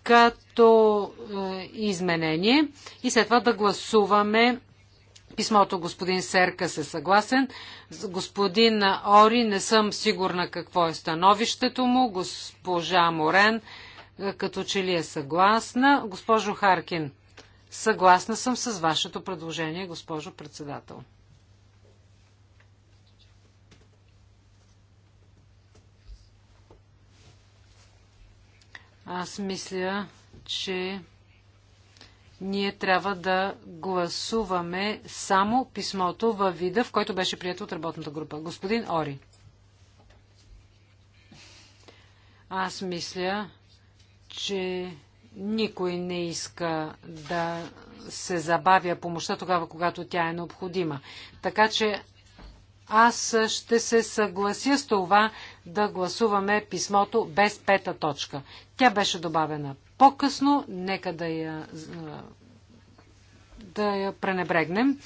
като е, изменение и след това да гласуваме писмото господин Серка се съгласен. Господин Ори, не съм сигурна какво е становището му. Госпожа Морен, е, като че ли е съгласна. Госпожо Харкин, съгласна съм с вашето предложение, госпожо председател. Аз мисля, че ние трябва да гласуваме само писмото във вида, в който беше прието от работната група. Господин Ори. Аз мисля, че никой не иска да се забавя помощта тогава, когато тя е необходима. Така че аз ще се съглася с това да гласуваме писмото без пета точка. Тя беше добавена по-късно, нека да я, да я пренебрегнем.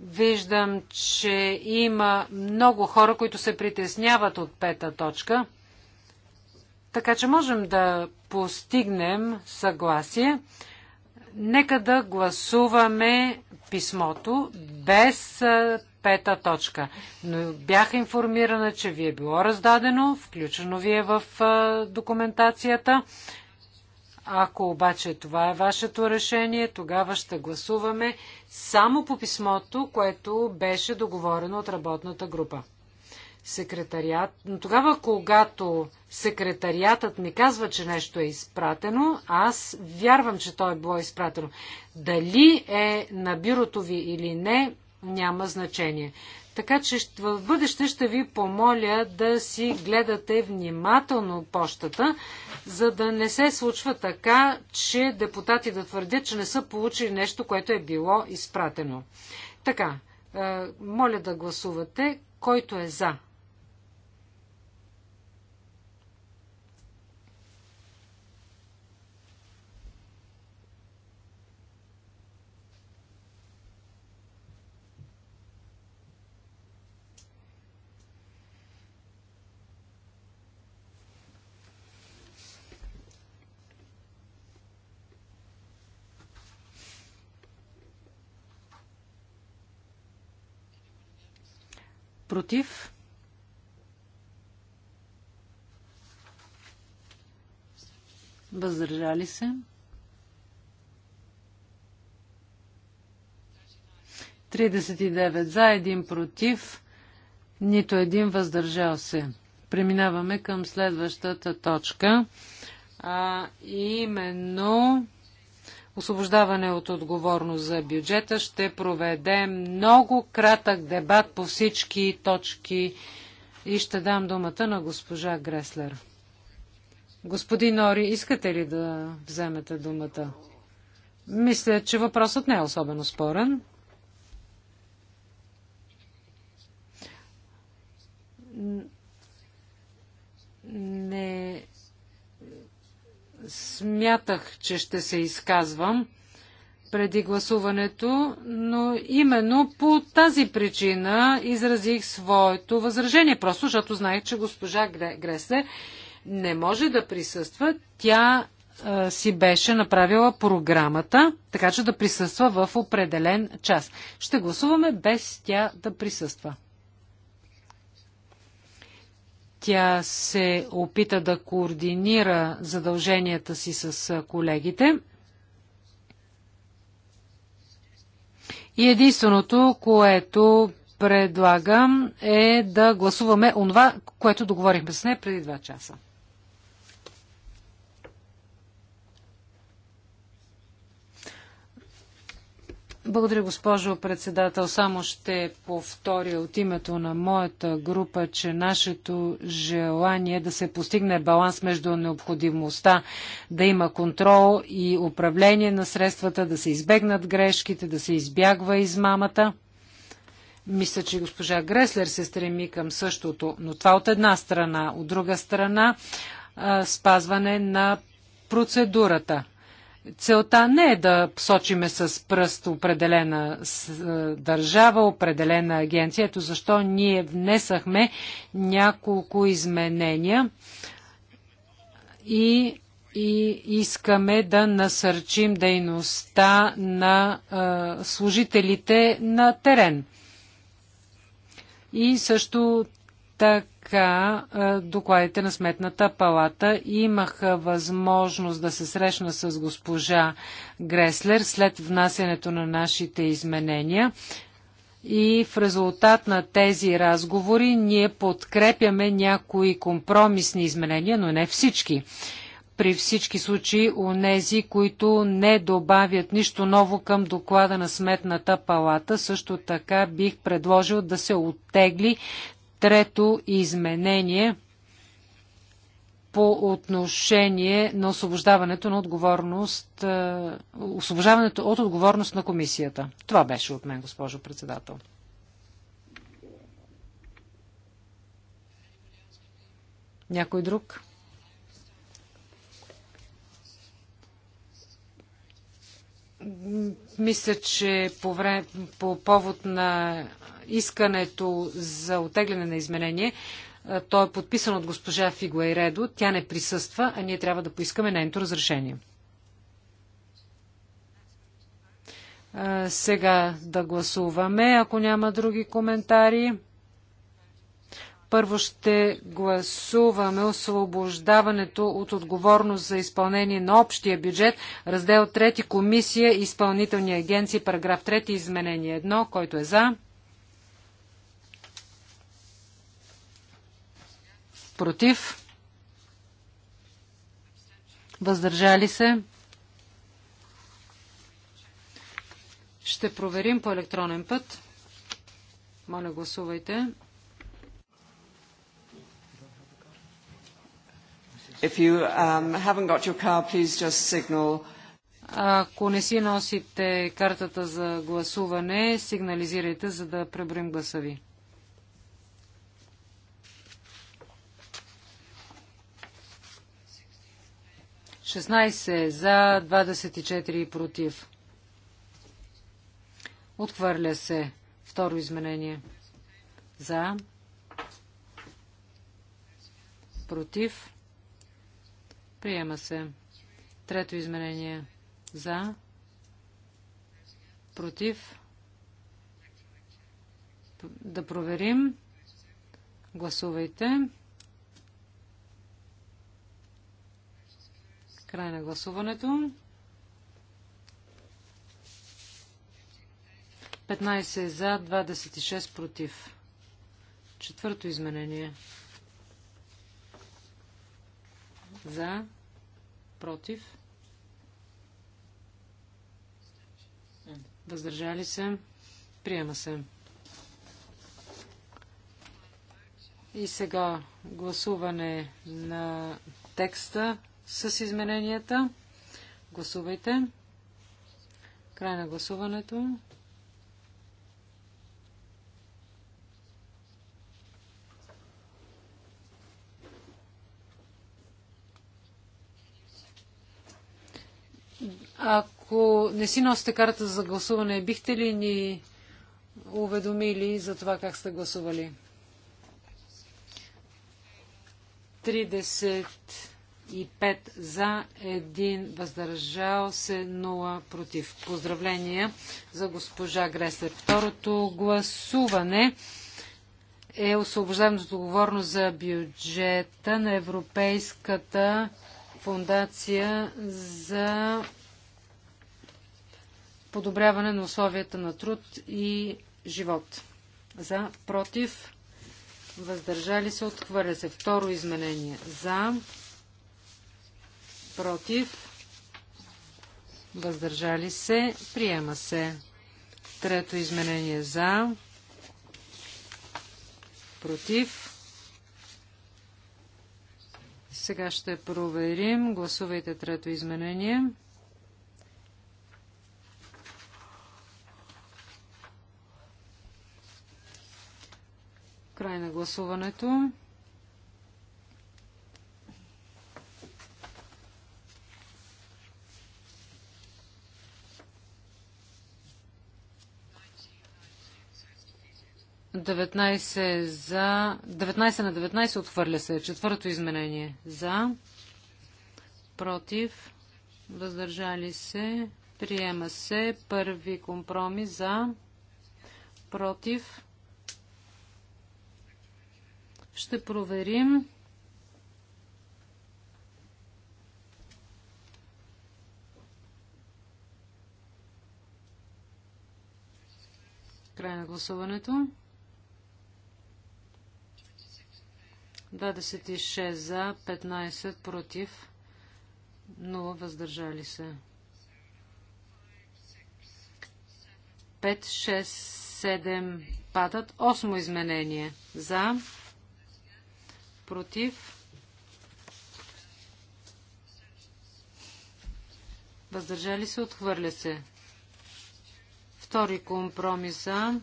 Виждам, че има много хора, които се притесняват от пета точка. Така че можем да постигнем съгласие. Нека да гласуваме писмото без пета точка. Но бях информирана, че ви е било раздадено, включено ви е в документацията. Ако обаче това е вашето решение, тогава ще гласуваме само по писмото, което беше договорено от работната група. Секретарият... Но тогава, когато секретариатът ми казва, че нещо е изпратено, аз вярвам, че то е било изпратено. Дали е на бюрото ви или не, няма значение. Така че в бъдеще ще ви помоля да си гледате внимателно почтата, за да не се случва така, че депутати да твърдят, че не са получили нещо, което е било изпратено. Така, е, моля да гласувате, който е за Против? Въздържали се? 39 за, един против, нито един въздържал се. Преминаваме към следващата точка, а именно освобождаване от отговорност за бюджета. Ще проведем много кратък дебат по всички точки и ще дам думата на госпожа Греслер. Господин Нори, искате ли да вземете думата? Мисля, че въпросът не е особено спорен. Не, смятах, че ще се изказвам преди гласуването, но именно по тази причина изразих своето възражение, просто защото знаех, че госпожа Гресле не може да присъства. Тя а, си беше направила програмата, така че да присъства в определен час. Ще гласуваме без тя да присъства. Тя се опита да координира задълженията си с колегите. И единственото, което предлагам е да гласуваме онова, което договорихме с нея преди два часа. Благодаря, госпожо председател. Само ще повторя от името на моята група, че нашето желание е да се постигне баланс между необходимостта да има контрол и управление на средствата, да се избегнат грешките, да се избягва измамата. Мисля, че госпожа Греслер се стреми към същото, но това от една страна. От друга страна, спазване на процедурата. Целта не е да сочиме с пръст определена е, държава, определена агенция. Ето защо ние внесахме няколко изменения и, и искаме да насърчим дейността на а, е, служителите на терен. И също така така докладите на Сметната палата. Имах възможност да се срещна с госпожа Греслер след внасянето на нашите изменения. И в резултат на тези разговори ние подкрепяме някои компромисни изменения, но не всички. При всички случаи у нези, които не добавят нищо ново към доклада на Сметната палата, също така бих предложил да се оттегли трето изменение по отношение на освобождаването на отговорност, е, освобождаването от отговорност на комисията. Това беше от мен, госпожо председател. Някой друг? мисля, че по, време, по повод на искането за отегляне на изменение, е, то е подписано от госпожа Фигуайредо. Тя не присъства, а ние трябва да поискаме нейното разрешение. Е, сега да гласуваме, ако няма други коментари. Първо ще гласуваме освобождаването от отговорност за изпълнение на общия бюджет, раздел 3, комисия, изпълнителни агенции, параграф 3, изменение 1, който е за. Против. Въздържали се. Ще проверим по електронен път. Моля, гласувайте. If you um, haven't got your car, please just signal. Ако не си носите картата за гласуване, сигнализирайте, за да преброим гласа ви. Шестнайсе за, 24 против. Отхвърля се. Второ изменение. За. Против. Приема се. Трето изменение. За. Против. Да проверим. Гласувайте. Край на гласуването. 15 за, 26 против. Четвърто изменение за, против, въздържали се, приема се. И сега гласуване на текста с измененията. Гласувайте. Край на гласуването. Ако не си носите карта за гласуване, бихте ли ни уведомили за това как сте гласували? 35 за, 1 въздържал се, 0 против. Поздравления за госпожа Греслер. Второто гласуване е освобождаването отговорност за бюджета на Европейската фундация за подобряване на условията на труд и живот. За, против, въздържали се, отхвърля се. Второ изменение. За, против, въздържали се, приема се. Трето изменение за, против. Сега ще проверим. Гласувайте трето изменение. гласуването. за... 19 на 19 отхвърля се. Четвърто изменение. За. Против. Въздържали се. Приема се. Първи компромис за. Против ще проверим. Край на гласуването. 26 за, 15 против, 0 въздържали се. 5, 6, 7 падат. Осмо изменение. За, против, въздържали се, отхвърля се. Втори компромиса.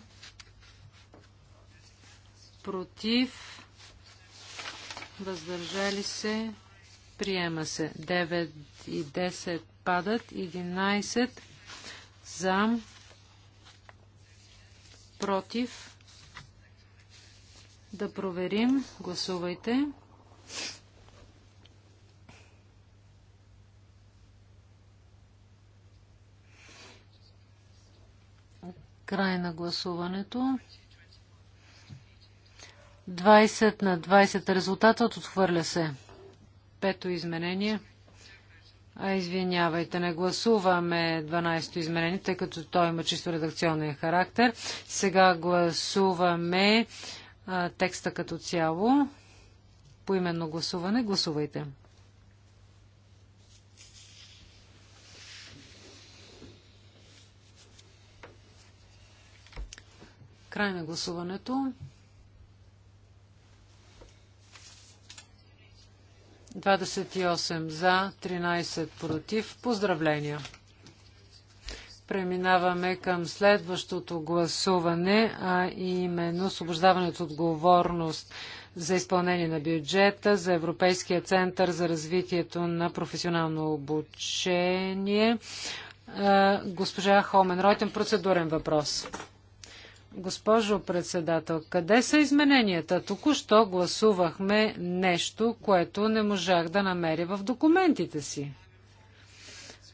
против, въздържали се, приема се. 9 и 10 падат, 11 за, против, да проверим. Гласувайте. Край на гласуването. 20 на 20 резултатът отхвърля се. Пето изменение. А, извинявайте, не гласуваме 12-то изменение, тъй като той има чисто редакционен характер. Сега гласуваме а, текста като цяло. По именно гласуване. Гласувайте. Край на гласуването. 28 за, 13 против. Поздравления! Преминаваме към следващото гласуване, а именно освобождаването от отговорност за изпълнение на бюджета за Европейския център за развитието на професионално обучение. Госпожа Холмен Ройтен, процедурен въпрос. Госпожо председател, къде са измененията? Току-що гласувахме нещо, което не можах да намеря в документите си.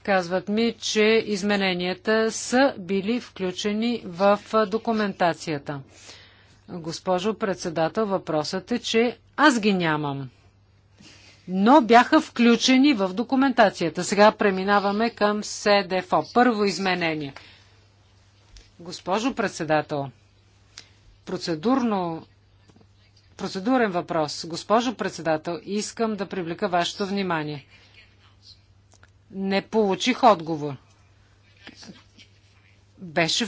Казват ми, че измененията са били включени в документацията. Госпожо председател, въпросът е, че аз ги нямам. Но бяха включени в документацията. Сега преминаваме към СДФО. Първо изменение. Госпожо председател, процедурно Процедурен въпрос. Госпожо председател, искам да привлека вашето внимание не получих отговор. Беше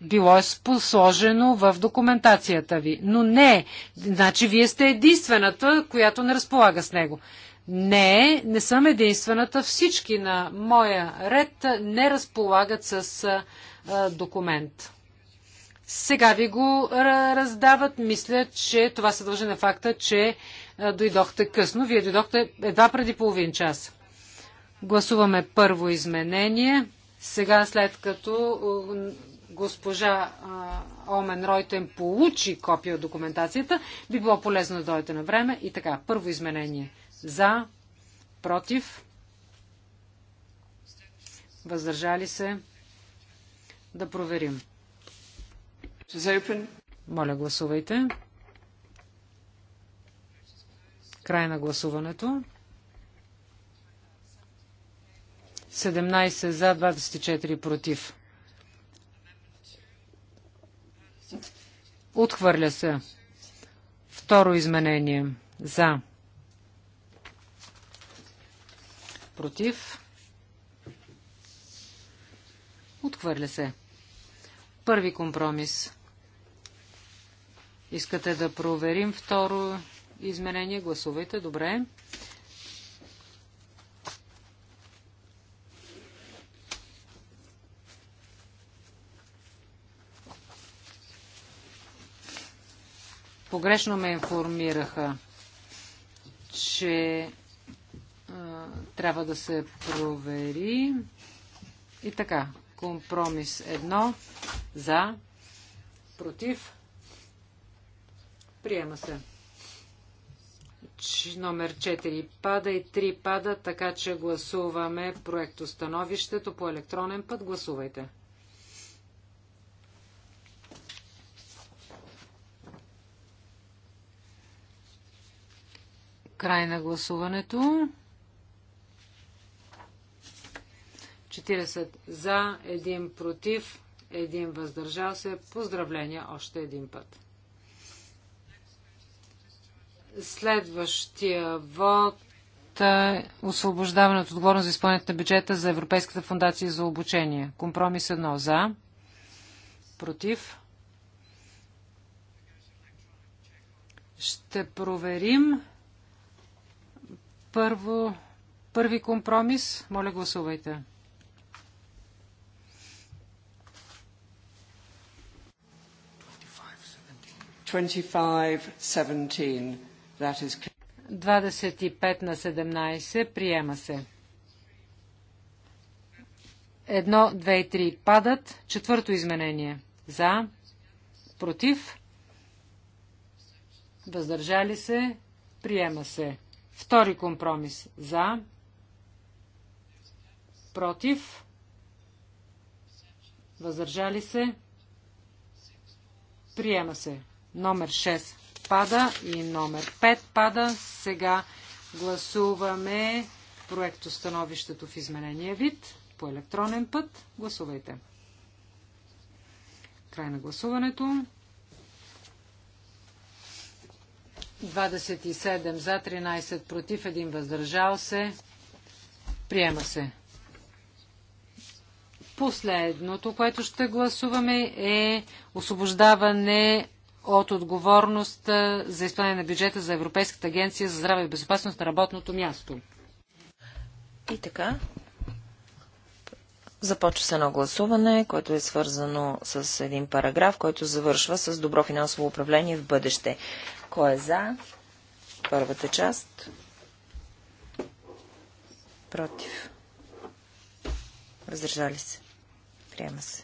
било е сложено в документацията ви. Но не, значи вие сте единствената, която не разполага с него. Не, не съм единствената. Всички на моя ред не разполагат с а, документ. Сега ви го раздават. Мисля, че това се дължи на факта, че дойдохте късно. Вие дойдохте едва преди половин час. Гласуваме първо изменение. Сега след като госпожа Омен Ройтен получи копия от документацията, би било полезно да дойдете на време. И така, първо изменение. За, против, въздържали се. Да проверим. Моля, гласувайте. Край на гласуването. 17 за, 24 против. Отхвърля се. Второ изменение. За. Против. Отхвърля се. Първи компромис. Искате да проверим второ изменение? Гласувайте. Добре. погрешно ме информираха, че а, трябва да се провери. И така, компромис Едно за, против, приема се. Ч, номер 4 пада и 3 пада, така че гласуваме Проекто становището по електронен път. Гласувайте. Край на гласуването. 40 за, 1 против, 1 въздържал се. Поздравления още един път. Следващия вод е, освобождаване от отговорност за изпълнението на бюджета за Европейската фундация за обучение. Компромис 1 за, против. Ще проверим първо, първи компромис. Моля, гласувайте. Двадесет и 25 на 17 приема се. Едно, две и три падат. Четвърто изменение. За. Против. Въздържали се. Приема се. Втори компромис. За. Против. Въздържали се. Приема се. Номер 6 пада и номер 5 пада. Сега гласуваме проектостановището в изменения вид по електронен път. Гласувайте. Край на гласуването. 27 за, 13 против, 1 въздържал се. Приема се. Последното, което ще гласуваме е освобождаване от отговорност за изпълнение на бюджета за Европейската агенция за здраве и безопасност на работното място. И така, Започва се едно гласуване, което е свързано с един параграф, който завършва с добро финансово управление в бъдеще. Кой е за? Първата част. Против. Раздържали се. Приема се.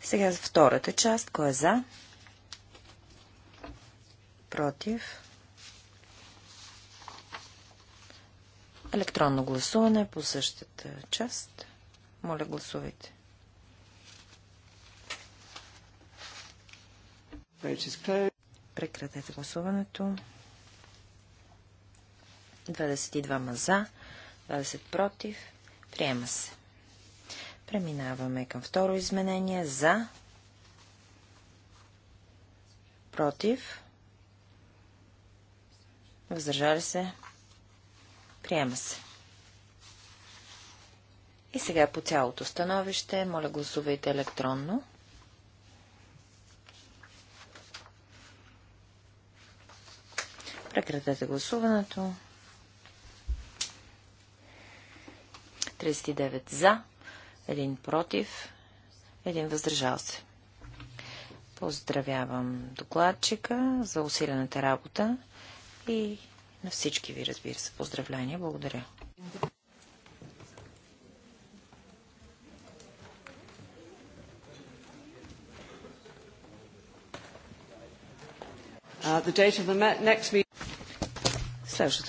Сега за втората част. Кой е за? Против. Електронно гласуване по същата част. Моля, гласувайте. Прекратете гласуването. 22 маза, 20 против. Приема се. Преминаваме към второ изменение. За. Против. Въздържали се. Приема се. И сега по цялото становище, моля гласувайте електронно. Прекратете гласуването. 39 за, 1 против, 1 въздържал се. Поздравявам докладчика за усилената работа и на всички ви, разбира се, поздравления. Благодаря. Uh, Следващата